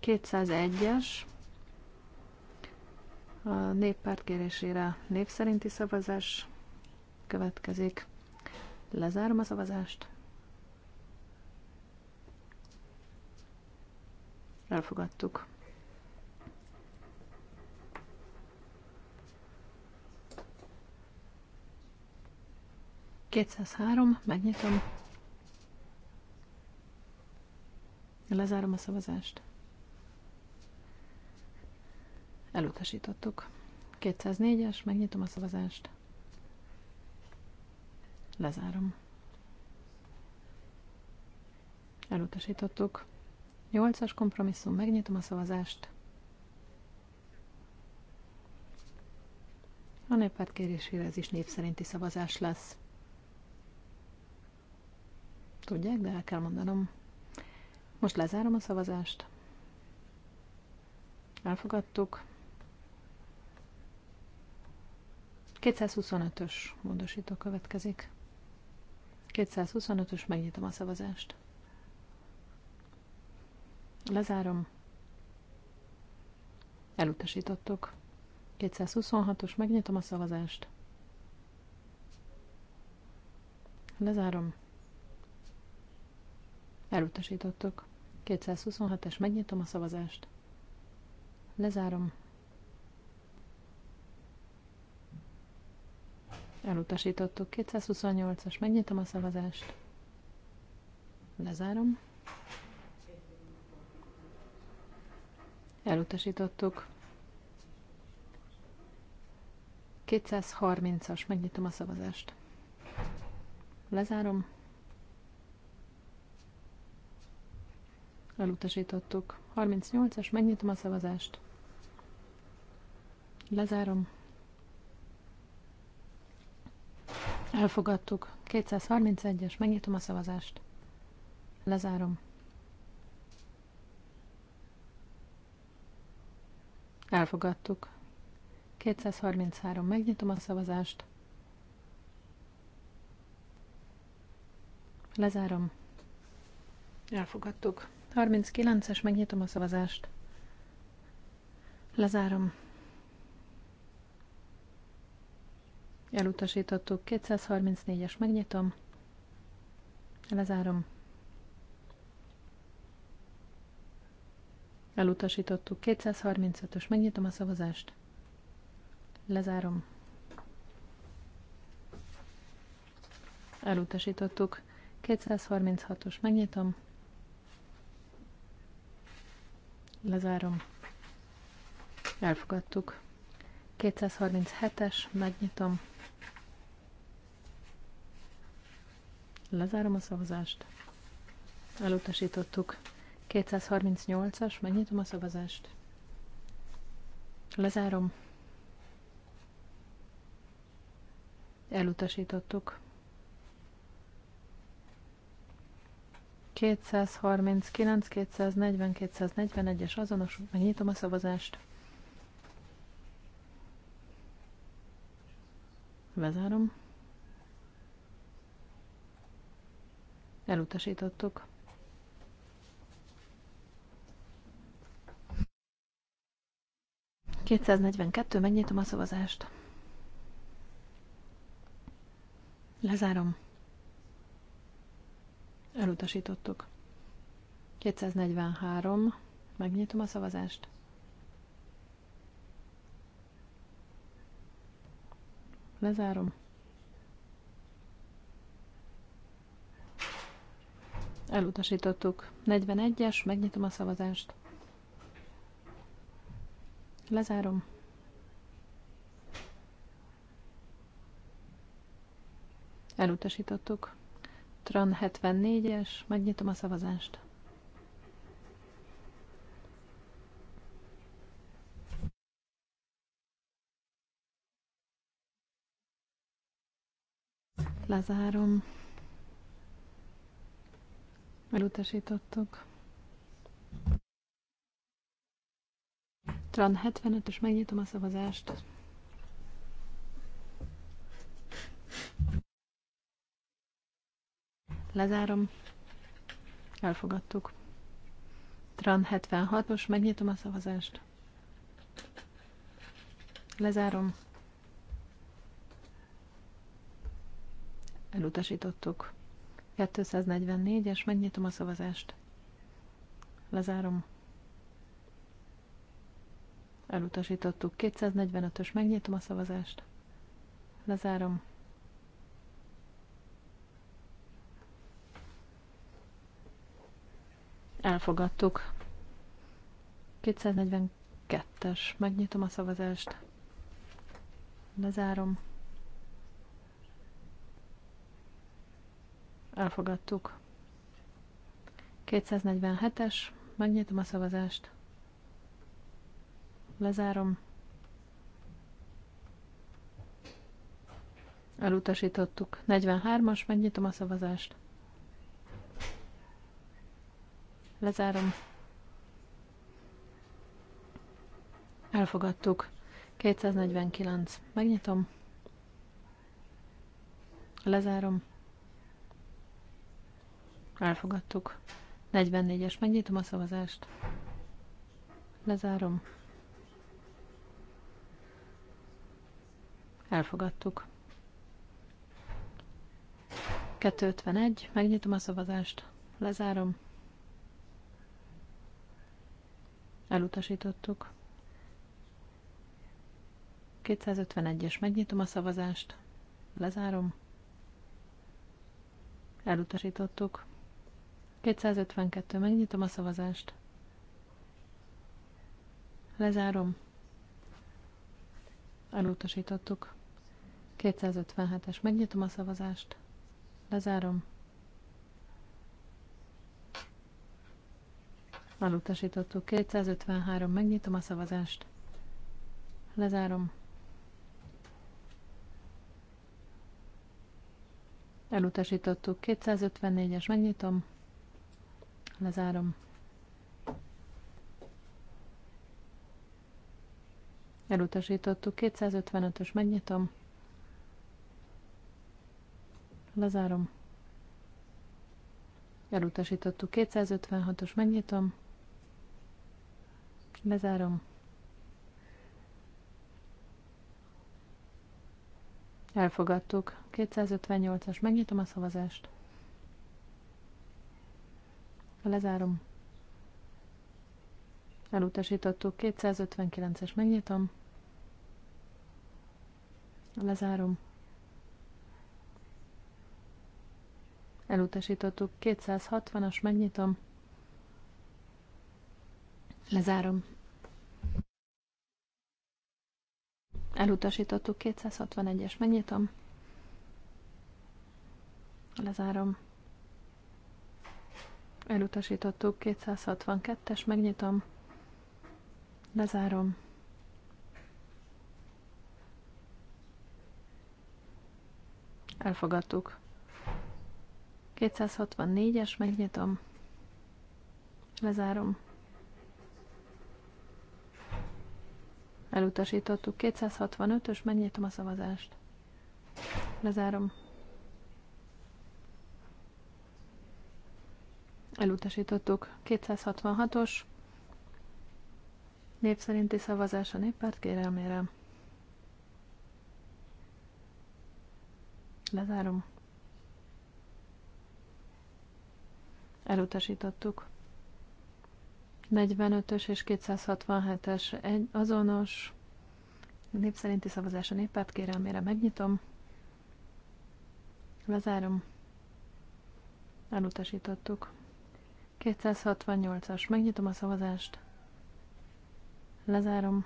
201-es a néppárt kérésére név szerinti szavazás következik. Lezárom a szavazást.
Elfogadtuk.
három, megnyitom. Lezárom a szavazást. Elutasítottuk. 204-es, megnyitom a szavazást. Lezárom. Elutasítottuk. 8-as kompromisszum, megnyitom a szavazást. A néppárt kérésére ez is népszerinti szavazás lesz. Tudják, de el kell mondanom. Most lezárom a szavazást. Elfogadtuk. 225-ös módosító következik. 225-ös, megnyitom a szavazást. Lezárom. Elutasítottok. 226-os, megnyitom a szavazást. Lezárom. Elutasítottok. 226 es megnyitom a szavazást. Lezárom. Elutasítottuk. 228-as. Megnyitom a szavazást. Lezárom. Elutasítottuk. 230-as. Megnyitom a szavazást. Lezárom. Elutasítottuk. 38-as. Megnyitom a szavazást. Lezárom. Elfogadtuk. 231-es. Megnyitom a szavazást. Lezárom. Elfogadtuk. 233. Megnyitom a szavazást. Lezárom. Elfogadtuk. 39-es. Megnyitom a szavazást. Lezárom. Elutasítottuk. 234-es megnyitom. Lezárom. Elutasítottuk. 235-ös megnyitom a szavazást. Lezárom. Elutasítottuk. 236-os megnyitom. Lezárom. Elfogadtuk. 237-es, megnyitom. Lezárom a szavazást. Elutasítottuk. 238-as, megnyitom a szavazást. Lezárom. Elutasítottuk. 239, 240, 241-es azonos, megnyitom a szavazást. Lezárom. Elutasítottuk. Kétszáznegyvenkettő, megnyitom a szavazást. Lezárom. Elutasítottuk. 243. Megnyitom a szavazást. Lezárom. Elutasítottuk. 41-es, megnyitom a szavazást. Lezárom. Elutasítottuk. Tran 74-es, megnyitom a szavazást. Lezárom. Elutasítottuk. Tran 75 és megnyitom a szavazást. Lezárom. Elfogadtuk. Tran 76-os, megnyitom a szavazást. Lezárom. Elutasítottuk. 244-es, megnyitom a szavazást. Lezárom. Elutasítottuk. 245-ös, megnyitom a szavazást. Lezárom. Elfogadtuk. 242-es, megnyitom a szavazást. Lezárom. Elfogadtuk. 247-es. Megnyitom a szavazást. Lezárom. Elutasítottuk. 43-as. Megnyitom a szavazást. Lezárom. Elfogadtuk. 249. Megnyitom. Lezárom. Elfogadtuk. 44-es. Megnyitom a szavazást. Lezárom. Elfogadtuk. 251. Megnyitom a szavazást. Lezárom. Elutasítottuk. 251-es. Megnyitom a szavazást. Lezárom. Elutasítottuk. 252. Megnyitom a szavazást. Lezárom. Elutasítottuk. 257-es. Megnyitom a szavazást. Lezárom. Elutasítottuk. 253. Megnyitom a szavazást. Lezárom. Elutasítottuk. 254-es. Megnyitom. Lezárom. Elutasítottuk. 255-ös megnyitom. Lezárom. Elutasítottuk. 256-os megnyitom. Lezárom. Elfogadtuk. 258-as. Megnyitom a szavazást. Lezárom. Elutasítottuk. 259-es megnyitom. Lezárom. Elutasítottuk. 260-as megnyitom. Lezárom. Elutasítottuk. 261-es megnyitom. Lezárom. Elutasítottuk 262-es, megnyitom. Lezárom. Elfogadtuk. 264-es, megnyitom. Lezárom. Elutasítottuk. 265-ös, megnyitom a szavazást. Lezárom. Elutasítottuk 266-os név szerinti szavazás a néppárt kérelmére. Lezárom. Elutasítottuk. 45-ös és 267-es egy azonos név szerinti szavazás a néppárt kérelmére megnyitom. Lezárom. Elutasítottuk. 268-as. Megnyitom a szavazást. Lezárom.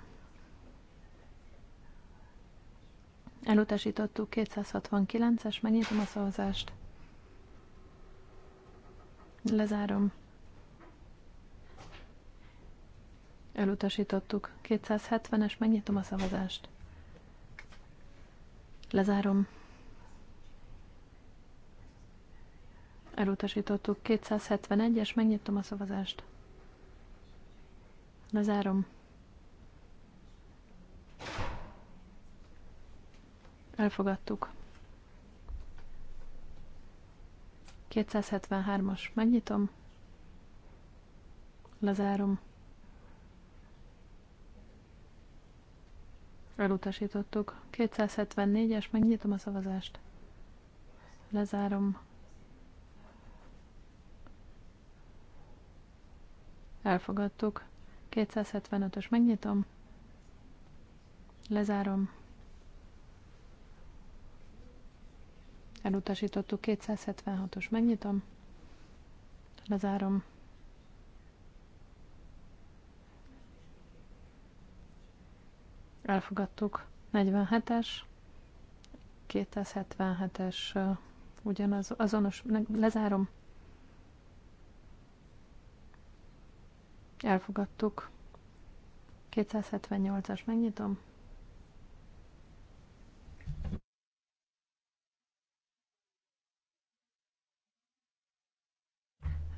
Elutasítottuk 269-es. Megnyitom a szavazást. Lezárom. Elutasítottuk 270-es. Megnyitom a szavazást. Lezárom. Elutasítottuk. 271-es, megnyitom a szavazást. Lezárom. Elfogadtuk. 273-as, megnyitom. Lezárom. Elutasítottuk. 274-es, megnyitom a szavazást. Lezárom. Elfogadtuk. 275-ös megnyitom. Lezárom. Elutasítottuk. 276-os megnyitom. Lezárom. Elfogadtuk. 47-es. 277-es ugyanaz, azonos, lezárom. Elfogadtuk. 278-as megnyitom.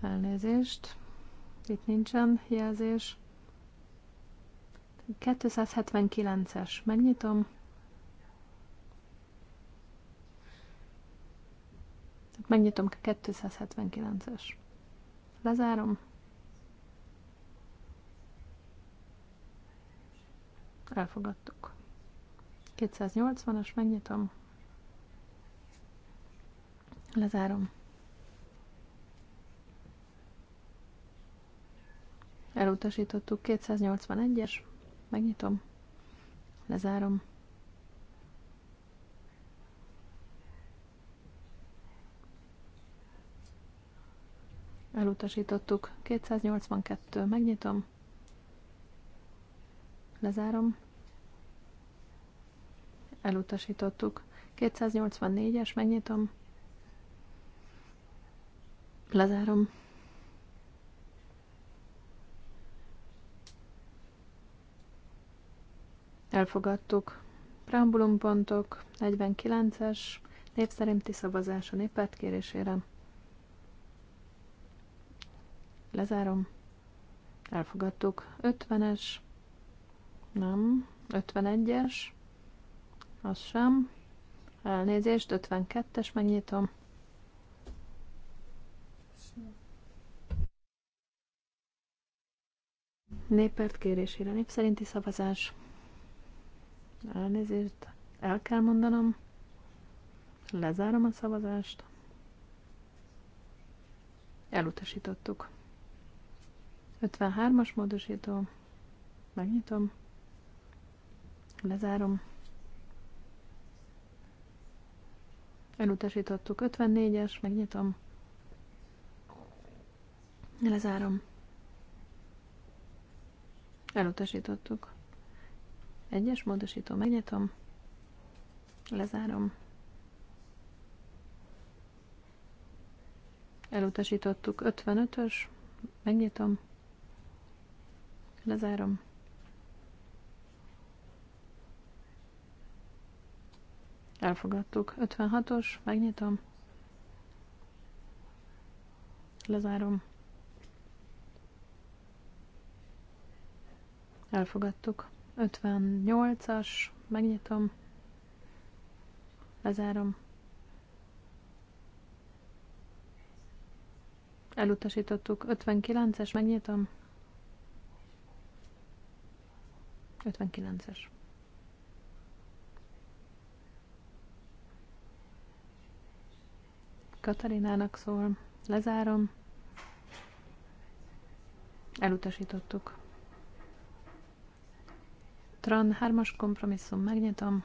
Elnézést. Itt nincsen jelzés. 279-es. Megnyitom. Megnyitom a 279-es. Lezárom. Elfogadtuk. 280-as, megnyitom. Lezárom. Elutasítottuk. 281-es, megnyitom. Lezárom. Elutasítottuk. 282, megnyitom. Lezárom elutasítottuk. 284-es, megnyitom. Lezárom. Elfogadtuk. pontok. 49-es, név szerinti szavazás a néppárt kérésére. Lezárom. Elfogadtuk. 50-es, nem, 51-es, az sem. Elnézést, 52-es, megnyitom. Népert kérésére népszerinti szavazás. Elnézést, el kell mondanom. Lezárom a szavazást. Elutasítottuk. 53-as módosító. Megnyitom. Lezárom. Elutasítottuk 54-es, megnyitom. Lezárom. Elutasítottuk. Egyes módosító, megnyitom. Lezárom. Elutasítottuk 55-ös, megnyitom. Lezárom. Elfogadtuk. 56-os, megnyitom. Lezárom. Elfogadtuk. 58-as, megnyitom. Lezárom. Elutasítottuk. 59-es, megnyitom. 59-es. Katarinának szól. Lezárom. Elutasítottuk. Tran 3-as kompromisszum. Megnyitom.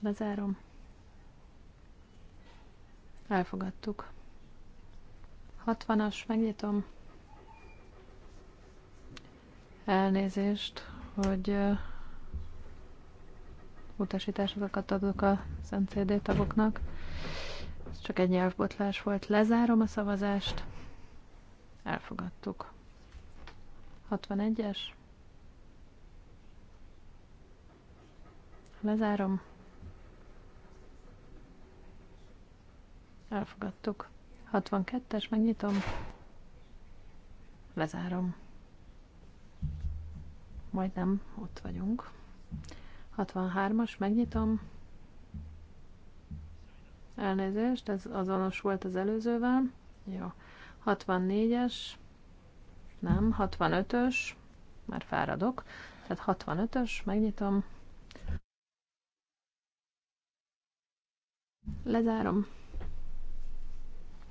Lezárom. Elfogadtuk. 60-as, megnyitom. Elnézést, hogy utasításokat adok a cd tagoknak. Ez csak egy nyelvbotlás volt. Lezárom a szavazást. Elfogadtuk. 61-es. Lezárom. Elfogadtuk. 62-es, megnyitom. Lezárom. Majdnem ott vagyunk. 63-as, megnyitom. Elnézést, ez azonos volt az előzővel. Jó. 64-es, nem, 65-ös, már fáradok. Tehát 65-ös, megnyitom. Lezárom.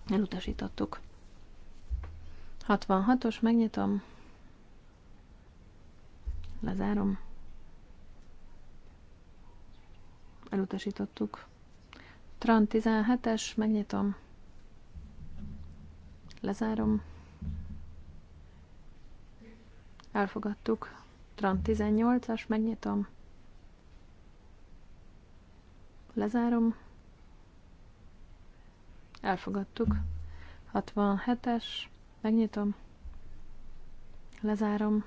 Elutasítottuk. 66-os, megnyitom. Lezárom. elutasítottuk. Tran 17-es, megnyitom, lezárom, elfogadtuk. Tran 18-as, megnyitom, lezárom, elfogadtuk. 67-es, megnyitom, lezárom,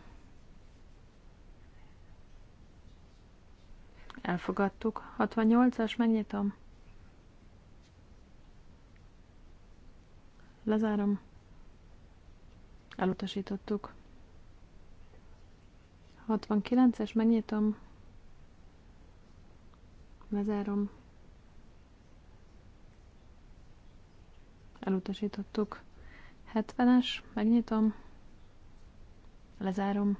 elfogadtuk. 68-as, megnyitom. Lezárom. Elutasítottuk. 69-es, megnyitom. Lezárom. Elutasítottuk. 70-es, megnyitom. Lezárom.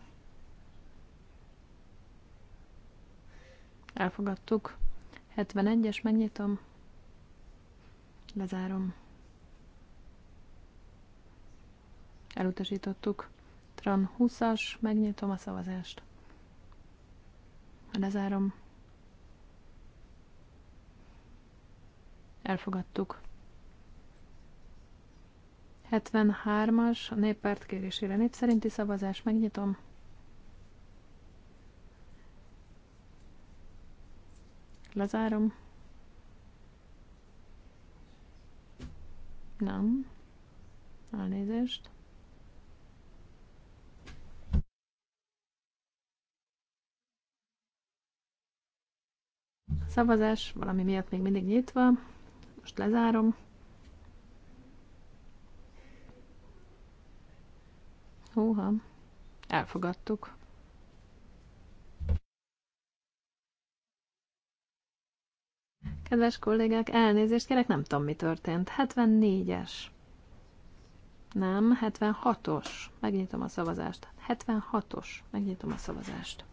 Elfogadtuk. 71-es, megnyitom. Lezárom. Elutasítottuk. Tran 20-as, megnyitom a szavazást. Lezárom. Elfogadtuk. 73-as, a néppárt kérésére népszerinti szavazás, megnyitom. Lezárom. Nem. Elnézést. Szavazás valami miatt még mindig nyitva. Most lezárom. Elfogadtuk. Kedves kollégák, elnézést kérek, nem tudom, mi történt. 74-es. Nem, 76-os. Megnyitom a szavazást. 76-os. Megnyitom a szavazást.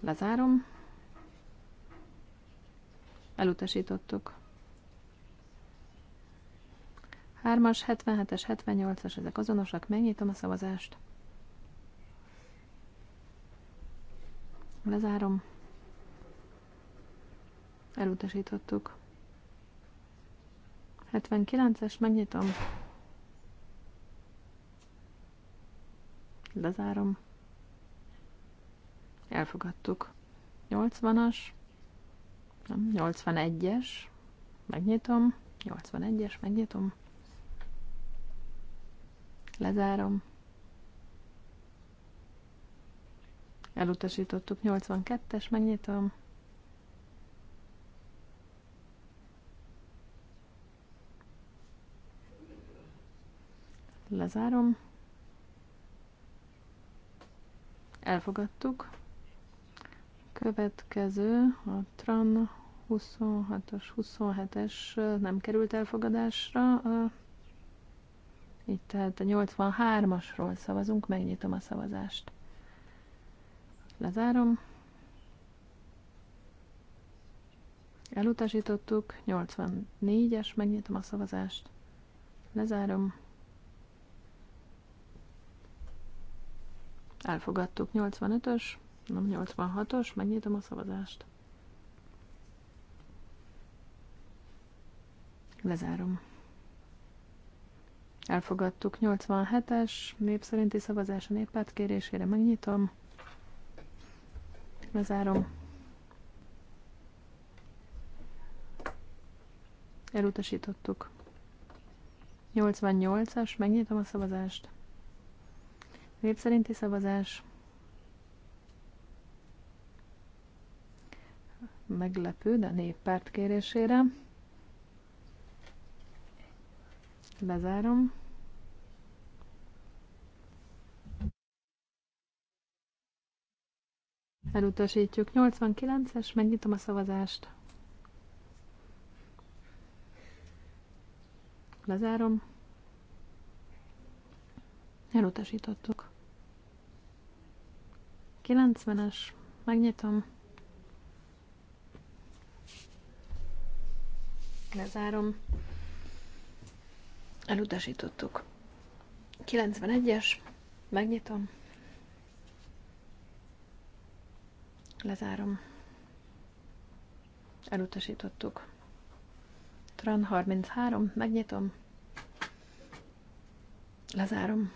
Lezárom. Elutasítottuk. 3-as, 77-es, 78-as, ezek azonosak. Megnyitom a szavazást. Lezárom. Elutasítottuk. 79-es, megnyitom. Lezárom. Elfogadtuk. 80-as. Nem, 81-es. Megnyitom. 81-es, megnyitom. Lezárom. Elutasítottuk. 82-es, megnyitom. Lezárom. Elfogadtuk. Következő a TRAN 26 as 27-es nem került elfogadásra. Itt tehát a 83-asról szavazunk, megnyitom a szavazást. Lezárom. Elutasítottuk, 84-es, megnyitom a szavazást. Lezárom. Elfogadtuk 85-ös, nem 86-os, megnyitom a szavazást. Lezárom. Elfogadtuk 87-es népszerinti szavazás a néppárt kérésére, megnyitom. Lezárom. Elutasítottuk. 88-as, megnyitom a szavazást. Név szerinti szavazás. Meglepő, de néppárt kérésére. Bezárom. Elutasítjuk. 89-es, megnyitom a szavazást. Lezárom. Elutasítottuk. 90-es, megnyitom. Lezárom. Elutasítottuk. 91-es, megnyitom. Lezárom. Elutasítottuk. Tran 33, megnyitom. Lezárom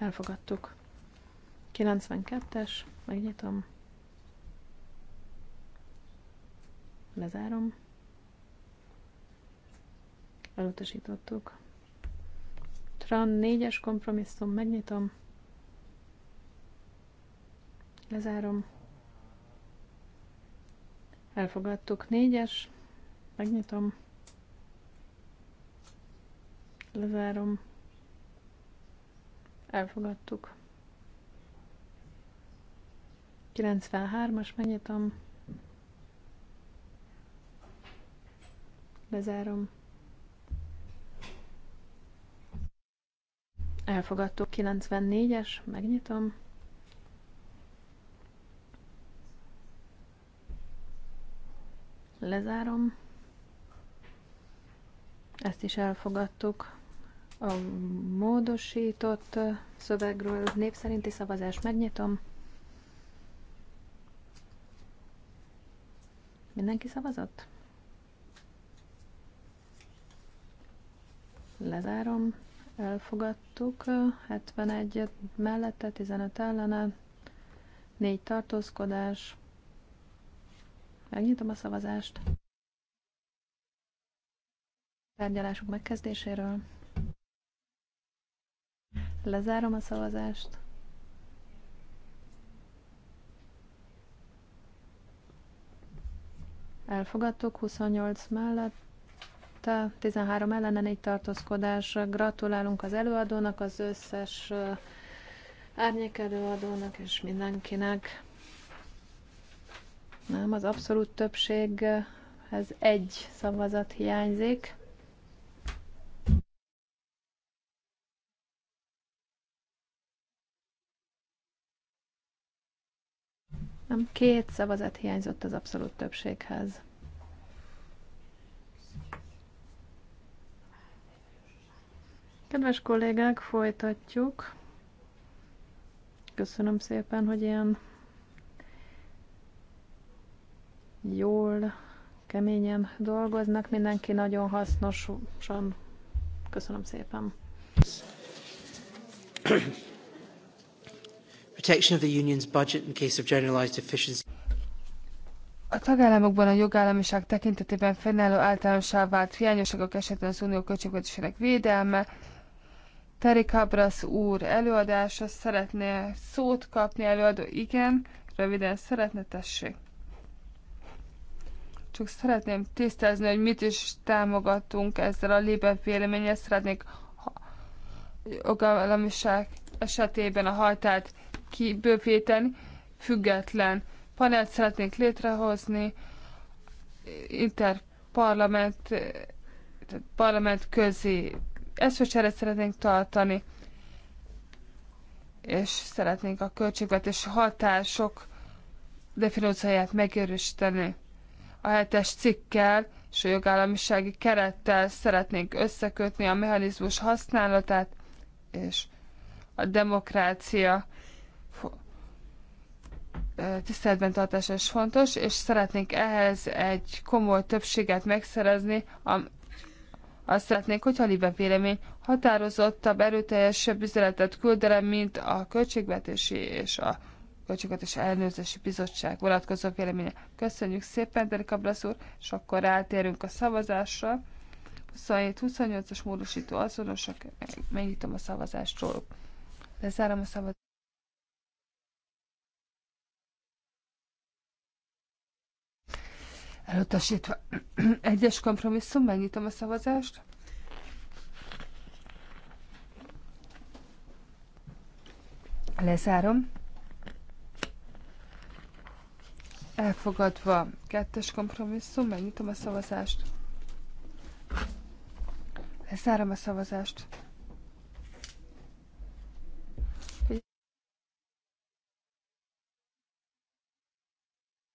Elfogadtuk. 92-es, megnyitom. Lezárom. Elutasítottuk. Tran 4-es kompromisszum, megnyitom. Lezárom. Elfogadtuk 4-es, megnyitom. Lezárom. Elfogadtuk. 93-as megnyitom. Bezárom. Elfogadtuk 94-es, megnyitom. Lezárom. Ezt is elfogadtuk a módosított szövegről népszerinti szavazást megnyitom. Mindenki szavazott? Lezárom. Elfogadtuk. 71 mellette, 15 ellene, 4 tartózkodás. Megnyitom a szavazást. Tárgyalások megkezdéséről. Lezárom a szavazást. Elfogadtuk 28 mellett. 13 ellene 4 tartózkodás. Gratulálunk az előadónak, az összes uh, árnyék előadónak és mindenkinek. Nem, az abszolút többséghez uh, egy szavazat hiányzik. Nem, két szavazat hiányzott az abszolút többséghez. Kedves kollégák, folytatjuk. Köszönöm szépen, hogy ilyen jól, keményen dolgoznak. Mindenki nagyon hasznosan. Köszönöm
szépen protection of the union's budget in case of generalized deficiency.
A tagállamokban a jogállamiság tekintetében fennálló általánossá vált hiányosságok esetén az unió költségvetésének védelme. Terry Cabras úr előadása, szeretné szót kapni előadó? Igen, röviden szeretne, tessék. Csak szeretném tisztázni, hogy mit is támogatunk ezzel a lébe véleménye. Szeretnék jogállamiság esetében a hajtát kibővíteni, független panelt szeretnénk létrehozni, interparlament, parlament közi eszfőcseret szeretnénk tartani, és szeretnénk a költségvetés hatások definícióját megerősíteni. A hetes cikkkel és a jogállamisági kerettel szeretnénk összekötni a mechanizmus használatát és a demokrácia tiszteletben tartása is fontos, és szeretnénk ehhez egy komoly többséget megszerezni, azt szeretnénk, hogyha a Libe vélemény határozottabb, erőteljesebb üzenetet küldelem, mint a Költségvetési és a Költségvetési Ellenőrzési Bizottság vonatkozó véleménye. Köszönjük szépen, Derika Brasz úr, és akkor rátérünk a szavazásra. 27-28-as módosító azonosak, megnyitom a szavazást róluk. Lezárom a szavazást. elutasítva. *clears throat* Egyes kompromisszum, megnyitom a szavazást. Lezárom. Elfogadva kettes kompromisszum, megnyitom a szavazást. Lezárom a szavazást.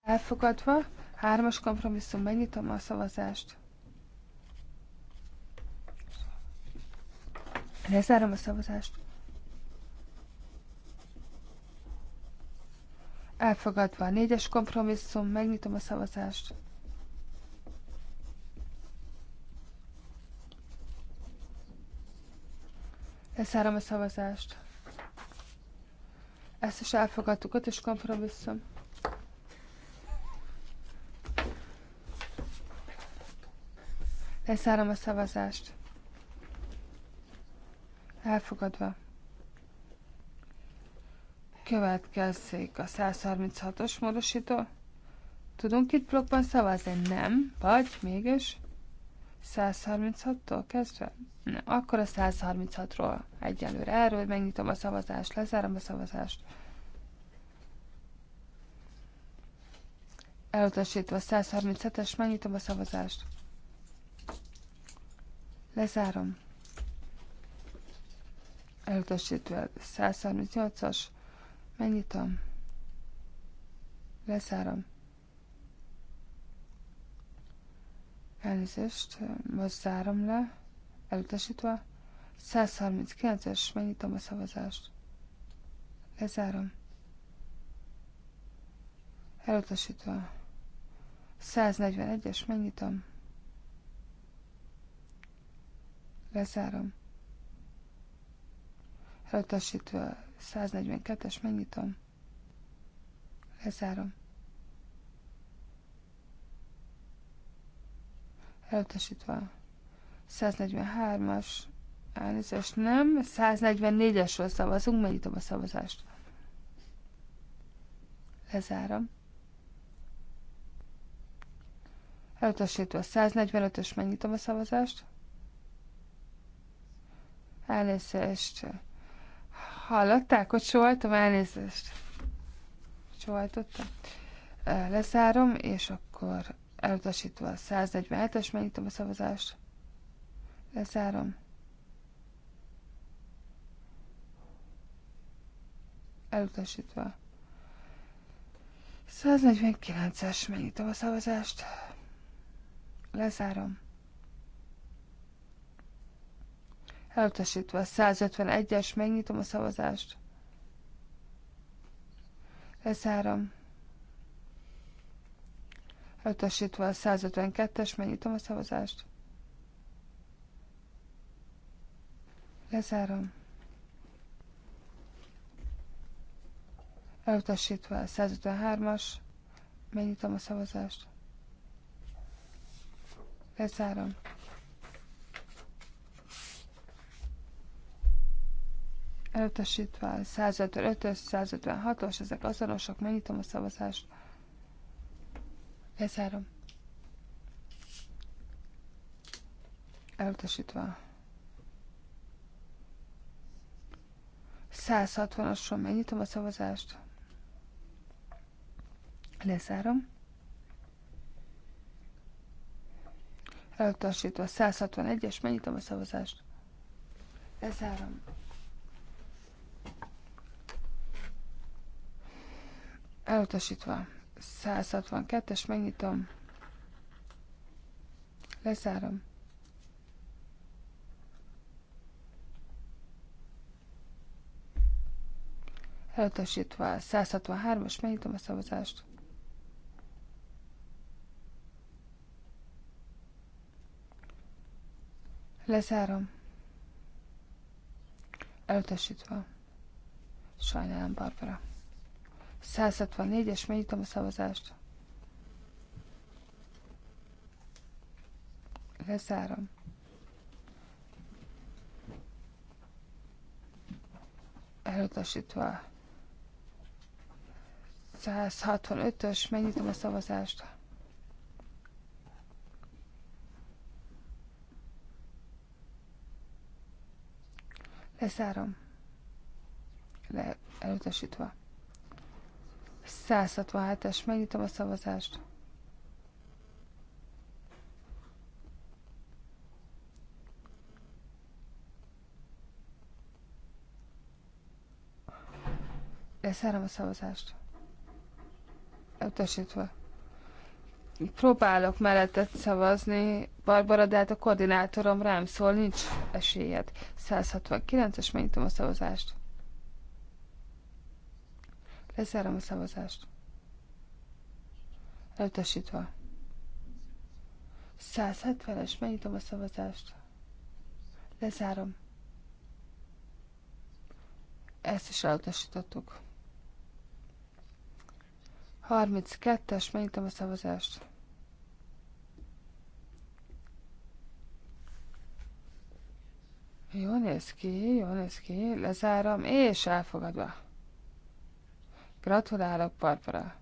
Elfogadva. Hármas kompromisszum, megnyitom a szavazást. Lezárom a szavazást. Elfogadva a négyes kompromisszum, megnyitom a szavazást. Lezárom a szavazást. Ezt is elfogadtuk, ott is kompromisszum. Leszárom a szavazást. Elfogadva. Következzék a 136-os módosító. Tudunk itt blokkban szavazni? Nem. Vagy mégis 136-tól kezdve? Nem. Akkor a 136-ról egyelőre. Erről megnyitom a szavazást, lezárom a szavazást. Elutasítva a 137-es, megnyitom a szavazást. Lezárom. Elutasítva 138-as. Megnyitom. Lezárom. Elnézést, most zárom le. Elutasítva. 139-es. Megnyitom a szavazást. Lezárom. Elutasítva. 141-es. Megnyitom. Lezárom. Elutasítva 142-es, megnyitom. Lezárom. Elutasítva 143-as, elnézést nem, 144-esről szavazunk, megnyitom a szavazást. Lezárom. Elutasítva 145-ös, megnyitom a szavazást. Elnézést. Hallották, hogy soltam? Elnézést. Soltottam. Lezárom, és akkor elutasítva a 147-es, megnyitom a szavazást. Lezárom. Elutasítva. 149-es, megnyitom a szavazást. Lezárom. elutasítva. 151-es, megnyitom a szavazást. Lezárom. Elutasítva a 152-es, megnyitom a szavazást. Lezárom. Elutasítva a 153-as, megnyitom a szavazást. Lezárom. elutasítva, 155-ös, 156-os, ezek azonosak, megnyitom a szavazást, lezárom, elutasítva. 160-asról megnyitom a szavazást, lezárom, elutasítva, 161-es, megnyitom a szavazást, lezárom. Elutasítva. 162-es, megnyitom. Leszárom. Elutasítva. 163-as, megnyitom a szavazást. Lezárom. Elutasítva. Sajnálom, Barbara. 164-es, megnyitom a szavazást. Lezárom. Elutasítva. 165-ös, megnyitom a szavazást. Lezárom. Le, elutasítva. 167-es, megnyitom a szavazást. Leszárom a szavazást. Utasítva. Próbálok mellettet szavazni, Barbara, de hát a koordinátorom rám szól, nincs esélyed. 169-es, megnyitom a szavazást. Lezárom a szavazást. Elutasítva. 170-es, megnyitom a szavazást. Lezárom. Ezt is elutasítottuk. 32-es, megnyitom a szavazást. Jó néz ki, jó néz ki, lezárom, és elfogadva. Gratulálok, Barbara!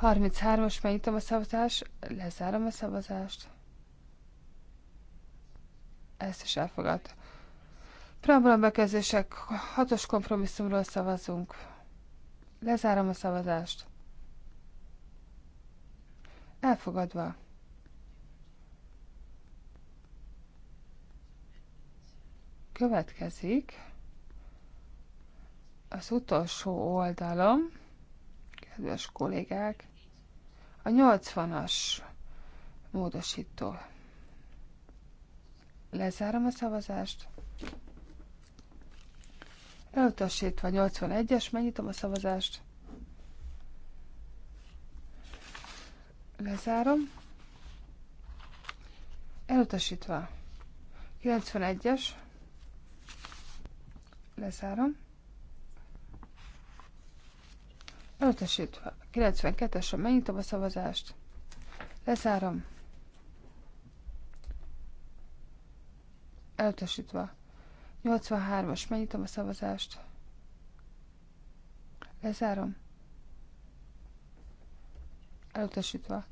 33-as megnyitom a szavazást, lezárom a szavazást. Ezt is elfogadta. Preambulum bekezdések, hatos kompromisszumról szavazunk. Lezárom a szavazást. Elfogadva. Következik az utolsó oldalom, kedves kollégák, a 80-as módosító. Lezárom a szavazást. Elutasítva 81-es, megnyitom a szavazást. Lezárom. Elutasítva 91-es. Lezárom Elutasítva. 92-esre megnyitom a szavazást. Lezárom. Elutasítva. 83-as, megnyitom a szavazást. Lezárom. Elutasítva.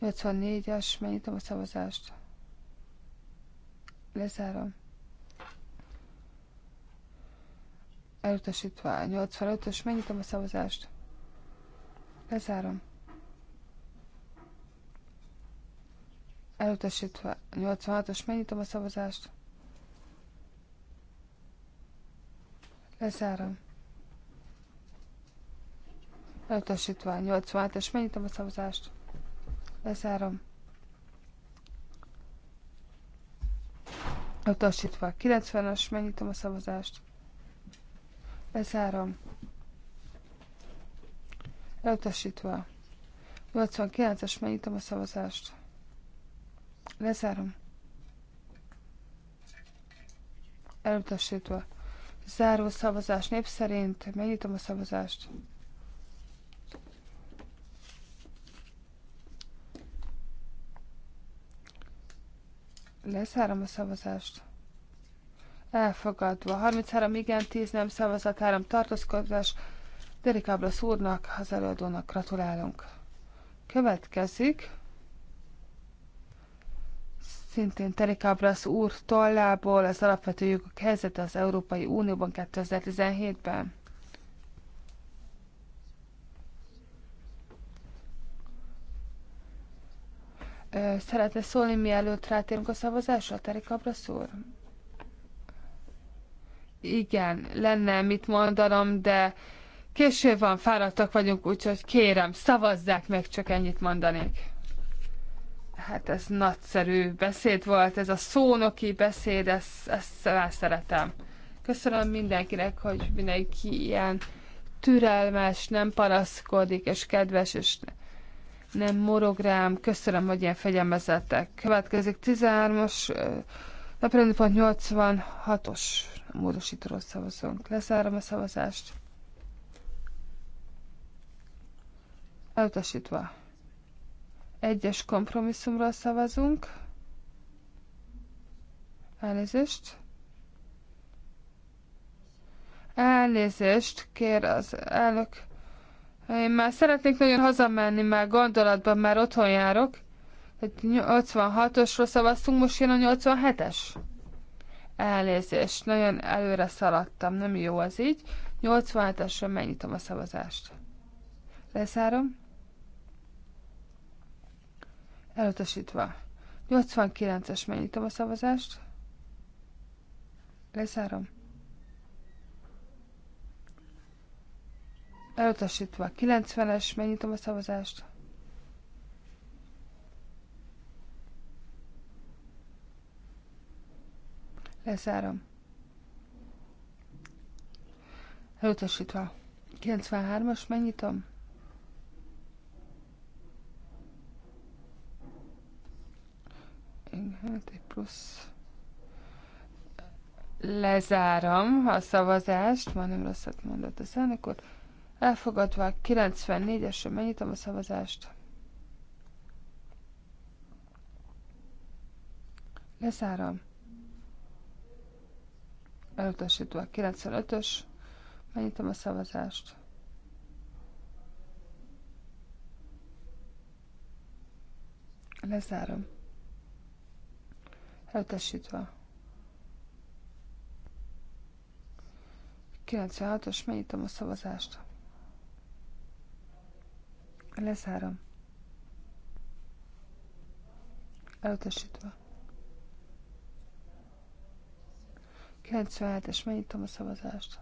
84-es, megnyitom a szavazást. Lezárom. Elutasítva. 85-ös, megnyitom a szavazást. Bezárom. Elutasítva 86-os, megnyitom a szavazást. Lezárom. Elutasítva 86-os, megnyitom a szavazást. Lezárom. Elutasítva 90 os megnyitom a szavazást. Lezárom. Elutasítva. 89-es, megnyitom a szavazást. Lezárom. Elutasítva. Záró szavazás nép szerint. Megnyitom a szavazást. Lezárom a szavazást. Elfogadva. 33 igen, 10 nem szavazat, 3 tartózkodás. Derek Abla úrnak, az előadónak gratulálunk. Következik szintén Terik Abrasz úr tollából az alapvető jogok helyzete az Európai Unióban 2017-ben. Szeretne szólni, mielőtt rátérünk a szavazásra, Terik Abrasz úr? Igen, lenne mit mondanom, de Késő van, fáradtak vagyunk, úgyhogy kérem, szavazzák meg, csak ennyit mondanék. Hát ez nagyszerű beszéd volt, ez a szónoki beszéd, ezt, ezt el szeretem. Köszönöm mindenkinek, hogy mindenki ilyen türelmes, nem paraszkodik, és kedves, és nem morog rám. Köszönöm, hogy ilyen fegyelmezettek. Következik 13-as, eh, naprendi pont 86-os módosítóról szavazunk. Lezárom a szavazást. Elutasítva. Egyes kompromisszumról szavazunk. Elnézést. Elnézést kér az elnök. Én már szeretnék nagyon hazamenni, már gondolatban már otthon járok. 86-osról szavaztunk, most jön a 87-es. Elnézést, nagyon előre szaladtam, nem jó az így. 87-esről megnyitom a szavazást. Leszárom elutasítva. 89-es, megnyitom a szavazást. Lezárom. Elutasítva. 90-es, megnyitom a szavazást. Lezárom. Elutasítva. 93-as, megnyitom. hát egy plusz. Lezárom a szavazást, már nem rosszat mondott a szánikot. Elfogadva 94-esre megnyitom a szavazást. Lezárom. Elutasítva 95-ös. Megnyitom a szavazást. Lezárom elutasítva. 96-os, megnyitom a szavazást. Lezárom. Elutasítva. 97-es, megnyitom a szavazást.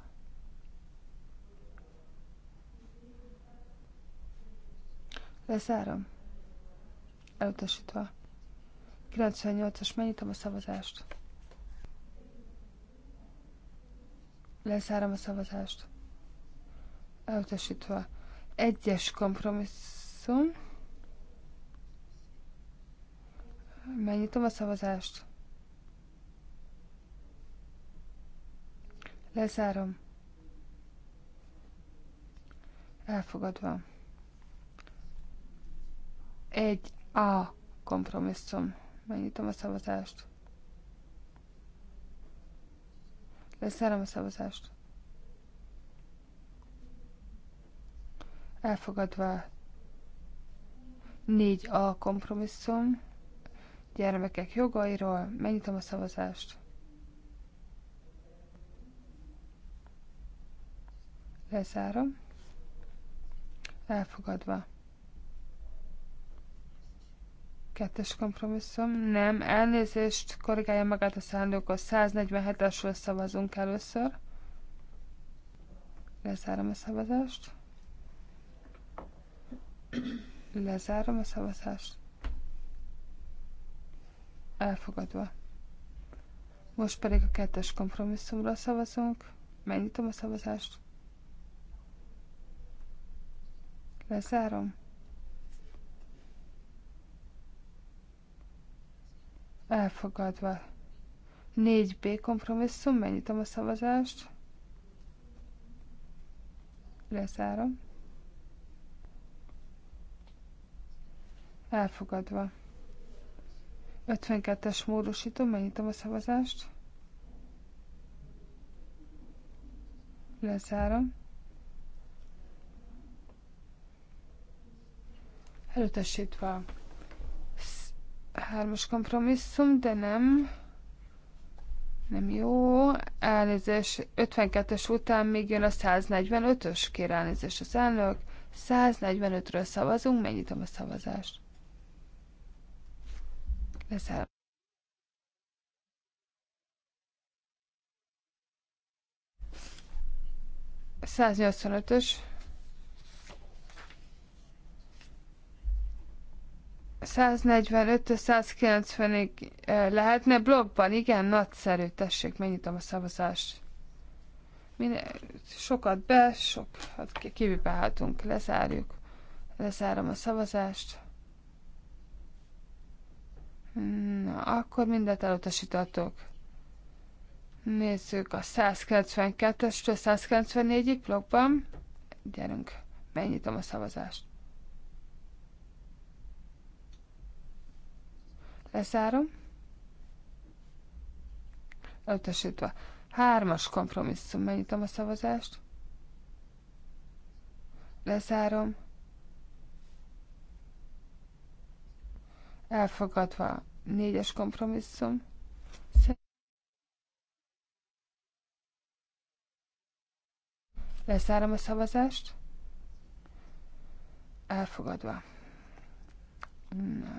Lezárom. Elutasítva. 98-as, megnyitom a szavazást. Lezárom a szavazást. Elutasítva. Egyes kompromisszum. Megnyitom a szavazást. Lezárom. Elfogadva. Egy A kompromisszum. Megnyitom a szavazást. Leszárom a szavazást. Elfogadva négy a kompromisszum gyermekek jogairól. Megnyitom a szavazást. Lezárom. Elfogadva. Kettes kompromisszum. Nem, elnézést, korrigálja magát a szándékot. 147-esről szavazunk először. Lezárom a szavazást. Lezárom a szavazást. Elfogadva. Most pedig a kettes kompromisszumra szavazunk. Megnyitom a szavazást. Lezárom. elfogadva. 4B kompromisszum, megnyitom a szavazást. Lezárom. Elfogadva. 52-es módosító, megnyitom a szavazást. Lezárom. Előtessétve hármas kompromisszum, de nem. Nem jó. Elnézés, 52-es után még jön a 145-ös. Kér elnézést az elnök. 145-ről szavazunk, megnyitom a szavazást. Leszáll. Száznyolcvanötös. ös 145-190-ig eh, lehetne blogban, igen, nagyszerű, tessék, megnyitom a szavazást. Minél sokat be, sokat hát kivipálhatunk, lezárjuk. Lezárom a szavazást. Na, akkor mindet elutasítatok. Nézzük a 192-estől 194-ig blogban. Gyerünk, megnyitom a szavazást. leszárom, Ötösítve. Hármas kompromisszum. Megnyitom a szavazást. Leszárom. Elfogadva. Négyes kompromisszum. Leszárom a szavazást. Elfogadva.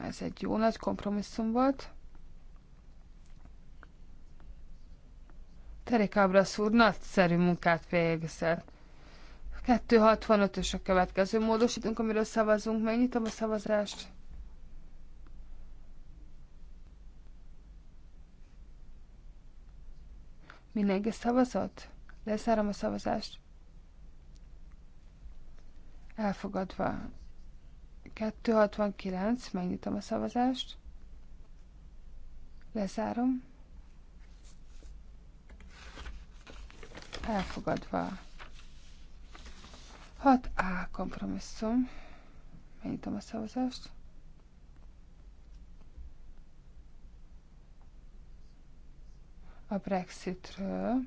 Ez egy jó nagy kompromisszum volt. Terek Ábrasz úr nagyszerű munkát végzett. 265-ös a következő módosítunk, amiről szavazunk. Megnyitom a szavazást. Mindenki szavazott? Leszárom a szavazást. Elfogadva. 269, megnyitom a szavazást. Lezárom. Elfogadva. 6A kompromisszum. Megnyitom a szavazást. A Brexitről.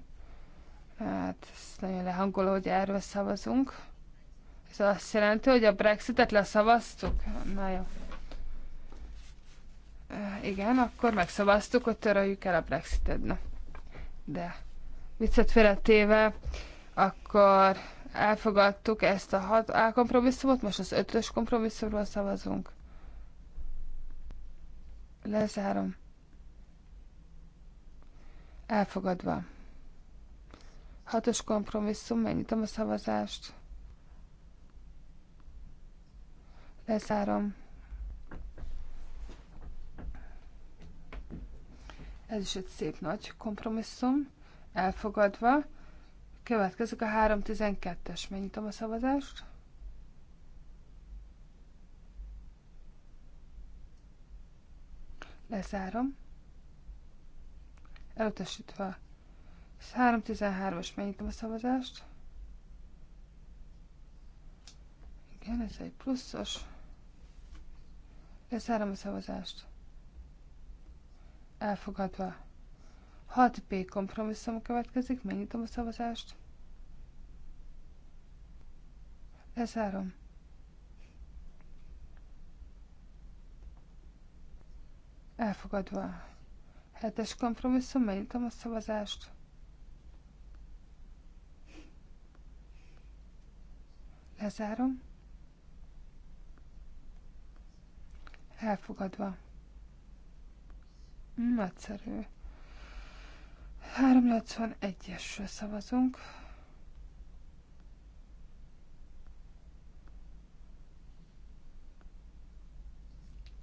Hát ez nagyon lehangoló, hogy erről szavazunk. Ez azt jelenti, hogy a Brexitet leszavaztuk? Na jó. Igen, akkor megszavaztuk, hogy töröljük el a Brexitet. Na. De viccet félretéve, akkor elfogadtuk ezt a hat A kompromisszumot, most az ötös kompromisszumról szavazunk. Lezárom. Elfogadva. Hatos kompromisszum, megnyitom a szavazást. Lezárom. Ez is egy szép nagy kompromisszum. Elfogadva. Következik a 3.12-es. Megnyitom a szavazást. Lezárom. Elutasítva. 3.13-as. Megnyitom a szavazást. Igen, ez egy pluszos. Leszárom a szavazást. Elfogadva. 6 p kompromisszum következik, megnyitom a szavazást. leszárom Elfogadva. Hetes kompromisszum, megnyitom a szavazást. Lezárom. Elfogadva. Nagyszerű. 381-esről szavazunk.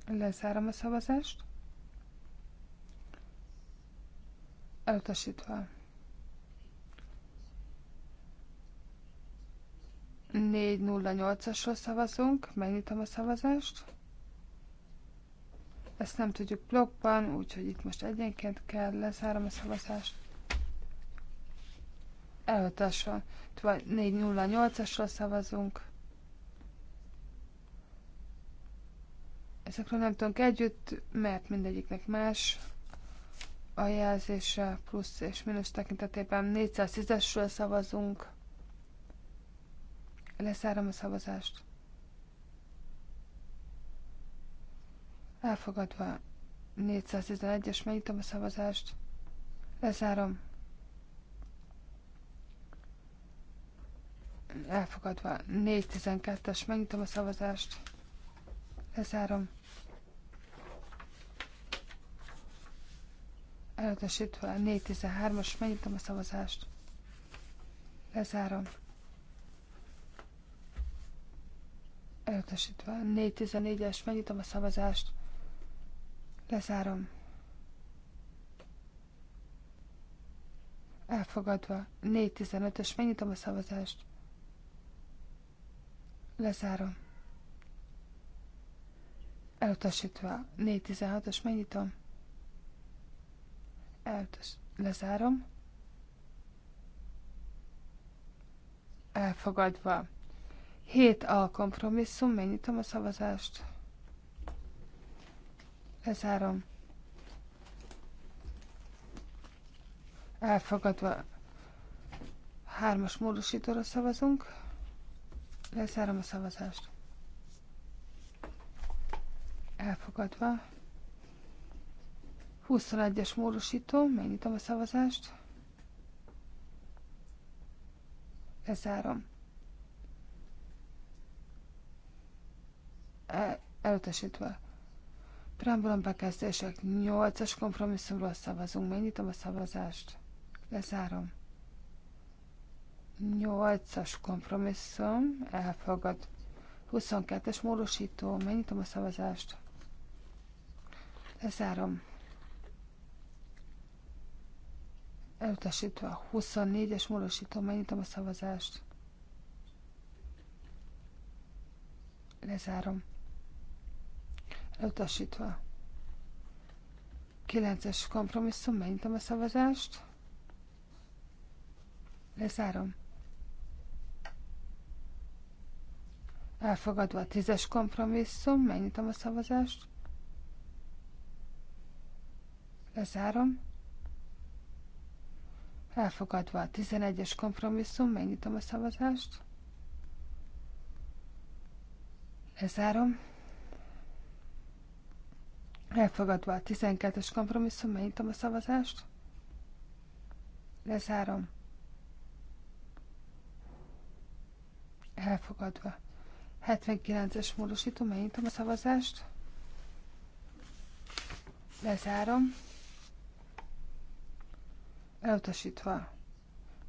Lezárom a szavazást. Elutasítva. 408-asról szavazunk. Megnyitom a szavazást. Ezt nem tudjuk blokkban, úgyhogy itt most egyenként kell lezárom a szavazást. Elhatással. 408-asról szavazunk. Ezekről nem tudunk együtt, mert mindegyiknek más a jelzése plusz és mínusz tekintetében 410-esről szavazunk. Leszárom a szavazást. Elfogadva 411-es, megnyitom a szavazást. Lezárom. Elfogadva 412-es, megnyitom a szavazást. Lezárom. Elutasítva 413-as, megnyitom a szavazást. Lezárom. Elutasítva 414-es, megnyitom a szavazást. Lezárom. Elfogadva. 4.15-ös. Megnyitom a szavazást. Lezárom. Elutasítva. 4.16-os. Megnyitom. Elutas. Lezárom. Elfogadva. 7 a kompromisszum. Megnyitom a szavazást. Bezárom. Elfogadva hármas módosítóra szavazunk. Lezárom a szavazást. Elfogadva. 21-es módosító, megnyitom a szavazást. Lezárom. El, elutasítva. Preambulum bekezdések 8-as kompromisszumról szavazunk. Megnyitom a szavazást. Lezárom. 8-as kompromisszum. Elfogad. 22-es módosító. Megnyitom a szavazást. Lezárom. Elutasítva. 24-es módosító. Megnyitom a szavazást. Lezárom. Utasítva. 9-es kompromisszum, megnyitom a szavazást. Lezárom. Elfogadva a 10-es kompromisszum, megnyitom a szavazást. Lezárom. Elfogadva a 11-es kompromisszum, megnyitom a szavazást. Lezárom. Elfogadva a 12-es kompromisszum, megnyitom a szavazást. Lezárom. Elfogadva. 79-es módosító, megnyitom a szavazást. Lezárom. Elutasítva.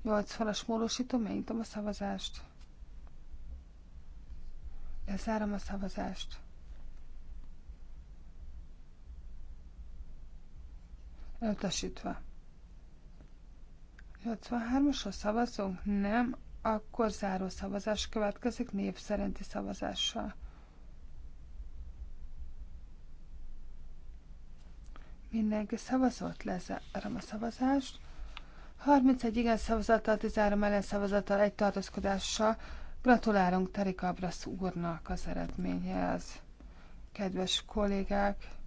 8 falas módosító, megnyitom a szavazást. Lezárom a szavazást. elutasítva. 83-asra szavazunk? Nem, akkor záró szavazás következik név szerinti szavazással. Mindenki szavazott, lezárom a szavazást. 31 igen szavazattal, 13 ellen szavazattal, egy tartózkodással. Gratulálunk Tarik Abrasz úrnak az eredményhez. Kedves kollégák!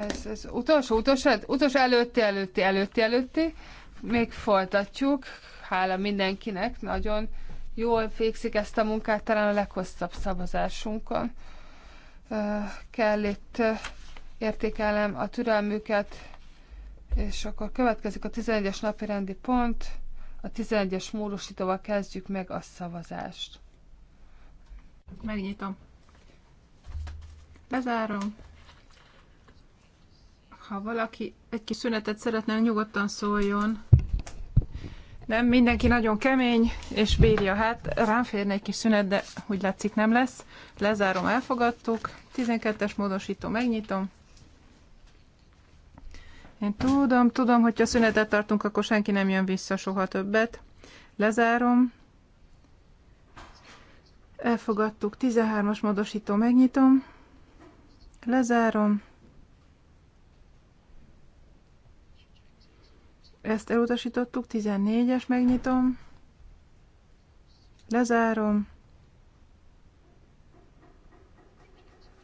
Ez, ez utolsó, utolsó, utolsó előtti, előtti, előtti, előtti. Még folytatjuk. Hála mindenkinek, nagyon jól fékszik ezt a munkát, talán a leghosszabb szavazásunkon. Kell itt értékelem a türelmüket, és akkor következik a 11-es napi rendi pont. A 11-es módosítóval kezdjük meg a szavazást.
Megnyitom. Bezárom. Ha valaki egy kis szünetet szeretne, nyugodtan szóljon. Nem, mindenki nagyon kemény, és bírja. Hát rám férne egy kis szünet, de úgy látszik nem lesz. Lezárom, elfogadtuk. 12-es módosító, megnyitom. Én tudom, tudom, hogy ha szünetet tartunk, akkor senki nem jön vissza soha többet. Lezárom. Elfogadtuk. 13-as módosító, megnyitom. Lezárom. Ezt elutasítottuk, 14-es megnyitom. Lezárom.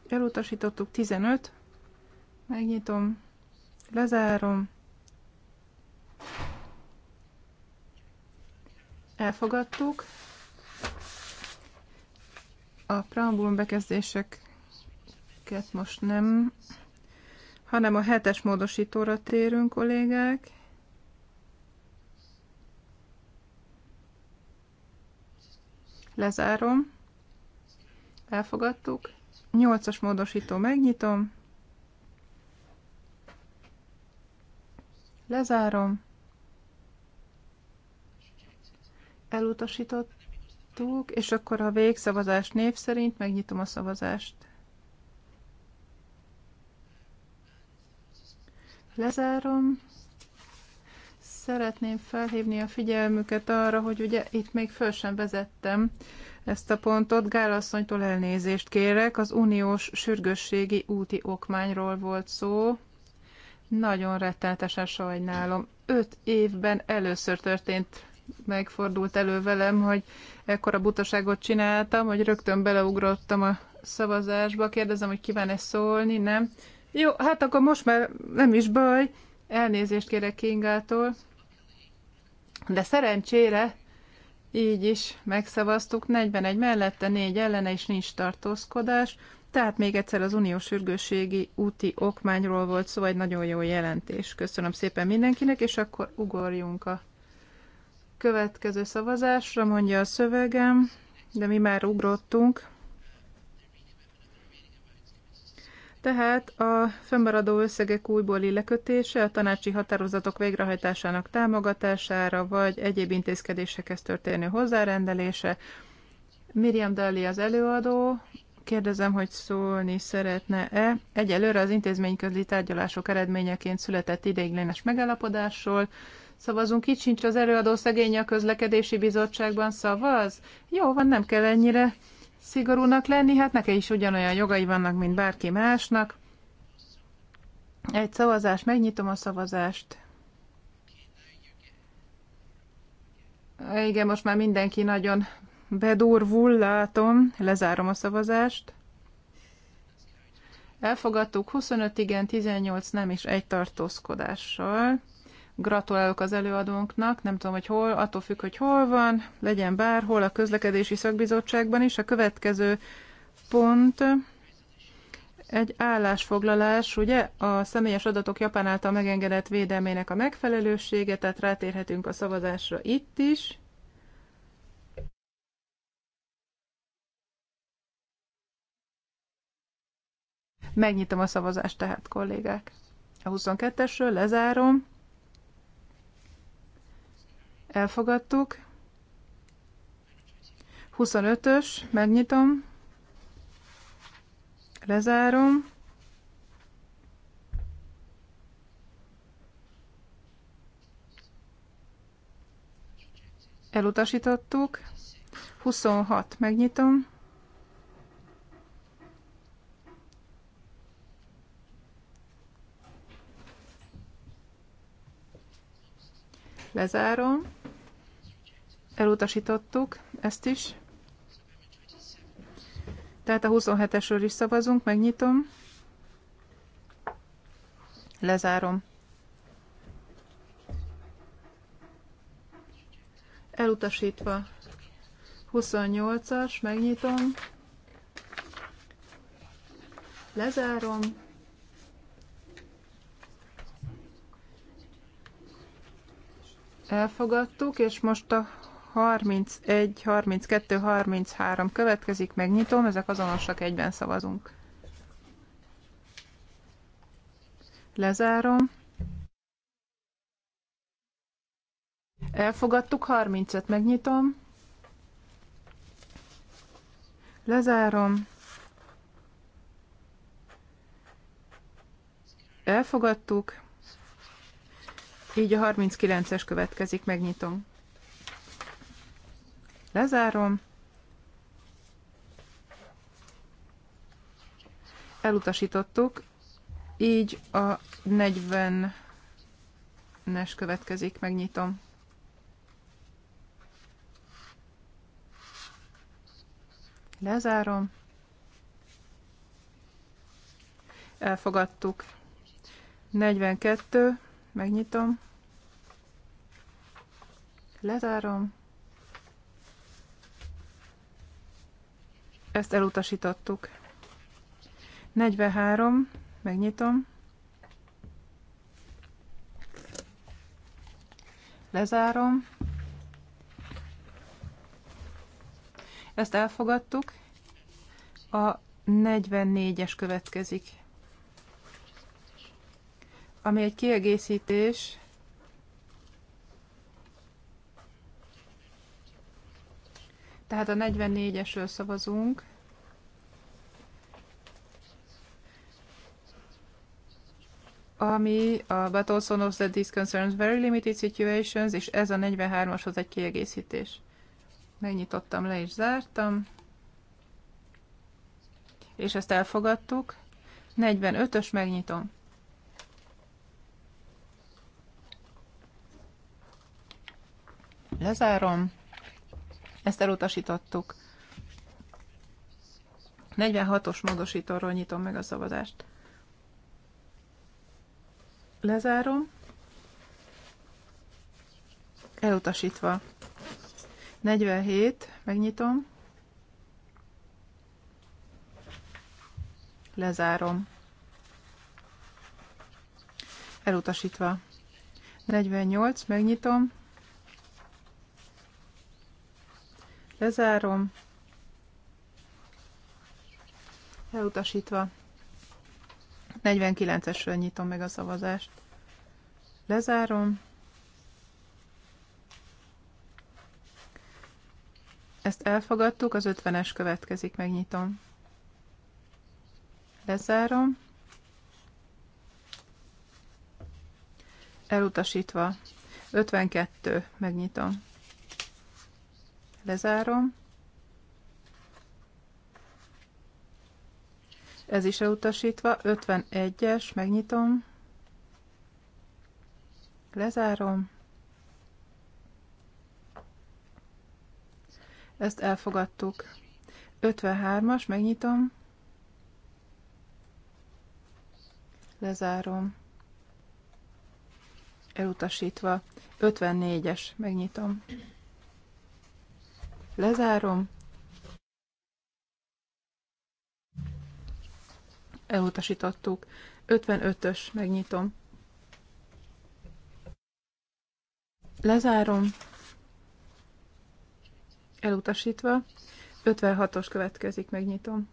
Elutasítottuk 15. Megnyitom. Lezárom. Elfogadtuk. A preambulum bekezdéseket most nem, hanem a hetes módosítóra térünk, kollégák. Lezárom. Elfogadtuk. 8-as módosító megnyitom. Lezárom. Elutasítottuk, és akkor a végszavazás név szerint megnyitom a szavazást. Lezárom szeretném felhívni a figyelmüket arra, hogy ugye itt még föl sem vezettem ezt a pontot. Gálasszonytól elnézést kérek. Az uniós sürgősségi úti okmányról volt szó. Nagyon rettenetesen sajnálom. Öt évben először történt megfordult elő velem, hogy ekkora butaságot csináltam, hogy rögtön beleugrottam a szavazásba. Kérdezem, hogy kíván-e szólni, nem? Jó, hát akkor most már nem is baj. Elnézést kérek Kingától. De szerencsére így is megszavaztuk, 41 mellette, 4 ellene és nincs tartózkodás, tehát még egyszer az uniós sürgőségi úti okmányról volt szó, egy nagyon jó jelentés. Köszönöm szépen mindenkinek, és akkor ugorjunk a következő szavazásra, mondja a szövegem, de mi már ugrottunk. Tehát a fönnmaradó összegek újbóli lekötése a tanácsi határozatok végrehajtásának támogatására, vagy egyéb intézkedésekhez történő hozzárendelése. Miriam Dali az előadó, kérdezem, hogy szólni szeretne-e. Egyelőre az intézményközi tárgyalások eredményeként született ideiglenes megállapodásról. Szavazunk, itt sincs az előadó szegény a közlekedési bizottságban szavaz? Jó van, nem kell ennyire szigorúnak lenni, hát neki is ugyanolyan jogai vannak, mint bárki másnak. Egy szavazás, megnyitom a szavazást. Igen, most már mindenki nagyon bedurvul, látom, lezárom a szavazást. Elfogadtuk 25 igen, 18 nem és egy tartózkodással. Gratulálok az előadónknak, nem tudom, hogy hol, attól függ, hogy hol van, legyen bárhol, a közlekedési szakbizottságban is. A következő pont egy állásfoglalás, ugye, a személyes adatok Japán által megengedett védelmének a megfelelősége, tehát rátérhetünk a szavazásra itt is. Megnyitom a szavazást tehát, kollégák. A 22-esről lezárom elfogadtuk. 25-ös, megnyitom, lezárom. Elutasítottuk. 26, megnyitom. Lezárom. Elutasítottuk ezt is. Tehát a 27-esről is szavazunk, megnyitom. Lezárom. Elutasítva. 28-as, megnyitom. Lezárom. Elfogadtuk, és most a 31, 32, 33 következik, megnyitom, ezek azonosak, egyben szavazunk. Lezárom. Elfogadtuk, 30-et megnyitom. Lezárom. Elfogadtuk. Így a 39-es következik, megnyitom. Lezárom. Elutasítottuk, így a 40-es következik, megnyitom. Lezárom. Elfogadtuk. 42, megnyitom. Lezárom. Ezt elutasítottuk. 43, megnyitom. Lezárom. Ezt elfogadtuk. A 44-es következik, ami egy kiegészítés. Tehát a 44-esről szavazunk. ami a But also knows that this concerns very limited situations, és ez a 43-ashoz egy kiegészítés. Megnyitottam, le és zártam. És ezt elfogadtuk. 45-ös megnyitom. Lezárom. Ezt elutasítottuk. 46-os módosítóról nyitom meg a szavazást. Lezárom. Elutasítva. 47, megnyitom. Lezárom. Elutasítva. 48, megnyitom. Lezárom. Elutasítva. 49-esről nyitom meg a szavazást. Lezárom. Ezt elfogadtuk, az 50-es következik, megnyitom. Lezárom. Elutasítva. 52, megnyitom. Lezárom. Ez is elutasítva. 51-es, megnyitom. Lezárom. Ezt elfogadtuk. 53-as, megnyitom. Lezárom. Elutasítva. 54-es, megnyitom. Lezárom. elutasítottuk. 55-ös, megnyitom. Lezárom. Elutasítva. 56-os következik, megnyitom.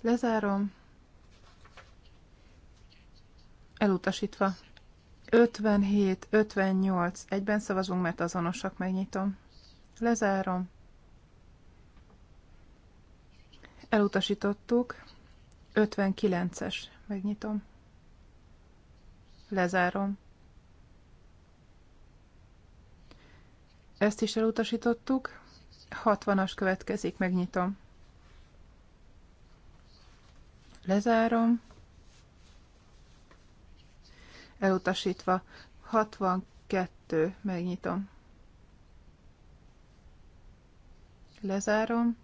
Lezárom. Elutasítva. 57, 58. Egyben szavazunk, mert azonosak, megnyitom. Lezárom. Elutasítottuk. 59-es. Megnyitom. Lezárom. Ezt is elutasítottuk. 60-as következik, megnyitom. Lezárom. Elutasítva. 62, megnyitom. Lezárom.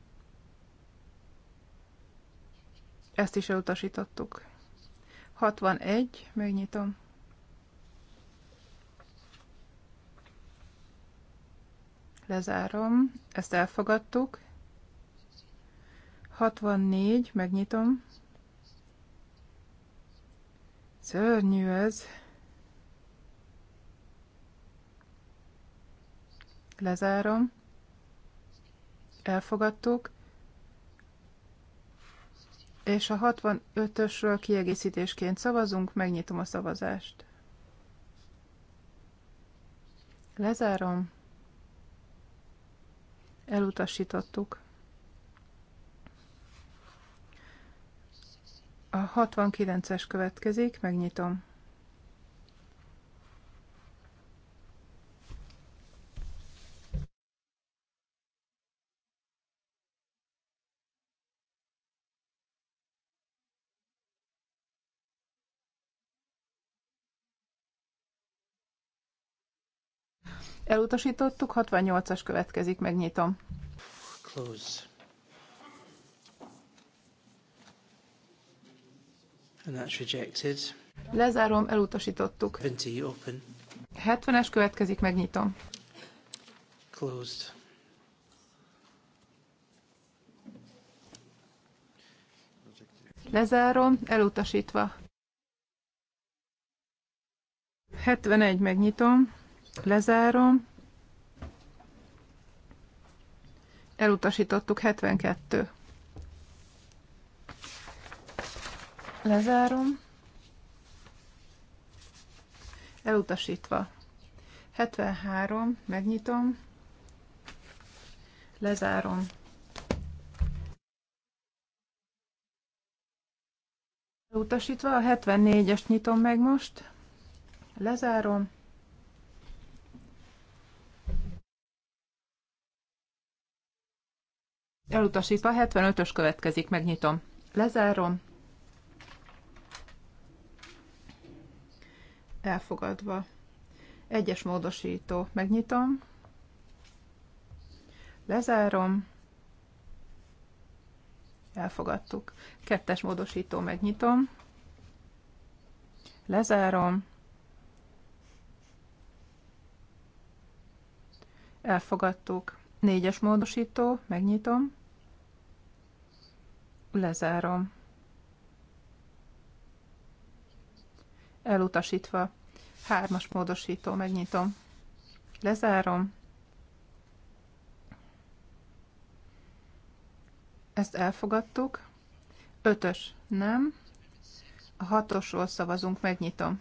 Ezt is elutasítottuk. 61, megnyitom. Lezárom, ezt elfogadtuk. 64, megnyitom. Szörnyű ez. Lezárom. Elfogadtuk és a 65-ösről kiegészítésként szavazunk, megnyitom a szavazást. Lezárom. Elutasítottuk. A 69-es következik, megnyitom. Elutasítottuk, 68-as következik, megnyitom.
Close. And that's rejected.
Lezárom, elutasítottuk.
70 open.
es következik, megnyitom.
Closed.
Lezárom, elutasítva. 71 megnyitom. Lezárom. Elutasítottuk 72. Lezárom. Elutasítva. 73. Megnyitom. Lezárom. Elutasítva a 74-est nyitom meg most. Lezárom. Elutasítva 75-ös következik, megnyitom. Lezárom. Elfogadva. Egyes módosító, megnyitom. Lezárom. Elfogadtuk. Kettes módosító, megnyitom. Lezárom. Elfogadtuk. Négyes módosító, megnyitom. Lezárom. Elutasítva. Hármas módosító, megnyitom. Lezárom. Ezt elfogadtuk. Ötös, nem. A hatosról szavazunk, megnyitom.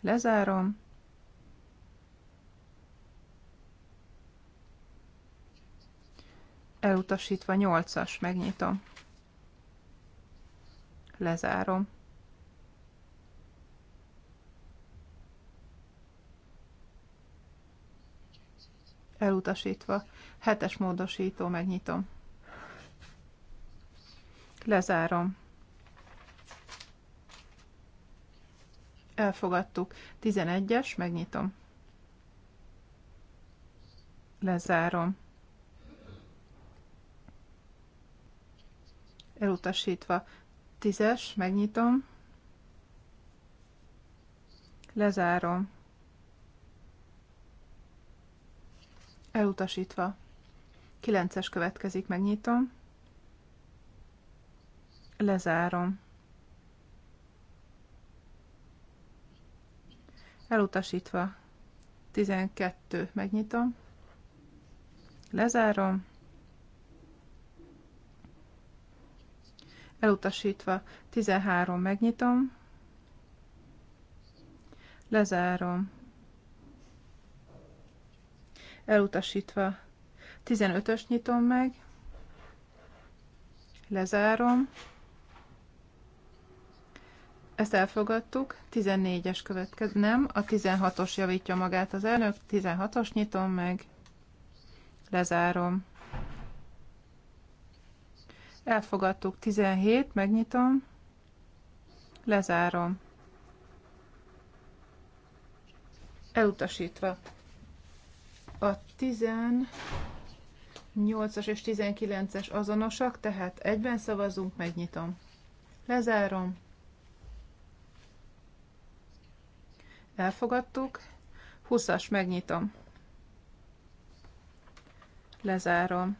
Lezárom. elutasítva 8-as, megnyitom. Lezárom. Elutasítva. Hetes módosító, megnyitom. Lezárom. Elfogadtuk. 11-es, megnyitom. Lezárom. elutasítva. Tízes, megnyitom, lezárom, elutasítva. Kilences következik, megnyitom, lezárom. Elutasítva. 12. Megnyitom. Lezárom. elutasítva. 13 megnyitom, lezárom, elutasítva. 15-ös nyitom meg, lezárom, ezt elfogadtuk, 14-es következik, nem, a 16-os javítja magát az elnök, 16-os nyitom meg, lezárom Elfogadtuk 17, megnyitom, lezárom. Elutasítva. A 18-as és 19-es azonosak, tehát egyben szavazunk, megnyitom. Lezárom. Elfogadtuk. 20-as megnyitom. Lezárom.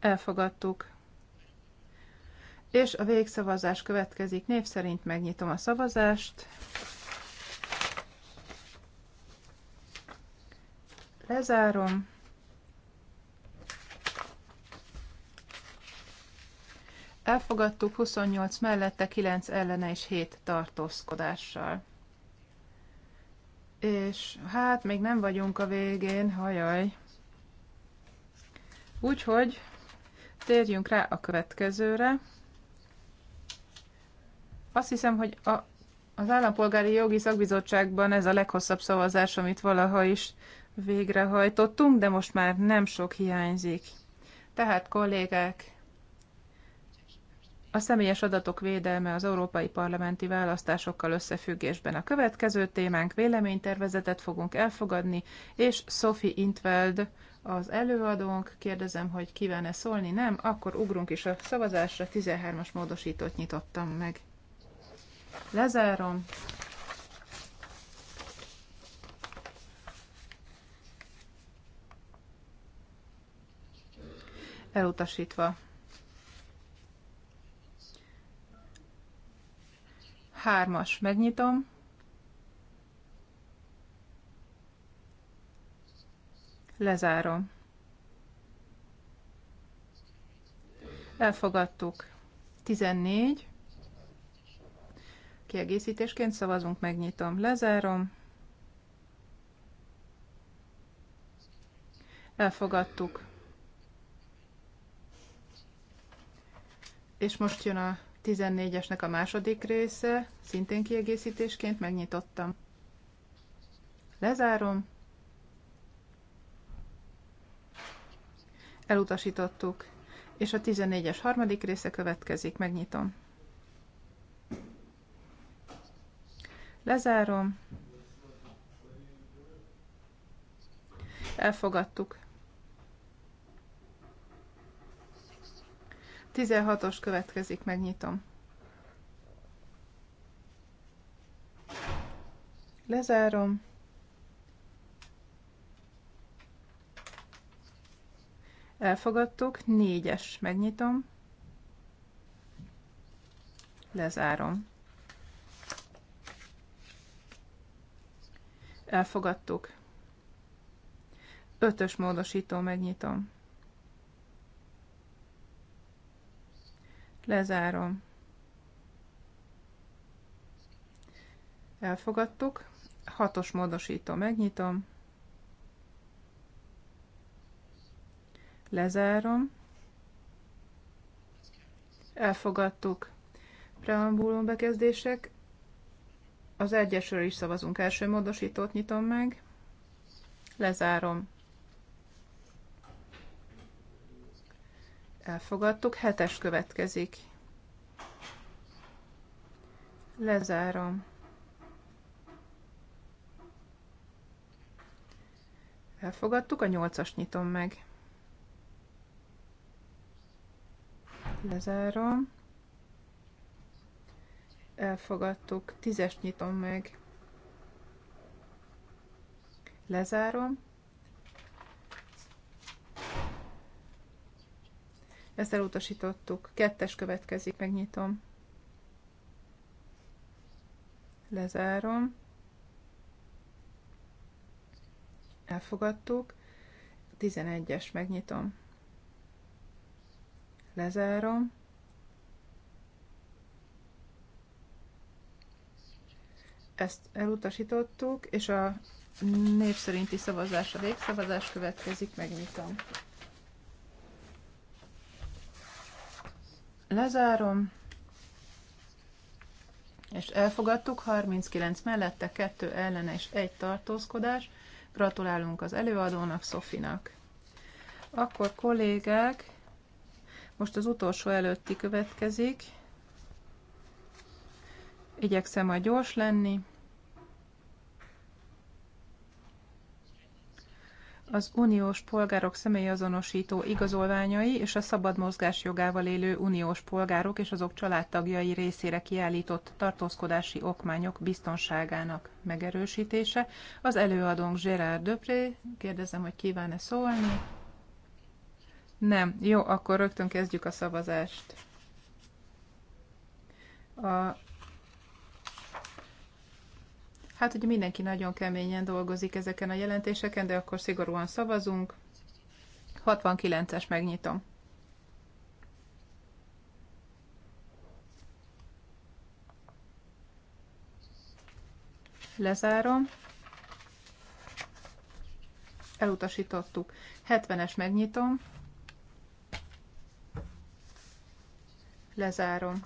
Elfogadtuk. És a végszavazás következik. Név szerint megnyitom a szavazást. Lezárom. Elfogadtuk 28 mellette, 9 ellene és 7 tartózkodással. És hát még nem vagyunk a végén, hajaj. Úgyhogy Térjünk rá a következőre. Azt hiszem, hogy a, az Állampolgári Jogi Szakbizottságban ez a leghosszabb szavazás, amit valaha is végrehajtottunk, de most már nem sok hiányzik. Tehát, kollégák, a személyes adatok védelme az európai parlamenti választásokkal összefüggésben a következő témánk, véleménytervezetet fogunk elfogadni, és Sophie Intveld az előadónk, kérdezem, hogy kíván-e szólni, nem, akkor ugrunk is a szavazásra, 13-as módosítót nyitottam meg. Lezárom. Elutasítva. Hármas, megnyitom. Lezárom. Elfogadtuk. 14. Kiegészítésként szavazunk, megnyitom, lezárom. Elfogadtuk. És most jön a 14-esnek a második része, szintén kiegészítésként megnyitottam. Lezárom. elutasítottuk, és a 14-es harmadik része következik, megnyitom. Lezárom. Elfogadtuk. 16-os következik, megnyitom. Lezárom. Elfogadtuk. Négyes. Megnyitom. Lezárom. Elfogadtuk. Ötös módosító. Megnyitom. Lezárom. Elfogadtuk. Hatos módosító. Megnyitom. Lezárom. Elfogadtuk. Preambulum bekezdések. Az egyesről is szavazunk. Első módosítót nyitom meg. Lezárom. Elfogadtuk. Hetes következik. Lezárom. Elfogadtuk, a nyolcas nyitom meg. Lezárom. Elfogadtuk. Tízes nyitom meg. Lezárom. Ezt elutasítottuk. Kettes következik, megnyitom. Lezárom. Elfogadtuk. 11-es, megnyitom. Lezárom. Ezt elutasítottuk, és a név szerinti szavazás, a végszavazás következik, megnyitom. Lezárom. És elfogadtuk, 39 mellette, 2 ellene és 1 tartózkodás. Gratulálunk az előadónak, Szofinak. Akkor kollégák, most az utolsó előtti következik. Igyekszem majd gyors lenni. az uniós polgárok személyazonosító igazolványai és a szabad mozgás jogával élő uniós polgárok és azok családtagjai részére kiállított tartózkodási okmányok biztonságának megerősítése. Az előadónk Gérard Döpré, kérdezem, hogy kíván-e szólni. Nem. Jó, akkor rögtön kezdjük a szavazást. A... Hát hogy mindenki nagyon keményen dolgozik ezeken a jelentéseken, de akkor szigorúan szavazunk. 69-es megnyitom. Lezárom. Elutasítottuk. 70-es megnyitom. Lezárom.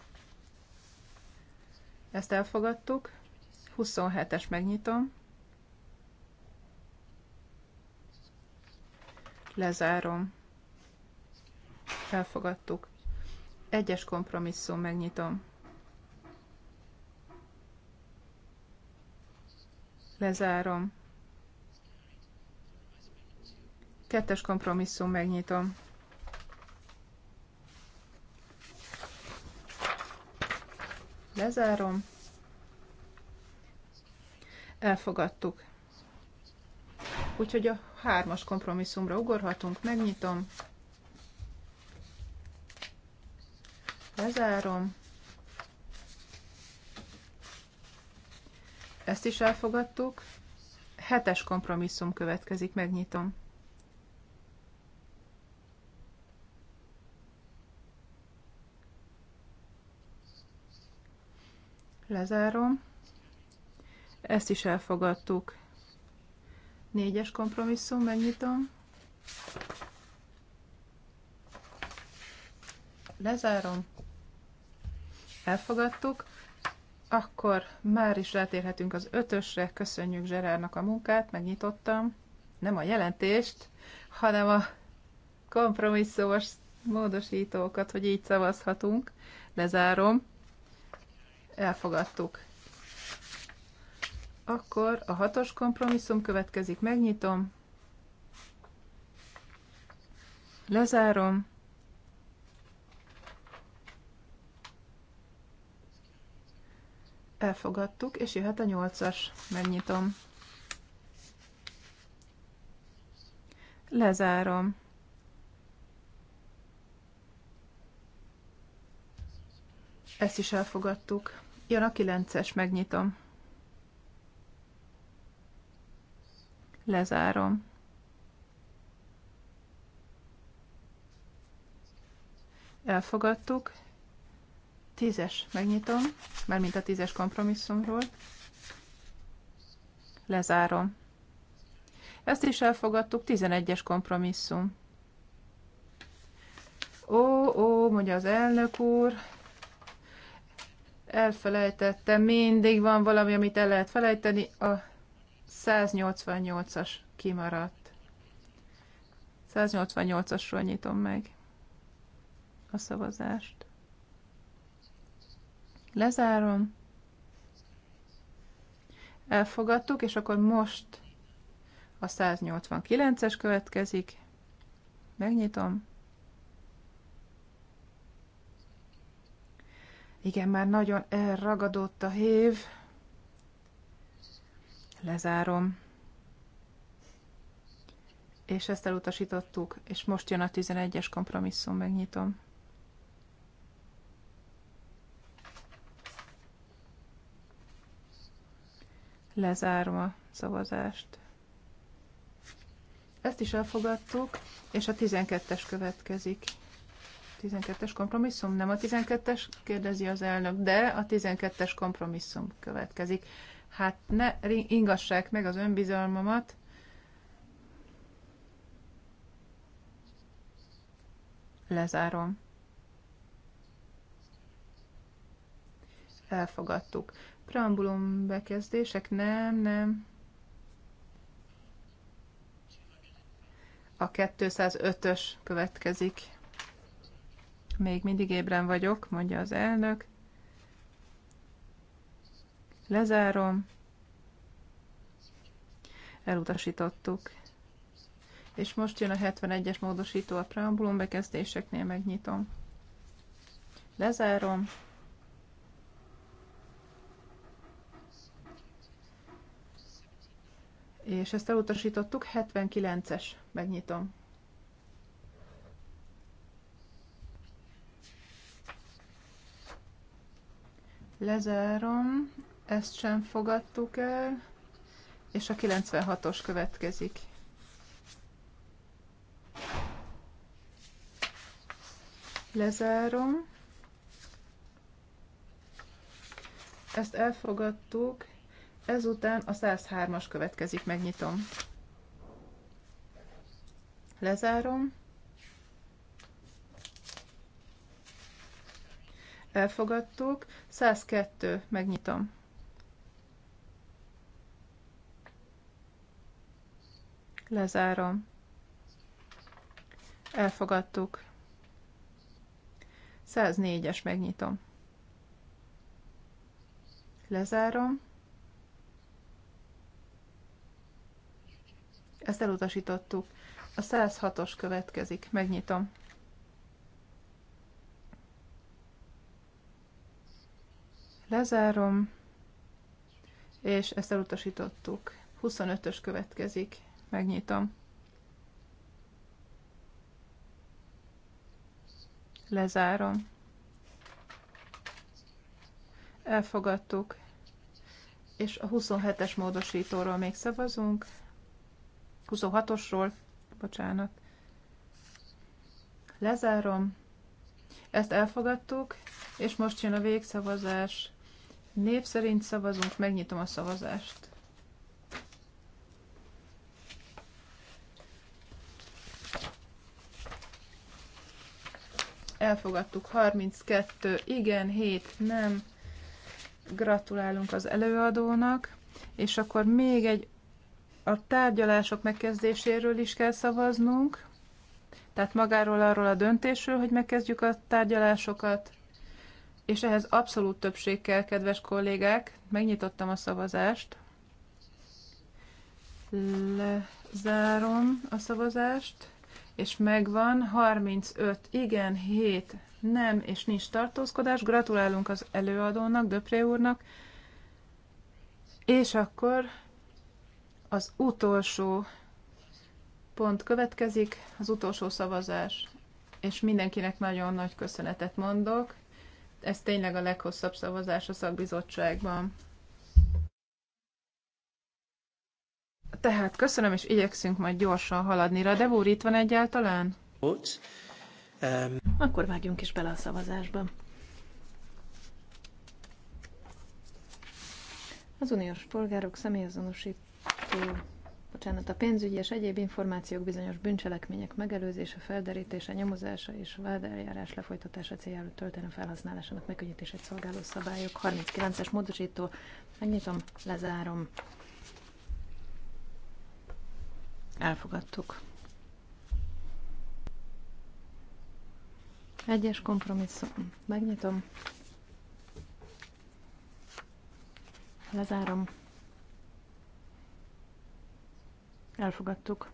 Ezt elfogadtuk. 27-es megnyitom. Lezárom. Elfogadtuk. Egyes kompromisszum megnyitom. Lezárom. Kettes kompromisszum megnyitom. Lezárom. Elfogadtuk. Úgyhogy a hármas kompromisszumra ugorhatunk, megnyitom. Lezárom. Ezt is elfogadtuk. Hetes kompromisszum következik, megnyitom. Lezárom. Ezt is elfogadtuk. Négyes kompromisszum, megnyitom. Lezárom. Elfogadtuk. Akkor már is rátérhetünk az ötösre. Köszönjük Zserárnak a munkát, megnyitottam. Nem a jelentést, hanem a kompromisszumos módosítókat, hogy így szavazhatunk. Lezárom elfogadtuk. Akkor a hatos kompromisszum következik, megnyitom, lezárom, elfogadtuk, és jöhet a nyolcas, megnyitom. Lezárom. Ezt is elfogadtuk. Jön a 9-es, megnyitom. Lezárom. Elfogadtuk. Tízes megnyitom, mert mint a tízes kompromisszumról. Lezárom. Ezt is elfogadtuk, 11-es kompromisszum. Ó, ó, mondja az elnök úr, elfelejtettem, mindig van valami, amit el lehet felejteni, a 188-as kimaradt. 188-asról nyitom meg a szavazást. Lezárom. Elfogadtuk, és akkor most a 189-es következik. Megnyitom. Igen, már nagyon elragadott a hév. Lezárom. És ezt elutasítottuk, és most jön a 11-es kompromisszum, megnyitom. Lezárom a szavazást. Ezt is elfogadtuk, és a 12-es következik. 12-es kompromisszum? Nem a 12-es, kérdezi az elnök, de a 12-es kompromisszum következik. Hát ne ingassák meg az önbizalmamat. Lezárom. Elfogadtuk. Preambulum bekezdések? Nem, nem. A 205-ös következik. Még mindig ébren vagyok, mondja az elnök. Lezárom. Elutasítottuk. És most jön a 71-es módosító a preambulum bekezdéseknél, megnyitom. Lezárom. És ezt elutasítottuk, 79-es, megnyitom. Lezárom, ezt sem fogadtuk el, és a 96-os következik. Lezárom. Ezt elfogadtuk, ezután a 103-as következik, megnyitom. Lezárom. elfogadtuk. 102, megnyitom. Lezárom. Elfogadtuk. 104-es, megnyitom. Lezárom. Ezt elutasítottuk. A 106-os következik. Megnyitom. Lezárom, és ezt elutasítottuk. 25-ös következik. Megnyitom. Lezárom. Elfogadtuk. És a 27-es módosítóról még szavazunk. 26-osról, bocsánat. Lezárom. Ezt elfogadtuk, és most jön a végszavazás Név szerint szavazunk, megnyitom a szavazást. Elfogadtuk 32, igen, 7, nem. Gratulálunk az előadónak. És akkor még egy a tárgyalások megkezdéséről is kell szavaznunk. Tehát magáról arról a döntésről, hogy megkezdjük a tárgyalásokat és ehhez abszolút többség kell, kedves kollégák. Megnyitottam a szavazást. Lezárom a szavazást, és megvan 35, igen, 7, nem, és nincs tartózkodás. Gratulálunk az előadónak, Döpré úrnak. És akkor az utolsó pont következik, az utolsó szavazás. És mindenkinek nagyon nagy köszönetet mondok, ez tényleg a leghosszabb szavazás a szakbizottságban. Tehát köszönöm, és igyekszünk majd gyorsan haladni. Radevó itt van egyáltalán?
Ott. Um...
Akkor vágjunk is bele a szavazásba.
Az uniós polgárok személyazonosító bocsánat, a pénzügyi és egyéb információk bizonyos bűncselekmények megelőzése, felderítése, nyomozása és vádeljárás lefolytatása céljára történő felhasználásának megkönnyítését szolgáló szabályok. 39-es módosító. Megnyitom, lezárom. Elfogadtuk. Egyes kompromisszum. Megnyitom. Lezárom. Elfogadtuk.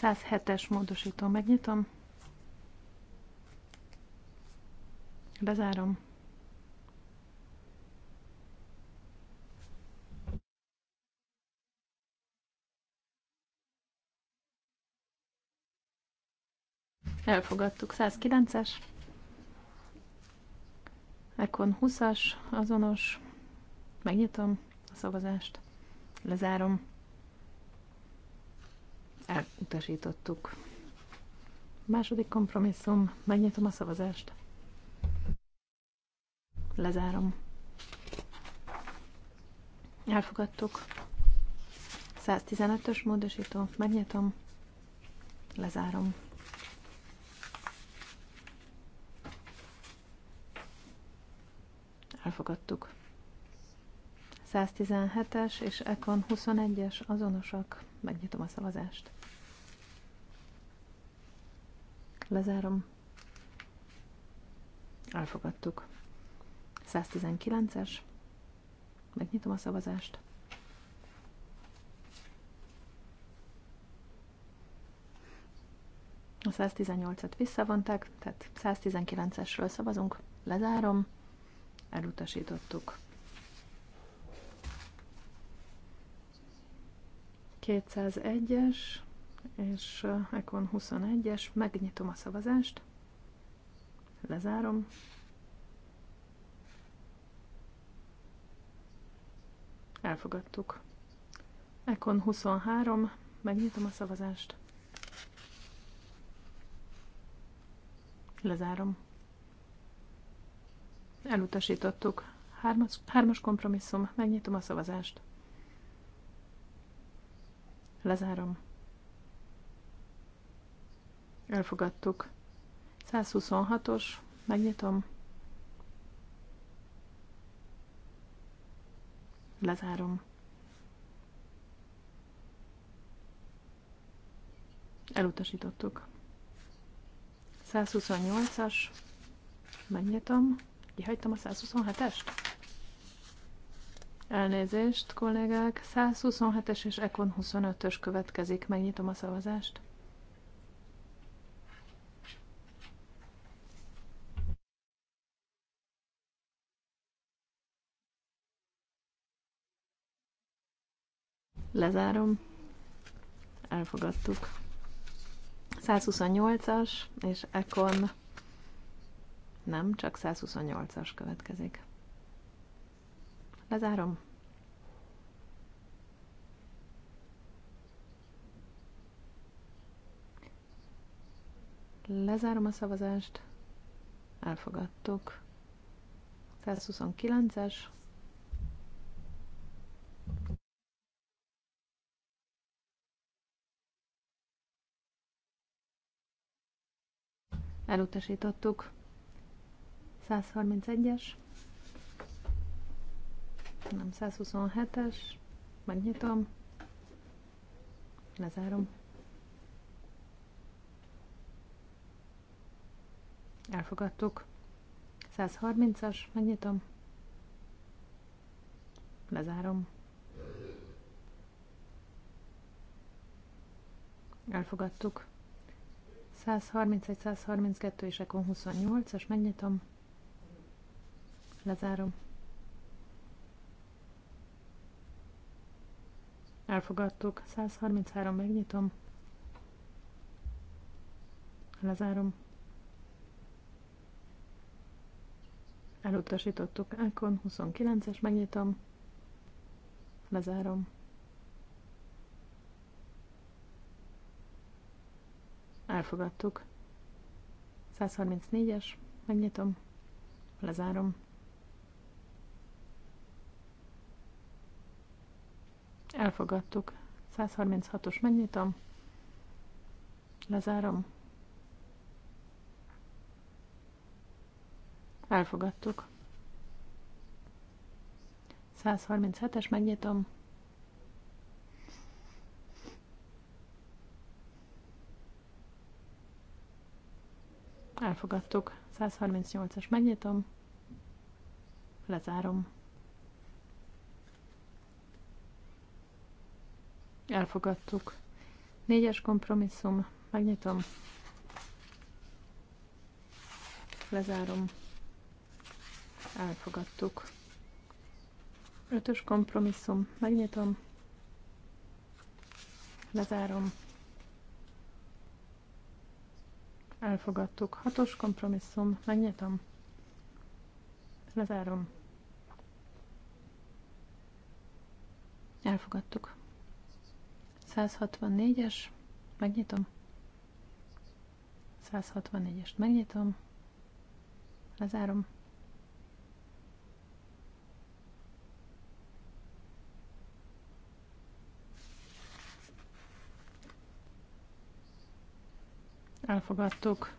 107-es módosító. Megnyitom. Bezárom. Elfogadtuk. 109-es. Ekon 20-as, azonos. Megnyitom a szavazást. Lezárom. Elutasítottuk. Második kompromisszum. Megnyitom a szavazást. Lezárom. Elfogadtuk. 115-ös módosító. Megnyitom. Lezárom. Elfogadtuk. 117-es és Econ 21-es azonosak. Megnyitom a szavazást. Lezárom. Elfogadtuk. 119-es. Megnyitom a szavazást. A 118-at visszavonták, tehát 119-esről szavazunk. Lezárom. Elutasítottuk. 201-es és uh, Econ 21-es. Megnyitom a szavazást. Lezárom. Elfogadtuk. Econ 23. Megnyitom a szavazást. Lezárom. Elutasítottuk. Hármas, hármas kompromisszum. Megnyitom a szavazást. Lezárom. Elfogadtuk. 126-os. Megnyitom. Lezárom. Elutasítottuk. 128-as. Megnyitom. Kihagytam a 127-est? Elnézést, kollégák. 127-es és Econ 25-ös következik. Megnyitom a szavazást. Lezárom. Elfogadtuk. 128-as és Econ nem, csak 128-as következik. Lezárom. Lezárom a szavazást. Elfogadtuk. 129-es. Elutasítottuk. 131-es. Köszönöm, 127-es, megnyitom, lezárom. Elfogadtuk. 130-as, megnyitom. Lezárom. Elfogadtuk. 131, 132 és akkor 28-as, megnyitom. Lezárom. Elfogadtuk. 133 megnyitom. Lezárom. Elutasítottuk. Ákon 29-es megnyitom. Lezárom. Elfogadtuk. 134-es. Megnyitom. Lezárom. Elfogadtuk. 136-os megnyitom. Lezárom. Elfogadtuk. 137-es megnyitom. Elfogadtuk. 138-as megnyitom. Lezárom. Elfogadtuk. Négyes kompromisszum. Megnyitom. Lezárom. Elfogadtuk. Ötös kompromisszum. Megnyitom. Lezárom. Elfogadtuk. Hatos kompromisszum. Megnyitom. Lezárom. Elfogadtuk. 164-es, megnyitom. 164-est megnyitom. Lezárom. Elfogadtuk.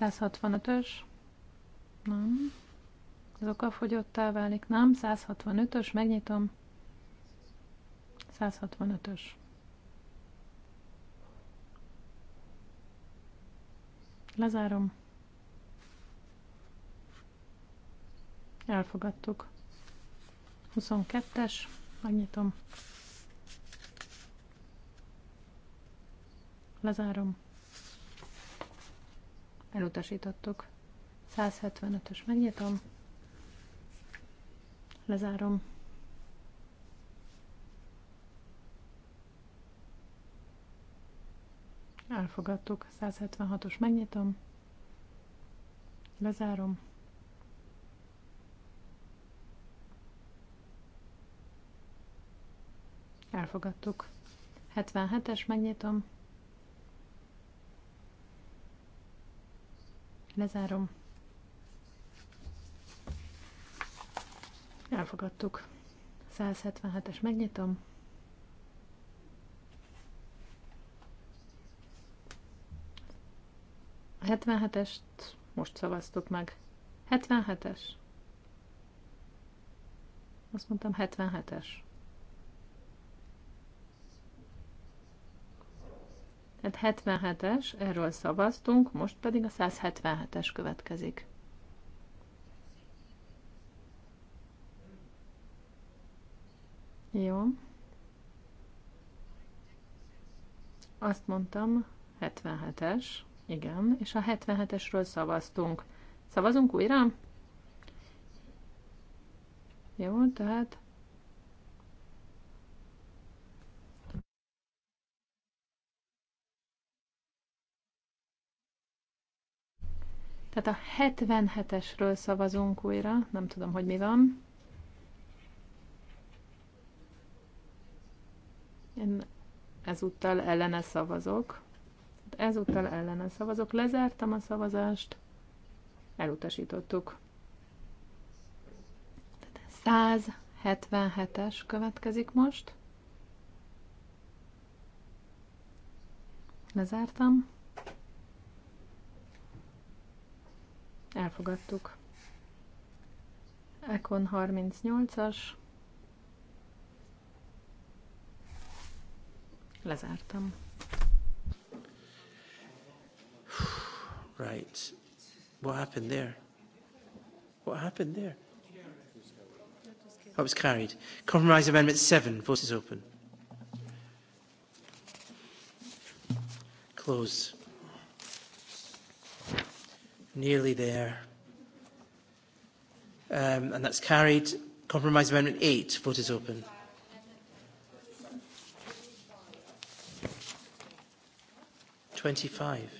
165-ös. Nem. Ez okafogyottá válik. Nem. 165-ös. Megnyitom. 165-ös. Lezárom. Elfogadtuk. 22-es, megnyitom. Lezárom. Elutasítottuk. 175-ös, megnyitom. Lezárom. elfogadtuk. 176-os megnyitom, lezárom. Elfogadtuk. 77-es megnyitom. Lezárom. Elfogadtuk. 177-es megnyitom. 77-est most szavaztuk meg. 77-es. Azt mondtam 77-es. 77-es, erről szavaztunk, most pedig a 177-es következik. Jó. Azt mondtam, 77-es. Igen, és a 77-esről szavaztunk. Szavazunk újra? Jó, tehát... Tehát a 77-esről szavazunk újra, nem tudom, hogy mi van. Én ezúttal ellene szavazok ezúttal ellene szavazok. Lezártam a szavazást, elutasítottuk. 177-es következik most. Lezártam. Elfogadtuk. Econ 38-as. Lezártam.
Right. What happened there? What happened there? That oh, was carried. Compromise Amendment 7. Vote is open. Closed. Nearly there. Um, and that's carried. Compromise Amendment 8. Vote is open. Twenty-five.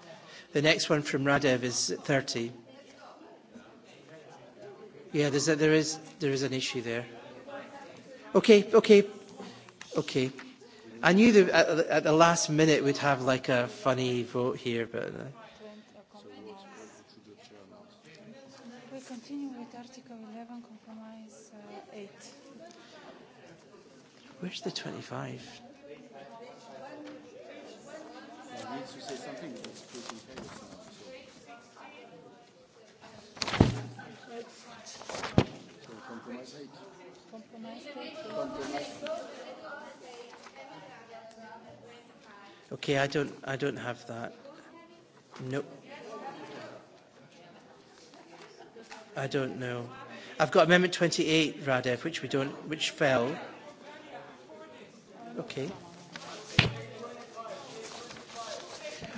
The next one from Radev is 30. Yeah, there's a, there is there is an issue there. Okay, okay, okay. I knew the, at, at the last minute we'd have like a funny vote here, but. Uh, uh Where's the 25? Okay, I don't, I don't have that. No. I don't know. I've got Amendment 28, Radev, which we don't, which fell. Okay.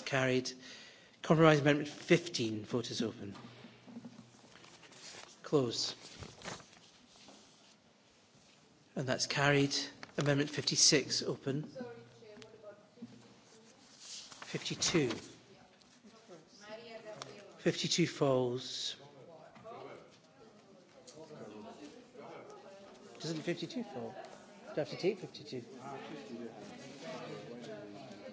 That's carried. Compromise Amendment 15. Vote is open. Close. And that's carried. Amendment 56. Open. Sorry, Chair, what about 52? 52 falls. Doesn't 52 fall? Do I have to take 52?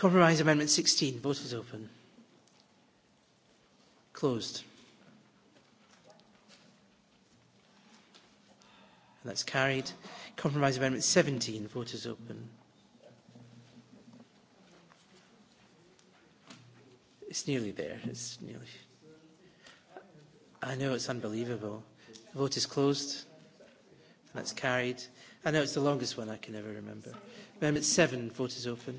Compromise Amendment 16. Vote is open. Closed. that's carried. Compromise Amendment 17. Vote is open. It's nearly there. It's nearly. I know it's unbelievable. The vote is closed. that's carried. I know it's the longest one I can ever remember. Amendment 7. Vote is open.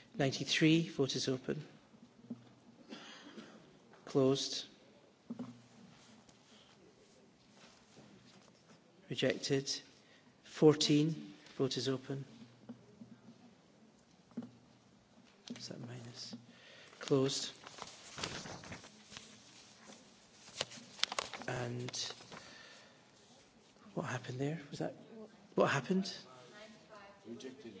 93. Vote is open. Closed. Rejected. 14. Vote is open. Is that minus? Closed. And what happened there? Was that what happened? Rejected.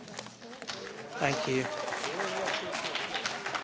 Thank you.